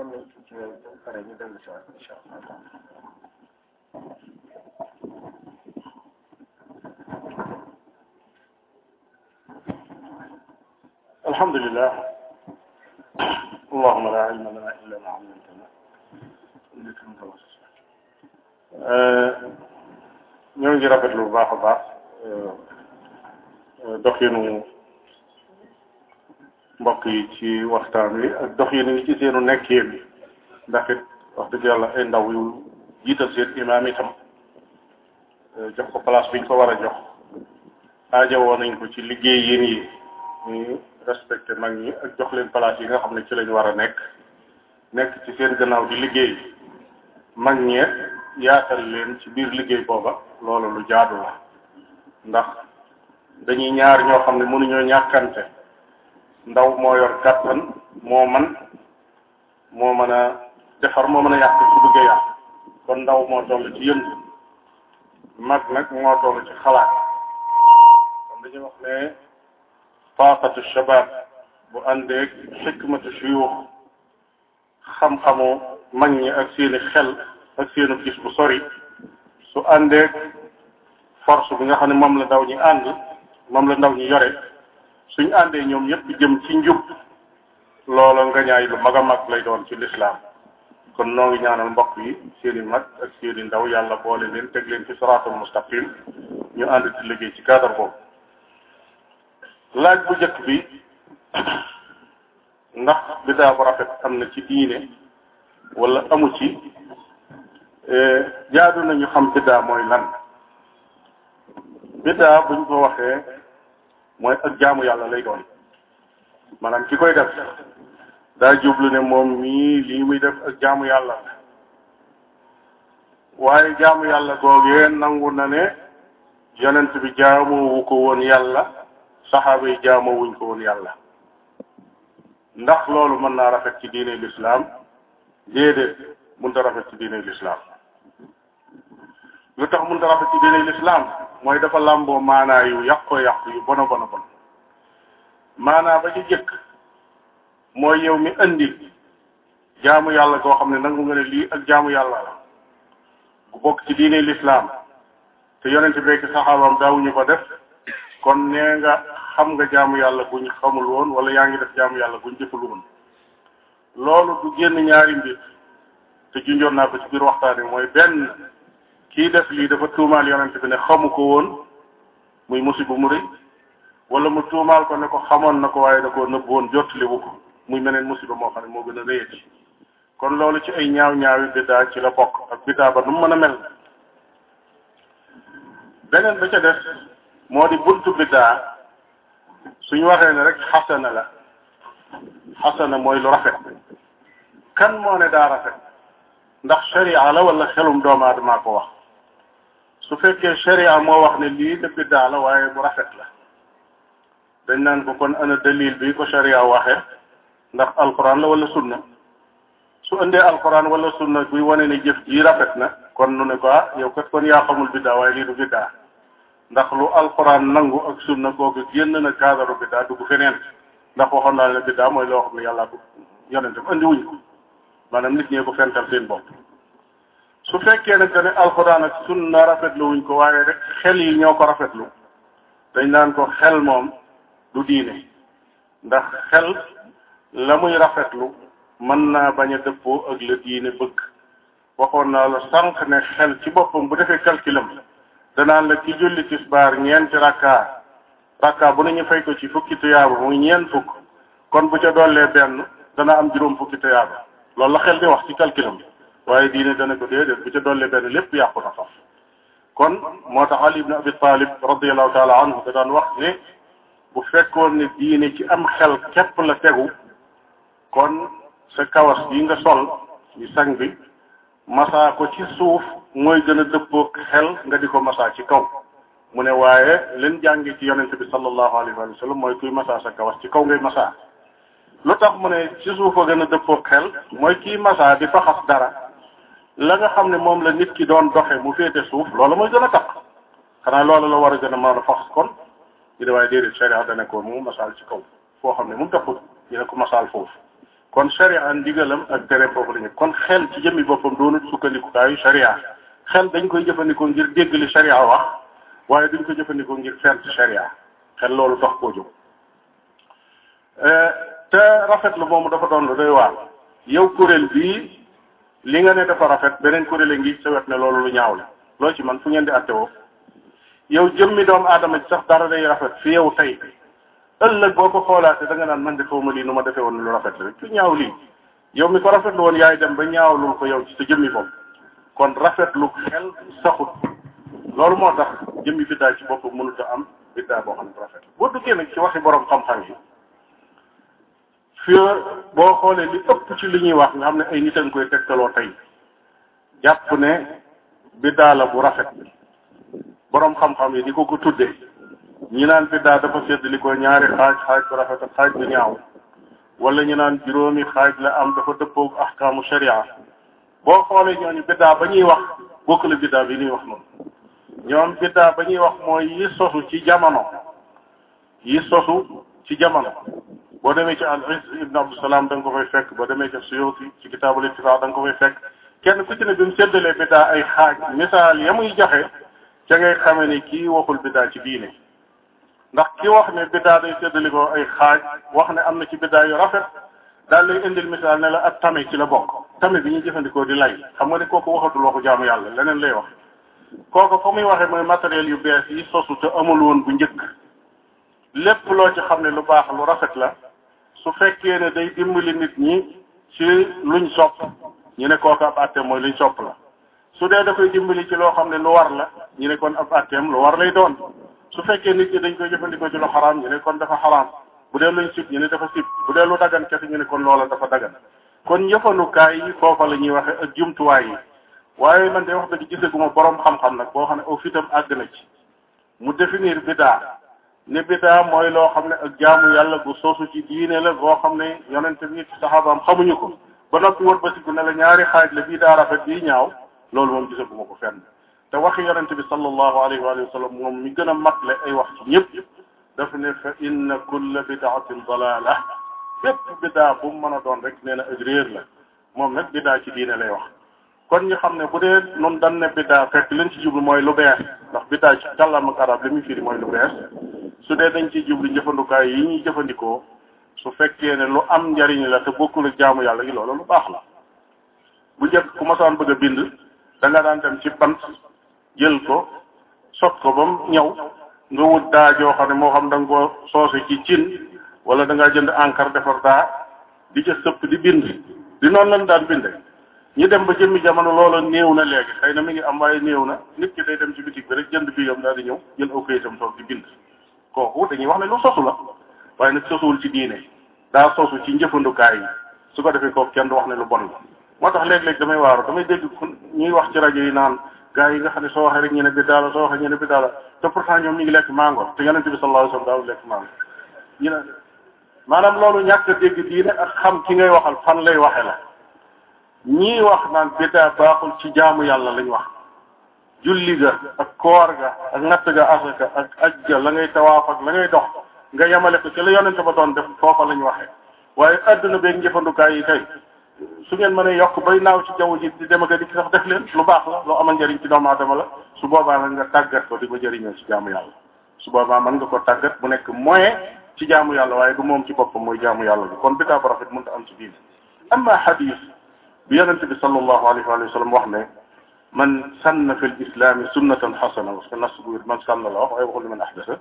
ci pare ñu dellu allah الحمد لله اللهم لا علم لنا إلا ما ñoo ngi rafetlu bu baax a baax euh, euh, doxinu mbokk yi ci waxtaan wi ak doxin yi ci seenu nekkee bi ndax it wax dëgg yàlla ay ndaw yu jiital seen imaam tam euh, jox ko place biñ ko war a jox aajawoo nañ ko ci liggéey yéen yi ñu respecté mag ñi ak jox leen place yi nga xam ne ci lañ war a nekk nekk ci seen gannaaw di liggéey mag ñee yaatal leen ci biir liggéey booba loolu lu jaadu la ndax dañuy ñaar ñoo xam ne mënuñoo ñàkkante ndaw moo yor kàttan moo man moo mën a defar moo mën a yàq su bëggee yàq kon ndaw moo toll ci yëngu mag nag moo toll ci xalaat kon dañuy wax ne faaqatu shabaab bu àndeeg xikmatu shuyuux xam-xamu mag ñi ak seeni xel ak seenu gis bu sori su àndeek force bi nga xam ne moom la ndaw ñi ànd moom la ndaw ñi yore suñ àndee ñoom ñëpp jëm ci njub loola nga ñaay lu mag a mag lay doon ci lislaam kon noo ngi ñaanal mbokk yi seeni mag ak seeni ndaw yàlla boole leen teg leen ci siraatul mustaqim ñu ànd ci liggéey ci cadre boobu laaj bu njëkk bi ndax bidaa bu rafet am na ci diine wala amu ci Eh, jaadu nañu xam biddaa mooy lan biddaa buñ ko waxee mooy ak jaamu yàlla lay doon maanaam ki koy def daa jublu ne moom mii lii muy def ak jaamu yàlla waaye jaamu yàlla googee nangu na ne yonent bi jaamoowu ko woon yàlla saxaaba yi jaamoowuñ ko woon yàlla ndax loolu mën naa rafet ci diine lislaam déedéet mënta rafet ci diine lislaam lu tax mun ta rafet ci diine lislaam mooy dafa làmboo maanaa yu yàqoo yàqu yu bono bono bon maanaa ba ci jëkk mooy yow mi indi jaamu yàlla goo xam ne nangu nga ne lii ak jaamu yàlla la bokk ci diine lislaam te yonente ci saxaabaam daawuñu ko def kon nee nga xam nga jaamu yàlla guñ xamul woon wala yaa ngi def jaamu yàlla guñ jëful woon loolu du génn ñaari mbir te junjoon naa ko ci biir waxtaan wi mooy benn kii def lii dafa tuumaal yonent bi ne xamu ko woon muy musiba mu rëy wala mu tuumaal ko ne ko xamoon na ko waaye da koo nëbb woon jottaliwu ko muy meneen musiba moo xam ne moo gën a rëyati kon loolu ci ay ñaaw ñaawi biddaa ci la bokk ak biddaa ba nu mu mën a mel beneen ba ca def moo di buntu biddaa suñu waxee ne rek xasana la xasana mooy lu rafet kan moo ne daa rafet ndax sharia la wala xelum doomu aadama ko wax su fekkee sharia moo wax ne lii lépp biddaa la waaye bu rafet la dañ naan ko kon ana dalil bi ko sharia waxee ndax alquran la wala sunna su indee alquran wala sunna buy wane ne jëf jii rafet na kon nu ne ko ah yow kat kon yaa xamul biddaa waaye lii du biddaa ndax lu alquran nangu ak sunna kooku génn na kaadaru biddaa dugg feneen ndax waxoon naa ne biddaa mooy loo xam ne yàllaa ko yonentam andi wuñ ko maanaam nit ñee fental seen bopp su fekkee nag ne alxuraan ak sunna rafetlu wuñ ko waaye rek xel yi ñoo ko rafetlu dañ naan ko xel moom du diine ndax xel la muy rafetlu mën naa bañ a dëppoo ak la diine bëgg waxoon naa la sànq ne xel ci boppam bu defee calculam danaan la ki julli tisbaar ñeenti rakka rakka bu ne ñu fay ko ci fukki tuyaaba muy ñeent fukk kon bu ca dollee benn dana am juróom fukki tuyaaba loolu la xel di wax ci calculam waaye diine dana ko déedéet bu ca dolli benn lépp yàqu na sax kon moo tax Ali ibn Abi Talib radiallahu taala anhu da daan wax ne bu fekkoon ni diine ci am xel képp la tegu kon sa kawas yi nga sol yi sang bi masaa ko ci suuf mooy gën a dëppoog xel nga di ko masaa ci kaw mu ne waaye leen jàngi ci yonente bi sallallahu alayhi wa sallam mooy kuy masaa sa kawas ci kaw ngay masaa lu tax mu ne ci suuf a gën a dëppoog xel mooy kiy masaa di faxas dara la nga xam ne moom la nit ki doon doxe mu féete suuf loolu mooy gën a tax xanaa loolu la war a gën a mën a fax kon ñu ne waaye déedéet sharia dana ko mu masaal ci kaw foo xam ne mu taxul ñu ne ko masaal foofu kon sharia ndigalam ak tere foofu la ñu kon xel ci jëmmi boppam doonul sukkandikukaayu sharia xel dañ koy jëfandikoo ngir dégg li sharia wax waaye duñ ko jëfandikoo ngir fent sharia xel loolu tax koo jóg euh, te rafetlu moomu dafa doon lu doy waar yow kuréel li nga ne dafa rafet beneen kuréel ngi sa wet ne loolu lu ñaaw la loo ci man fu ngeen di attewoo yow jëmmi doomu aadama ci sax dara day rafet fi yow tey ëllëg boo ko xoolaatee da nga naan man de xaw ma lii nu ma defee woon lu rafet la rek lu ñaaw lii yow mi ko rafet rafetlu woon yaay dem ba ñaaw lu ñaawlul ko yow ci sa jëmmi bopp kon rafetlu xel saxut loolu moo tax jëmmi biddaa ci bopp mënut a am biddaa boo xam ne rafet boo duggee nag ci waxi borom xam-xam yi. fii boo xoolee li ëpp ci li ñuy wax nga xam ne ay nit a ngi koy tegtaloo tey jàpp ne biddaa la bu rafet boroom xam-xam yi di ko ko tuddee ñi naan biddaa dafa sedd li ko ñaari xaaj xaaj bu rafet ak xaaj bu ñaaw wala ñu naan juróomi xaaj la am dafa dëppoog ahkaamu sharia boo xoolee ñooñu biddaa ba ñuy wax bokk la biddaa bi ñuy wax moom ñoom biddaa ba ñuy wax mooy yi sosu ci jamono yi sosu ci jamono boo demee ci al is ibn abdusalaam da ko koy fekk boo demee ci suyuti ci kitaabul ittifaq da nga ko fay fekk kenn ku ci ne bi mu séddalee biddaa ay xaaj misaal ya muy joxe ca ngay xame ni kii waxul biddaa ci diine ndax ki wax ne biddaa day séddalikoo ay xaaj wax ne am na ci biddaa yu rafet daal lay indil misaal ne la ak tame ci la bokk tamit bi ñuy jëfandikoo di lay xam nga ne kooku waxatul waxu jaamu yàlla leneen lay wax kooku fa muy waxee mooy matériel yu bees yi sosu te amul woon bu njëkk lépp loo ci xam ne lu baax lu rafet la su fekkee ne day dimbali nit ñi ci luñ sopp ñu ne kooku ab àtteem mooy luñ sopp la su dee dafay dimbali ci loo xam ne lu war la ñu ne kon ab àtteem lu war lay doon su fekkee nit ñi dañ koy jëfandikoo ci lu xaraam ñu ne kon dafa xaraam bu dee luñ sib ñu ne dafa sib bu dee lu dagan kese ñu ne kon loola dafa dagan kon yëfanukaay yi foofa la ñuy waxee ak jumtuwaay yi waaye man de wax dëgg gisaguma borom xam-xam nag boo xam ne au fitam àgg na ci mu définir bidaa ne bidaa mooy loo xam ne ak jaamu yàlla gu soosu ci diine la boo xam ne yonente bi ci saxaabaam xamuñu ko ba noppi woon ba sigu ne la ñaari xaaj la bii daa rafet bii ñaaw loolu moom gisaguma ko fenn te waxi yonente bi sallallahu alayhi wa sallam moom mi gën a mag la ay wax ci ñëpp daf ne fa inna kulla bidaatin dalala bépp bidaa bu mu mën a doon rek nee na ak réer la moom nag bidaa ci diine lay wax kon ñu xam ne bu dee noonu dan ne bidaa mooy lu bees ndax bidaa ci kàllaam ak arab li muy firi su dee dañ ciy jublu jëfandukaay yi ñuy jëfandikoo su fekkee ne lu am njariñ la te bokkul ak jaamu yàlla gi loolu lu baax la bu njëkk ku masaan bëgg a bind da nga daan dem ci bant jël ko sot ko ba mu ñëw nga wut daa joo xam ne moo xam da nga ko soose ci cin wala da ngaa jënd encre defar daa di ca sëpp di bind di noonu lañ daan binde ñu dem ba jëmmi jamono loola néew na léegi xëy na mi ngi am waaye néew na nit ki day dem ci bitig bi rek jënd bigam daal di ñëw jël aw kayitam toog di bind kooku dañuy wax ne lu sosu la waaye nag sosuwul ci diine daa sosu ci njëfandukaay yi su ko defee kooku kenn du wax ne lu bon la moo tax léeg-léeg damay waaru damay dégg ñuy wax ci rajo yi naan gaa yi nga xam ne soo waxee rek ñu ne biddaa la soo waxee ñu ne biddaa la te pourtant ñoom ñu ngi lekk mango te yonent a sallallahu alayhi wa sallam daawul lekk mango ñu ne maanaam loolu ñàkk a dégg diine ak xam ki ngay waxal fan lay waxe la ñii wax naan bitaa baaxul ci jaamu yàlla lañ wax julli ga ak koor ga ak natt ga asaka ak aj ga la ngay tawaaf ak la ngay dox nga yemale ko ci la yonente ba doon def foofa la ñu waxee waaye àdduna beeg njëfandukaay yi tey su ngeen mën a yokk bay naaw ci jaww ji di dem ak di ki leen lu baax la loo amal njëriñ ci doomu aadama la su boobaa nag tàggat di ko jëriñoo ci jaamu yàlla su boobaa mën nga ko tàggat bu nekk moyen ci jaamu yàlla waaye du moom ci boppam mooy jaamu yàlla bi kon bidaa bu rafet mënta am si diine amma xadis bi yonente bi sallallahu alayhi wa sallam wax ne man sanna fi lislami sunnatan xasana parce que nas bu wér man sanna la wax waaye waxul man ahdasa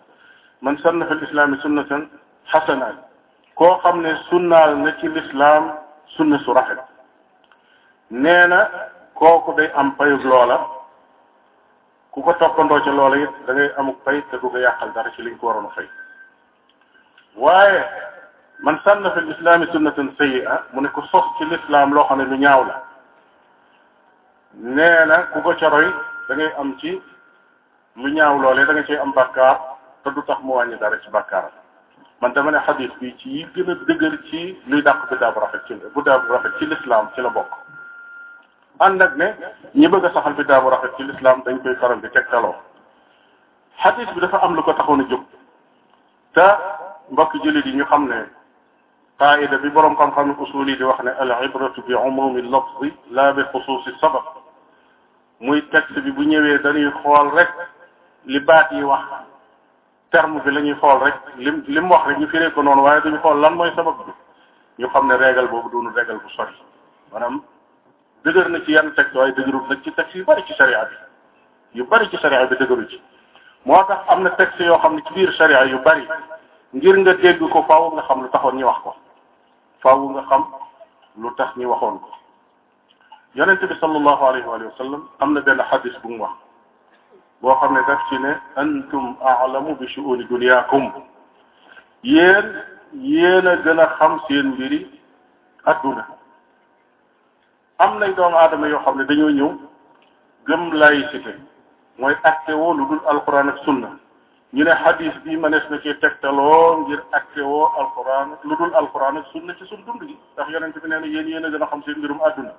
man sanna fi lislami sunnatan xasana koo xam ne sunnaal na ci lislaam sunna su rafet nee na kooku day am payug loola ku ko toppandoo ca loola it da ngay amuk pay te du ko yàqal dara ci liñ ko waroon a fay waaye man sanna fi lislaami sunnatan sayyi'a mu ne ko sos ci lislaam loo xam ne lu ñaaw la nee na ku ko ca roy da ngay am ci mu ñaaw loolee da nga am bàkkaar te du tax mu wàññi dara ci bàkkaar man dama ne xadis bi ci yi gën a dëgër ci luy dàq biddaa bu rafet ci biddaa bu rafet ci lislaam ci la bokk ànd ak ne ñi bëgg a saxal biddaa bu rafet ci lislaam dañ koy faral di tegtaloo xadis bi dafa am lu ko taxoon a jóg te mbokk jullit yi ñu xam ne qaida bi boroom xam-xam usul yi di wax ne al ibratu bi umumi lafzi la bi xusuusi sabab muy texte bi bu ñëwee dañuy xool rek li baat yi wax terme bi la ñuy xool rek lim li mu wax rek ñu firee ko noonu waaye duñu xool lan mooy sabab bi ñu xam ne régal boobu doonu régal bu sori maanaam dëgër na ci yan texte waaye dëgërul nag ci texte yu bari ci sharia bi yu bari ci sharia bi dëgëru ci moo tax am na texte yoo xam ne ci biir sharia yu bari ngir nga dégg ko faaw nga xam lu taxoon ñu wax ko faaw nga xam lu tax ñu waxoon ko yonente bi sallallahu alayhi wa sallam am na benn xadis bu mu wax boo xam ne daf ci ne antum aalamu bi shuuni duniyaakum yéen yéen a gën a xam seen mbiri adduna am nañ doomu aadama yoo xam ne dañoo ñëw gëm laïcité mooy acte woo lu dul alquran ak sunna ñu ne xadis bi mënees na cee tegtaloo ngir acte woo alquran lu dul alquran ak sunna ci suñ dund gi ndax yonente bi nee na yéen yéen a gën a xam seen mbirum adduna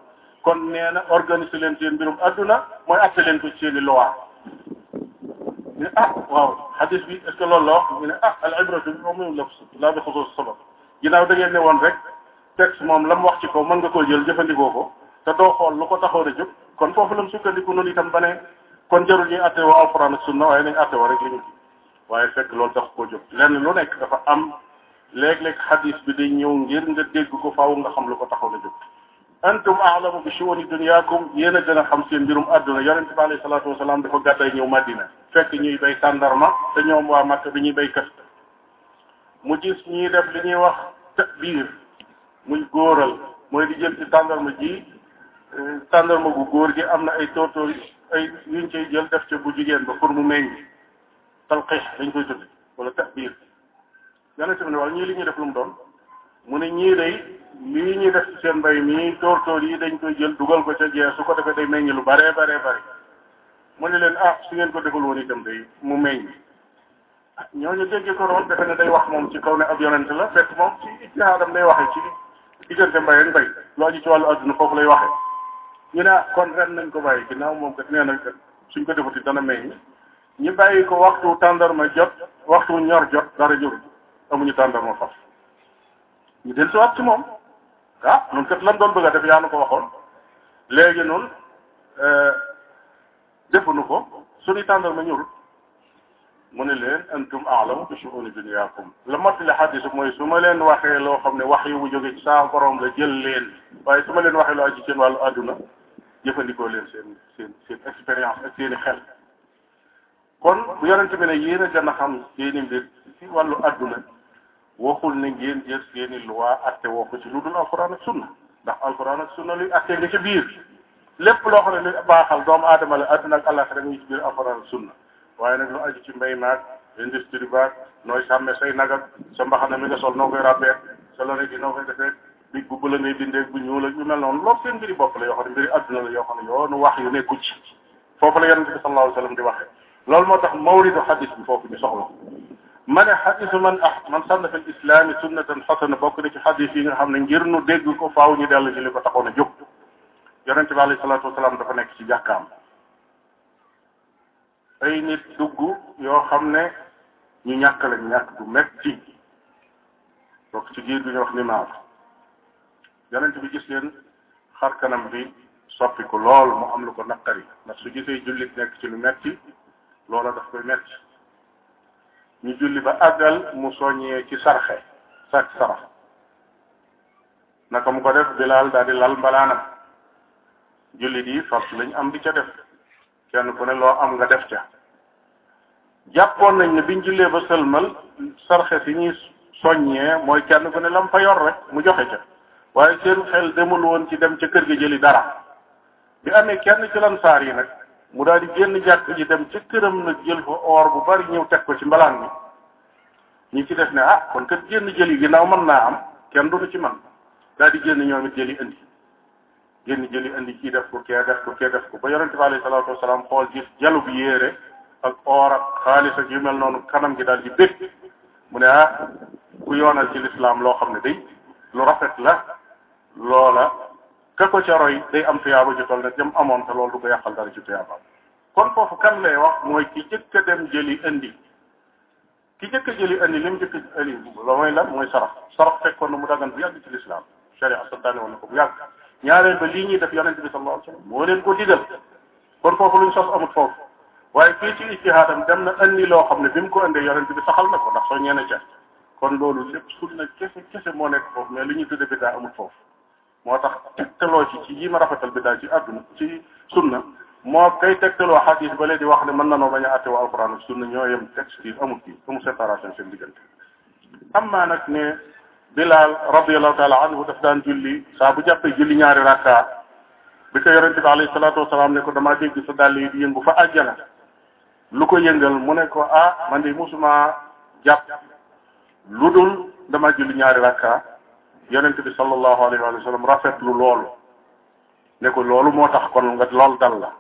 kon nee na organiser leen seen mbirum adduna mooy atte leen ko ci seen i loi ne ah waaw xadis bi est ce que loolu la wax ñu ne ah al ibratu bi umumil lafz laa bi da ngeen woon rek texte moom la mu wax ci kaw mën nga koo jël jëfandikoo ko te doo xool lu ko taxoon a jóg kon foofu la mu sukkandiku noonu itam ba ne kon jarul ñuy atte woo alquran ak sunna waaye nañ atte woo rek li waaye fekk loolu tax koo jóg lenn lu nekk dafa am léeg-léeg xadis bi day ñëw ngir nga dégg ko faaw nga xam lu ko taxoon a antum aalamu bi shuuni duniyaakum yéen a gën a xam seen mbirum àdduna yonente bi alayhi salaatu wasalaam dafa gàdday ñëw Madina fekk ñuy bay tàndarma te ñoom waa Makka bi ñuy bay kët mu gis ñuy def li ñuy wax takbiir muy góoral mooy di jël ci tàndarma ji euh, tàndarma gu góor gi am na ay tóortóor ay yuñ cay jël def ca bu jigéen ba pour mu meññ talqiix dañ koy tudde wala takbiir yonente bi ne wala ñii li ñuy def lu mu doon mu ne ñii day lii ñuy def ci seen mbay mii tóortóor yi dañ koy jël dugal ko ca jeex su ko defee day meññ lu bare bare bare mu ne leen ah su ngeen ko defal woon itam day mu meññ ah, ñooñu dégg ko noonu defe ne day wax moom ci kaw ne ab yonent la fekk moom ci ijtihaadam lay waxe ci diggante mbay ak mbay loo ji ci wàllu adduna foofu lay waxe ñu ne ah, kon ren nañ ko bàyyi ginnaaw moom kat nee na kat suñ ko defati dana meññ ñu bàyyi ko waxtu tàndarma jot waxtu ñor jot dara jur amuñu tàndarma faf ñu del siwaat ci moom ah nun kat lan doon bëgg a def yaa nu ko waxoon léegi nun euh, defuñu ko suñuy tàndarma ñëwul mu ne leen antum aalamu bi shuuni duniyaakum la mottali xadis mooy su ma leen waxee loo xam ne wax yi bu jóge ci saa borom la jël leen waaye su ma leen waxee loo aju seen wàllu àdduna jëfandikoo leen seen seen seen expérience ak seen xel kon bu yonente bi ne yéen gën a xam seen i mbir ci wàllu àdduna waxul ne ngeen jël seeni loi atte woo ko ci lu dul alquran ak sunna ndax alquran ak sunna luy atte nga ci biir lépp loo xam ne luy baaxal doomu aadama la adduna ak àllaxira ngi ci biir alquran ak sunna waaye nag lu aju ci mbay maag industrie baag nooy sàmme say nagam sa mbaxana mi nga sol noo koy ràbbeet solo lone gi noo koy defee bi bu la ngay bindee bu ñuul ak yu mel noonu loolu seen mbiri bopp la yoo xam ne mbiri adduna la yoo xam ne yoonu wax yu nekku ci foofu la yonente bi sallallahu alayhi wa sallam di loolu moo tax mawridu xadis bi foofu ñu soxla ma ne xadisu man ah man sanna fil islaami sunnatan xasana bokk na ci xadis yi nga xam ne ngir nu dégg ko faaw ñu dellu ci li ko taxoon a jóg yonente bi alayhi salaatu wasalaam dafa nekk ci jàkkaam ay nit dugg yoo xam ne ñu ñàkk lañ ñàkk bu metti bokk ci giir bi ñu wax ni maar yonent bi gis leen xar kanam bi soppi ko lool mu am lu ko naqari ndax su gisee jullit nekk ci lu metti loola daf koy metti ñu julli ba àggal mu soññee ci sarxe sàkk sarax naka mu ko def bilaal daal di lal mbalaanam jullit yi fas lañ am di ca def kenn ku ne loo am nga def ca jàppoon nañ ne biñ jullee ba sëlmal sarxe si ñuy soññee mooy kenn ku ne lam fa yor rek mu joxe ca waaye seen xel demul woon ci dem ca kër gi jëli dara bi amee kenn ci lan saar yi nag mu daal di génn jàkk ji dem ci këram nag jël fa or bu bari ñëw teg ko ci mbalaan mi ñi ci def ne ah kon kër génn jël yi ginnaaw mën naa am kenn duñu ci man daal di génn ñoom it jëli indi génn jëli indi kii def ko kee def ko kee def ko ba yonente bi alayhi salaatu wasalaam xool gis jalu bi yéere ak or ak xaalis ak yu mel noonu kanam gi daal di bég mu ne ah ku yoonal ci lislaam loo xam ne day lu rafet la loola ka ko ca roy day am tuyaaba ju toll ne amoon te loolu du ko yàqal dara ci kon foofu kan lay wax mooy ki jëkk a dem jëli indi ki jëkk a jëli indi li mu jëkk a indi la mooy lan mooy sarax sarax na mu dagan bu yàgg ci lislaam sharia santaane woon na ko bu yàgg ñaareel ba lii ñuy def yonente bi sallallahu alayhi wasallam moo leen ko digal kon foofu luñ sos amut foofu waaye fii ci ijtihaadam dem na indi loo xam ne bi mu ko indee yonente bi saxal na ko ndax soo ñeene loolu lépp sunna moo nekk foofu mais li ñuy tudde bidaa amut foofu moo tax tegtaloo ci ci yii ma rafetal bi daal ci àdduna ci sunna moo kay tegtaloo xadis ba léegi di wax ne mën nanoo bañ a àtte waa alquran ak sunna ñoo yem texte amul kii amul séparation seen am amma nag ne Bilaal radiallahu taala anhu daf daan julli saa bu jàppee julli ñaari ràkka bi ko yonente bi alayhi salaatu wasalaam ne ko damaa dégg sa dàll yi di fa àjjana lu ko yëngal mu ne ko ah man de mosuma jàpp lu dul dama julli ñaari rakka yonent bi sallallahu alayhi wa sallam rafetlu loolu ne ko loolu moo tax kon nga lool dal la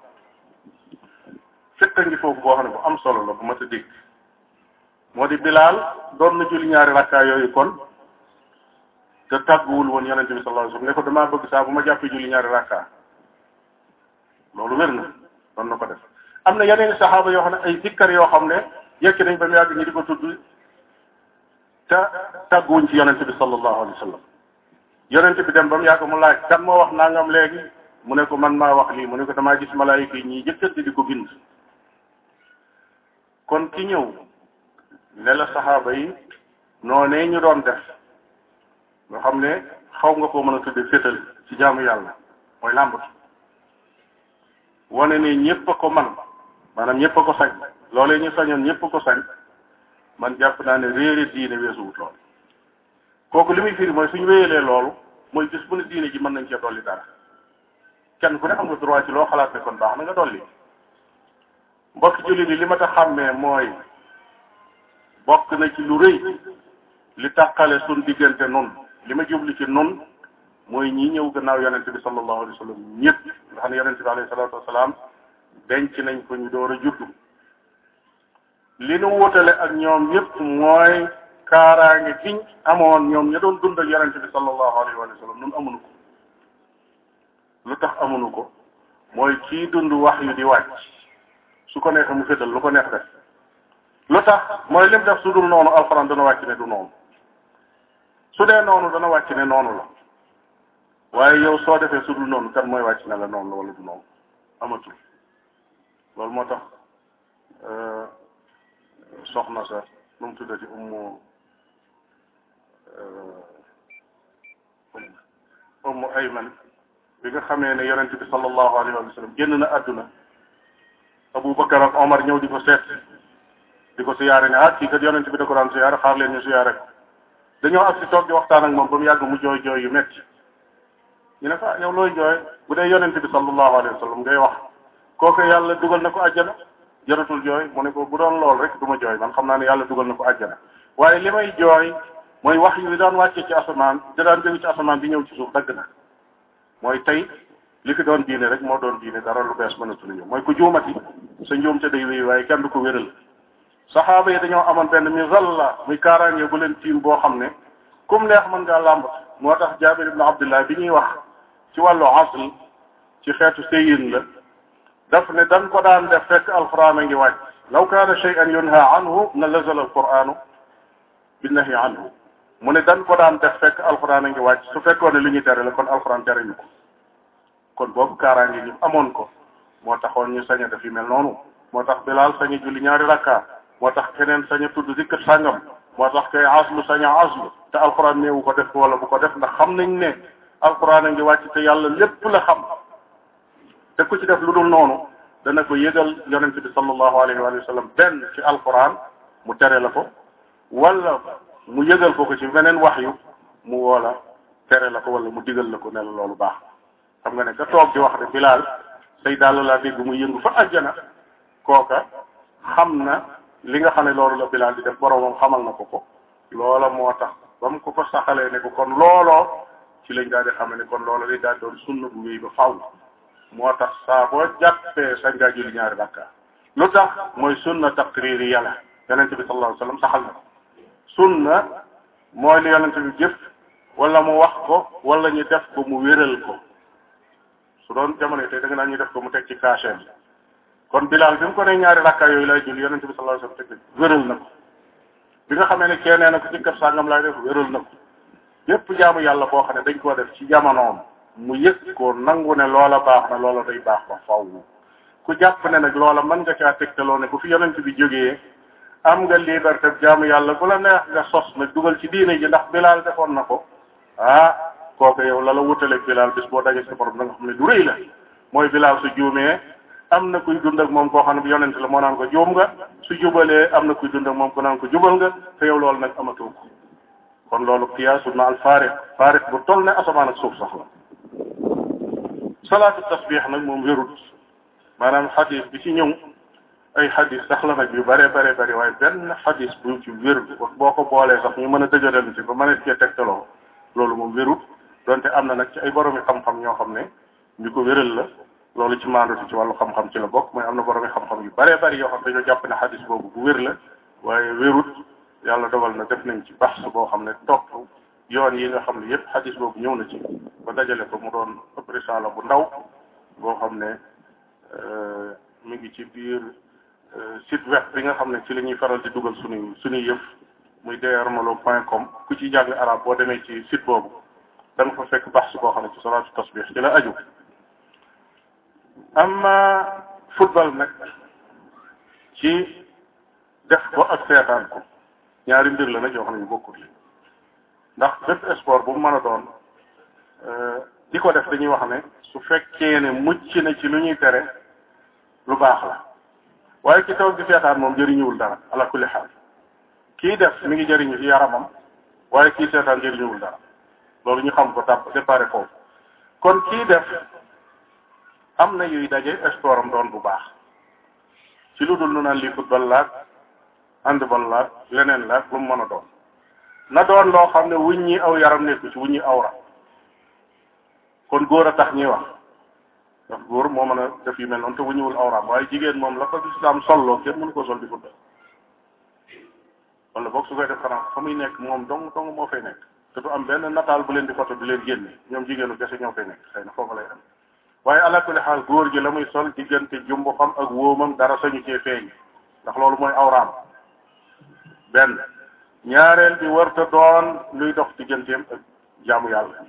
fekk ngi foofu boo xam ne bu am solo la bu mat a moo di bilaal doon na julli ñaari rakkaa yooyu kon te tàgguwul woon yonent bi sallallahu alayhi damaa bëgg saa ma jàppee julli ñaari rakkaa loolu wér na na ko def na yeneen saxaaba yoo xam ne ay zikkar yoo xam ne yekki nañ ba yàgg ñu di ci yonent bi sallallahu alayhi wa sallam yonent bi dem ba mu yàgg mu laaj kan moo wax nangam léegi mu ne ko man maa wax lii mu ne ko damaa gis malaay malaayika yi ñiy jëkkante di ko bind kon ki ñëw ne la saxaaba yi noonee ñu doon def nga xam ne xaw nga koo mën a tudde fétal ci jaamu yàlla mooy làmbatu wane ne ñépp a ko man maanaam ñépp a ko sañ loolee ñu sañoon ñépp a ko sañ man jàpp naa ne réere diine weesuwut lool kooku li muy firi mooy suñu wéyalee loolu mooy gis bu ne diine ji mën nañ cee dolli dara kenn ku ne am nga droit ci loo xalaat ne kon baax na nga dolli mbokk jullit yi li ma ta xàmmee mooy bokk na ci lu rëy li tàqale suñ diggante nun li ma jubli ci nun mooy ñi ñëw gannaaw yonente bi sallallahu alayhi wa sallam ñëpp nga xam ne yonente bi alayhi salatu wasalaam denc nañ ko ñu door a juddu li nu wutale ak ñoom ñëpp mooy kaaraange giñ amoon ñoom ña doon dundal yonent bi sallallahu alayhi wa sallam ñun amuñu ko lu tax amuñu ko mooy kii dund wax yu di wàcc su ko neexee mu féetal lu ko neex def lu tax mooy lim def su dul noonu alxuraan dana wàcc ne du noonu su dee noonu dana wàcc ne noonu la waaye yow soo defee su dul noonu kan mooy wàcc ne la noonu la wala bu noonu amatul loolu moo tax euh, soxna sa nu mu tuddati ummu ummu ayman bi nga xamee ne yonent bi sallallahu alayhi wa sallam génn na àdduna Abu Bakar ak Omar ñëw di ko seet di ko siyaare ne ah kii kat yonent bi da ko daan siyaare xaar leen ñu siyaare ko dañoo ak si toog di waxtaan ak moom ba mu yàgg mu jooy jooy yu metti ñu ne ko ah, yow looy jooy bu dee yonent bi sallallahu alayhi wa ngay wax kooku yàlla dugal na ko àjjana jaratul jooy mu ne ko doon lool rek du ma jooy man xam naa ne yàlla dugal na ko àjjana mooy wax yu daan wàccee ci asamaan da daan jóge ci asamaan bi ñëw ci suuf dagg na mooy tey li ko doon diine rek moo doon diine dara lu bees mënatu la ñëw mooy ku juumati sa njuum ca day wéy waaye kenn du ko wéral saxaaba yi dañoo amoon benn mi zalla muy kaaraange bu leen tiim boo xam ne kum neex mën ngaa làmbat moo tax jaabir ibnu abdullah bi ñuy wax ci wàllu asl ci xeetu séyin la daf ne dan ko daan def fekk alquran a ngi wàcc law kaana shay'an yunha anhu na lazala alquranu binnahi anhu mu ne dan ko def fekk alxuraan a ngi wàcc su fekkoon ne li ñuy tere la kon alxuraan tere ñu ko kon boobu kaaraange gi amoon ko moo taxoon ñu sañ def yu mel noonu moo tax bilaal sañ a julli ñaari rakka moo tax keneen sañ a tudd dikk sàngam moo tax kay aslu sañ a aslu te alxuraan néewu ko def wala bu ko def ndax xam nañ ne alxuraan a ngi wàcc te yàlla lépp la xam te ku ci def lu dul noonu dana ko yëgal yonent bi sallallahu alayhi wa sallam benn ci alxuraan mu tere la ko wala mu yëgal ko ko ci beneen wax yu mu woola tere la ko wala mu digal la ko ne la loolu baax xam nga ne ka toog di wax ne bilaal say daal laa dégg mu yëngu fa àjjana kooka xam na li nga xam ne loolu la bilaal di def boromam xamal na ko ko loola moo tax ba mu ko saxalee ne ko kon looloo ci lañ daal di xam ne kon loola day daal doon sunna bu wéy ba faaw moo tax saa boo jàppee sañ ngaa julli ñaari bàkkaar lu tax mooy sunna taqriri yàlla yonente bi sallallahu alayhi wa sallam saxal sunna mooy li yonent bi jëf wala mu wax ko wala ñu def ko mu wéral ko su doon jamono tey da nga ñu def ko mu teg ci kaasheem kon bilaal bi mu ko ne ñaari rakka yooyu lay julli yonent bi sallallahu alayhi wasallam teg wéral na ko bi nga xamee ne keneen nee na ko ci kër sàngam laay def wéral na ko yépp jaamu yàlla boo xam ne dañ koo def ci jamonoom mu yëg ko nangu ne loola baax na loola day baax ko faww ku jàpp ne nag loola mën nga caa tegtaloo ne bi jógee am nga liberté jaamu yàlla bu la neex nga sos nag dugal ci diine ji ndax bilaal defoon na ko ah kooku yow la la wutaleeg bilaal bis boo dajee sa borom ne du rëy la mooy bilaal su juumee am na kuy dund ak moom koo xam ne yonent la moo naan ko nga su jubalee am na kuy dund moom ko naan ko nga te yow loolu nag kon loolu qiyaasu na al faariq faariq bu toll ne asamaan ak suuf sax la salaatu moom wérut maanaam xadiis bi ci ñëw ay xadis sax la nag yu bare bare bëri waaye benn xadis bu ci wér boo ko boolee sax ñu mën a dëgëral ci ba mën a cee tegtaloo loolu moom wérut donte am na nag ci ay boromi xam-xam ñoo xam ne ñu ko wéral la loolu ci maanduti ci wàllu xam-xam ci la bokk mooy am na boromi xam-xam yu bare bëri yoo xam dañoo jàpp ne xadis boobu bu wér la waaye wérut yàlla dogal na def nañ ci baax boo xam ne topp yoon yi nga xam ne yëpp xadis boobu ñëw na ci ba dajale ko mu doon ëpp risaala bu ndaw xam ne euh, mi ngi ci biir Euh, site web bi nga xam ne ci lañuy faral di dugal suñuy suñuy yëpp muy drmalo point com ku ci jàng arab boo demee ci sit boobu da ko fekk baax si boo xam ne ci salaatu tasbix ci la aju am football nag ci def ko ak seetaan ko ñaari mbir la nag yoo xam ne ñu li ndax bépp sport bu mu mën a doon euh, di ko def dañuy wax ne su fekkee ne mucc na ci lu ñuy pere lu baax la waaye ci toog di seetaan moom jëriñuwul dara ala kulli kii def mi ngi jëriñu ci yaramam waaye kii seetaan jëriñuwul dara loolu ñu xam ko tàpp séparé foofu kon kii def am na yuy daje sport doon bu baax ci lu dul naan lii football laag handball laag leneen laag lu mu mën a doon na doon loo xam ne wuñ ñii aw yaram nekku ci wu wuñ aw awra kon góor a tax ñuy wax ndax góor moo mën a def yu mel noonu te wu ñëwul awraam waaye jigéen moom la ko lislaam solloo kenn mënu ko sol di gudda wala boog su koy def xanaa fa nekk moom dong dong moo fay nekk te du am benn nataal bu leen di photo du leen génne ñoom jigéenu gese ñoo fay nekk xëy foofu lay am waaye ala kulli xaal góor gi la muy sol diggante jumbu xam ak wóomam dara sañu cee feeñ ndax loolu mooy awraam benn ñaareel bi warta doon luy dox digganteem ak jaamu yàlla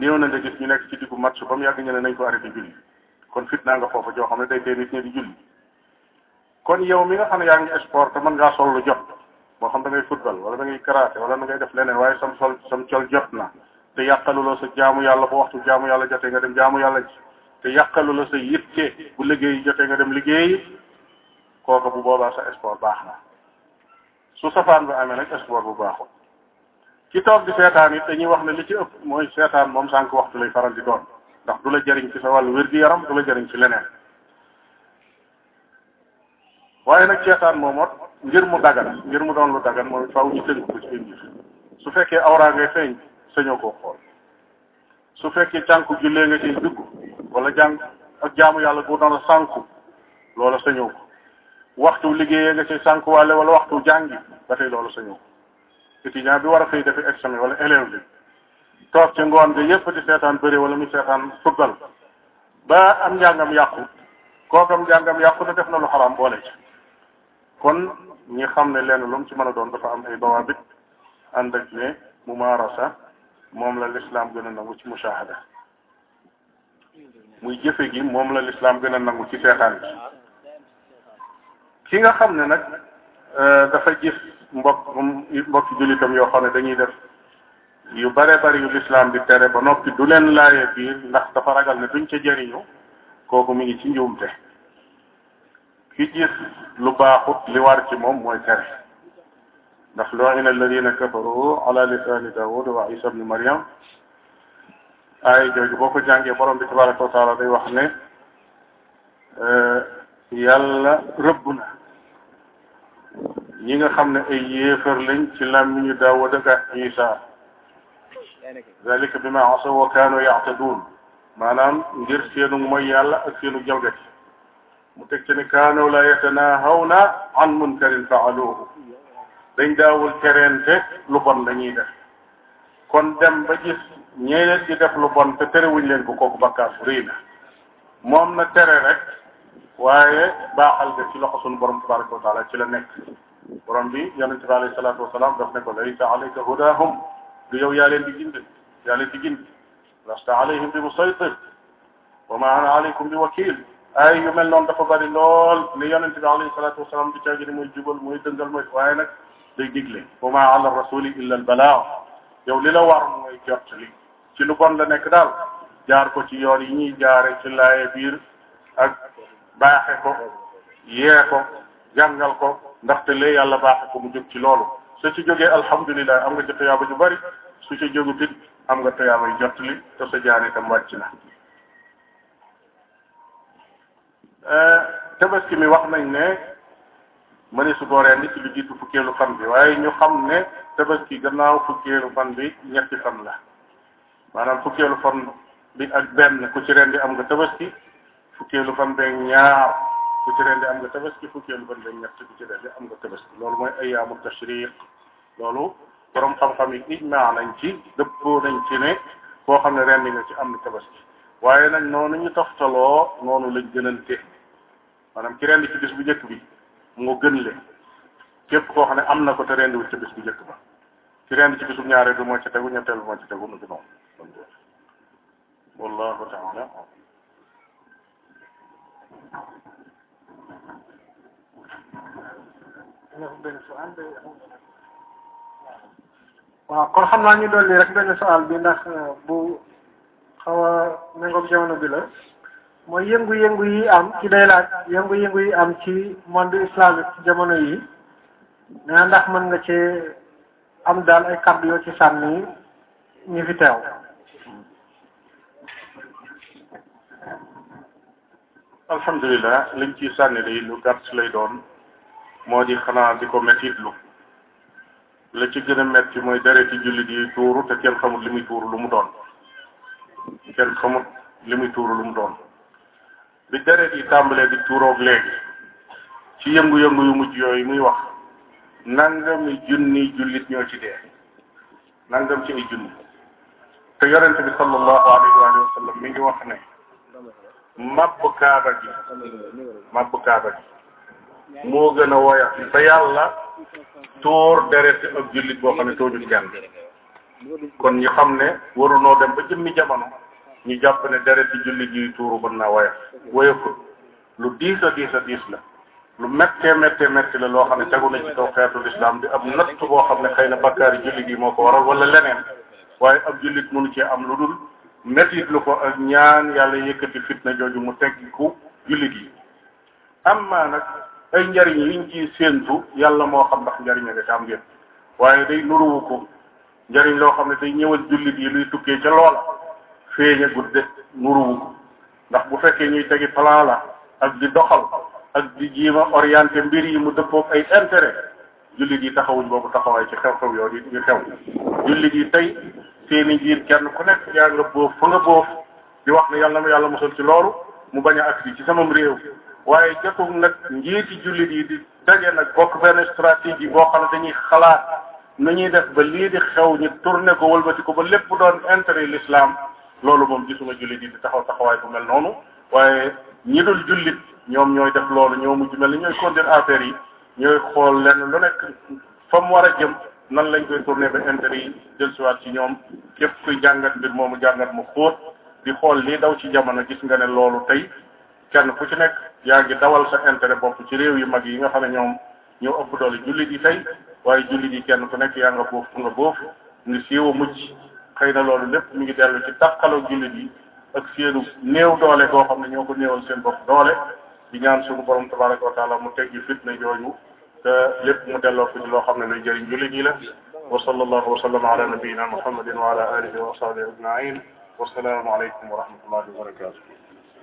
néew na nga gis ñu nekk ci diggu match ba mu yàgg ñu ne nañ ko arrêté julli kon naa nga foofa joo xam ne day tee nit kon yow mi nga xam ne yaa ngi sport te mën ngaa sol lu jot moo xam da ngay football wala da ngay karaté wala da ngay def leneen waaye sam sol sam col jot na te yàqaluloo sa jaamu yàlla bu waxtu jaamu yàlla jotee nga dem jaamu yàlla ci te la sa yitte bu liggéey jotee nga dem liggéey kooka bu boobaa sa sport baax na su safaan ba amee nag sport bu baaxul ci toog di seetaan it dañuy wax na li ci ëpp mooy seetaan moom sànq waxtu lay faral di doon ndax du la jariñ ci sa wàllu wér-gi-yaram du la jëriñ ci leneen waaye nag seetaan moomoot ngir mu dagan ngir mu doon lu dagan mooy faaw ñu tënk ko su fekkee awra ngay feeñ sañoo koo xool su fekkee cànku jullee nga ciy dugg wala jàng ak jaamu yàlla boo doon a sànku loola sañoo ko waxtu liggéeyee nga ciy sànkuwaale wala waxtu jàngi ba tey loola sañoo ko étudiant bi war a fay defi examen wala élève bi toog ci ngoon bi yëpp di seetaan bëri wala mu seetaan football ba am njàngam yàqu kookam njàngam yàqu na def na lu xaraam boole ci kon ñi xam ne lenn lu mu ci mën a doon dafa am ay bawaabit ànd ak ne mumaarasa moom la lislaam gën a nangu ci mushahada muy jëfe gi moom la lislaam gën a nangu ci seetaan bi ki nga xam ne nag euh, dafa gis mbokk mbokki jullitam yoo xam ne dañuy def yu bare bari yu lislaam bi tere ba noppi du leen laaye biir ndax dafa ragal ne duñ ca jëriñu kooku mu ngi ci njuumte ki gis lu baaxut li war ci moom mooy tere ndax lu'ina alladina kafaru ala lisani daawud wa isa ibni mariam ay jooju boo ko jàngee borom bi tabaraka wa taala day wax ne eh, yàlla rëbb na ñi nga xam ne ay yéefar lañ ci làmmiñu Daawuda ak Isa zalika bi ma asaw wa kaanu yaxtaduun maanaam ngir seenu mooy yàlla ak seenu jalgati mu teg ci ne kaanu la yatanahawna an munkarin faaluuhu dañ daawul tereente lu bon dañuy def kon dem ba gis ñeneen di def lu bon te terewuñ leen ko kooku bakkaar bu rëy na moom na tere rek waaye baaxal ga ci loxo sunu borom tabaraka wa ci la nekk borom bi yonente bi alayhi salaatu ko laysa alayka hudahum du yaa leen di gindi yaa leen di gindi lasta alayhim bi musaytir wa ma ana alaykum bi wakil ay yu mel noonu dafa bari lool ni yonente bi alayhi salaatu wasalaam di caagini mooy jubal mooy dëngal mooy waaye nag day digle wa ma ala rasuli illa al balaa yow li la war mooy jot li ci lu bon la nekk daal jaar ko ci yoon yi ñuy jaare ci laaye biir ak baaxe ko yee ko ko ndaxte lee yàlla baaxe ko mu jóg ci loolu su ci jógee alhamdulilah am nga jot toyaaba ju bari su ci jógut it am nga toyaaba yu jottali te sa jaan tam wàcc na eh, tabaski mi wax nañ ne mëni su ko rendi ci lu jiitu fukkeelu fan bi waaye ñu xam ne tabaski gannaaw fukkeelu fan bi ñetti fan la maanaam fukkeelu fan bi ak benn ku ci rendi am nga tabaski fukkeelu fan beeg ñaar ku ci rendi am nga tabaski fukkeelu fan ba ñett ku ci rendi am nga tabaski loolu mooy ayyaamu tashriq loolu borom xam-xam yi ijmaa nañ ci dëppoo nañ ci ne koo xam ne rendi nga ci am na tabaski waaye nag noonu ñu toftaloo noonu lañ gënante maanaam ki rendi ci bis bu njëkk bi moo gën le képp koo xam ne am na ko te rendiwul ci bis bu njëkk ba ki rendi ci bisub ñaareel bi moo ci tegu ñetteel bi moo ci tegu nu bi noonu wallahu taala waaw kon xam naa ñu dolli rek benn soal bi ndax euh, bu xaw a jamono bi la mooy yëngu-yëngu yi am ci day laaj yëngu-yëngu yi am ci monde islamique ci jamono yi nee ndax mën nga ci am daal ay kàddu yoo ci sànni ñi fi alhamdulilah liñ ciy sànni day lu gàtt lay doon moo di xanaa di ko mettitlu la ci gën a metti mooy dereti jullit yi tuuru te kenn xamut li muy tuuru lu mu doon kenn xamut li muy tuuru lu mu doon bi deret yi tàmbalee di tuuroog léegi ci yëngu-yëngu yu mujj yooyu muy wax nangami junni jullit ñoo ci dee nangam ci ay junni te yonent bi sallallahu alayhi wa sallam mi ngi wax ne mabb kaaba gi mabb kaaba gi moo gën a woyof te yàlla tuur deret ak jullit boo xam ne tooñul kenn kon ñu xam ne warunoo dem ba jëmmi jamono ñu jàpp ne dereti jullit yuy tuuru mën naa woyof woyofut lu diis a diis a la lu méttee méttee métti la loo xam ne tegu na ci kaw xeetu lislaam di ab natt boo xam ne xëy na bakkaari jullit yi moo ko waral wala leneen waaye ab jullit mënu cee am lu dul métitlu ko ak ñaan yàlla yëkkati fitna jooju mu teggiku jullit yi amma nag ay njariñ yiñ ciy séentu yàlla moo xam ndax njariñ nga ca am ngeen waaye day nuruwu ko njariñ loo xam ne day ñëwal jullit yi luy tukkee ca loola feeña gudde nuruwu ko ndax bu fekkee ñuy tegi plan la ak di doxal ak di jiima orienté mbir yi mu dëppoog ay intérêt jullit yi taxawuñ boobu taxawaay ci xew-xew yoo di xew jullit yi tey seeni njiir kenn ku nekk yaa nga boof fa nga boof di wax na yàlla na yàlla mosal ci loolu mu bañ a agsi ci samam réew waaye jotul nag njiiti jullit yi di daje nag bokk benn stratégie boo xam ne dañuy xalaat nu ñuy def ba lii di xew ñu tourné ko wëlbati ko ba lépp doon intérêt lislaam loolu moom gisuma jullit yi di taxaw taxawaay bu mel noonu waaye ñi dul jullit ñoom ñooy def loolu ñoo mujj mel ni ñooy conduire affaire yi ñooy xool lenn lu nekk fa mu war a jëm nan lañ koy tourné ba intérêt yi jël siwaat ci ñoom képp kuy jàngat mbir moomu jàngat ma xóot di xool lii daw ci jamono gis nga ne loolu tey kenn ku ci nekk yaa ngi dawal sa intérêt bopp ci réew yu mag yi nga xam ne ñoom ñoo ëpp doole jullit yi tey waaye jullit yi kenn ku nekk yaa nga boof fu nga boof nga siiw a mucc xëy na loolu lépp mi ngi dellu ci tàqaloo jullit yi ak seenu néew doole goo xam ne ñoo ko néewal seen bopp doole di ñaan suñu borom tabaraka wa taala mu teggi fitna jooju te lépp mu delloo ko ci loo xam ne luy jëriñ jullit yi la wa sallallahu wa sallam ala nabiyina muhammadin wa ala alihi wa sahbihi ajmain wa salaamu aleykum wa rahmatullahi wa barakatuh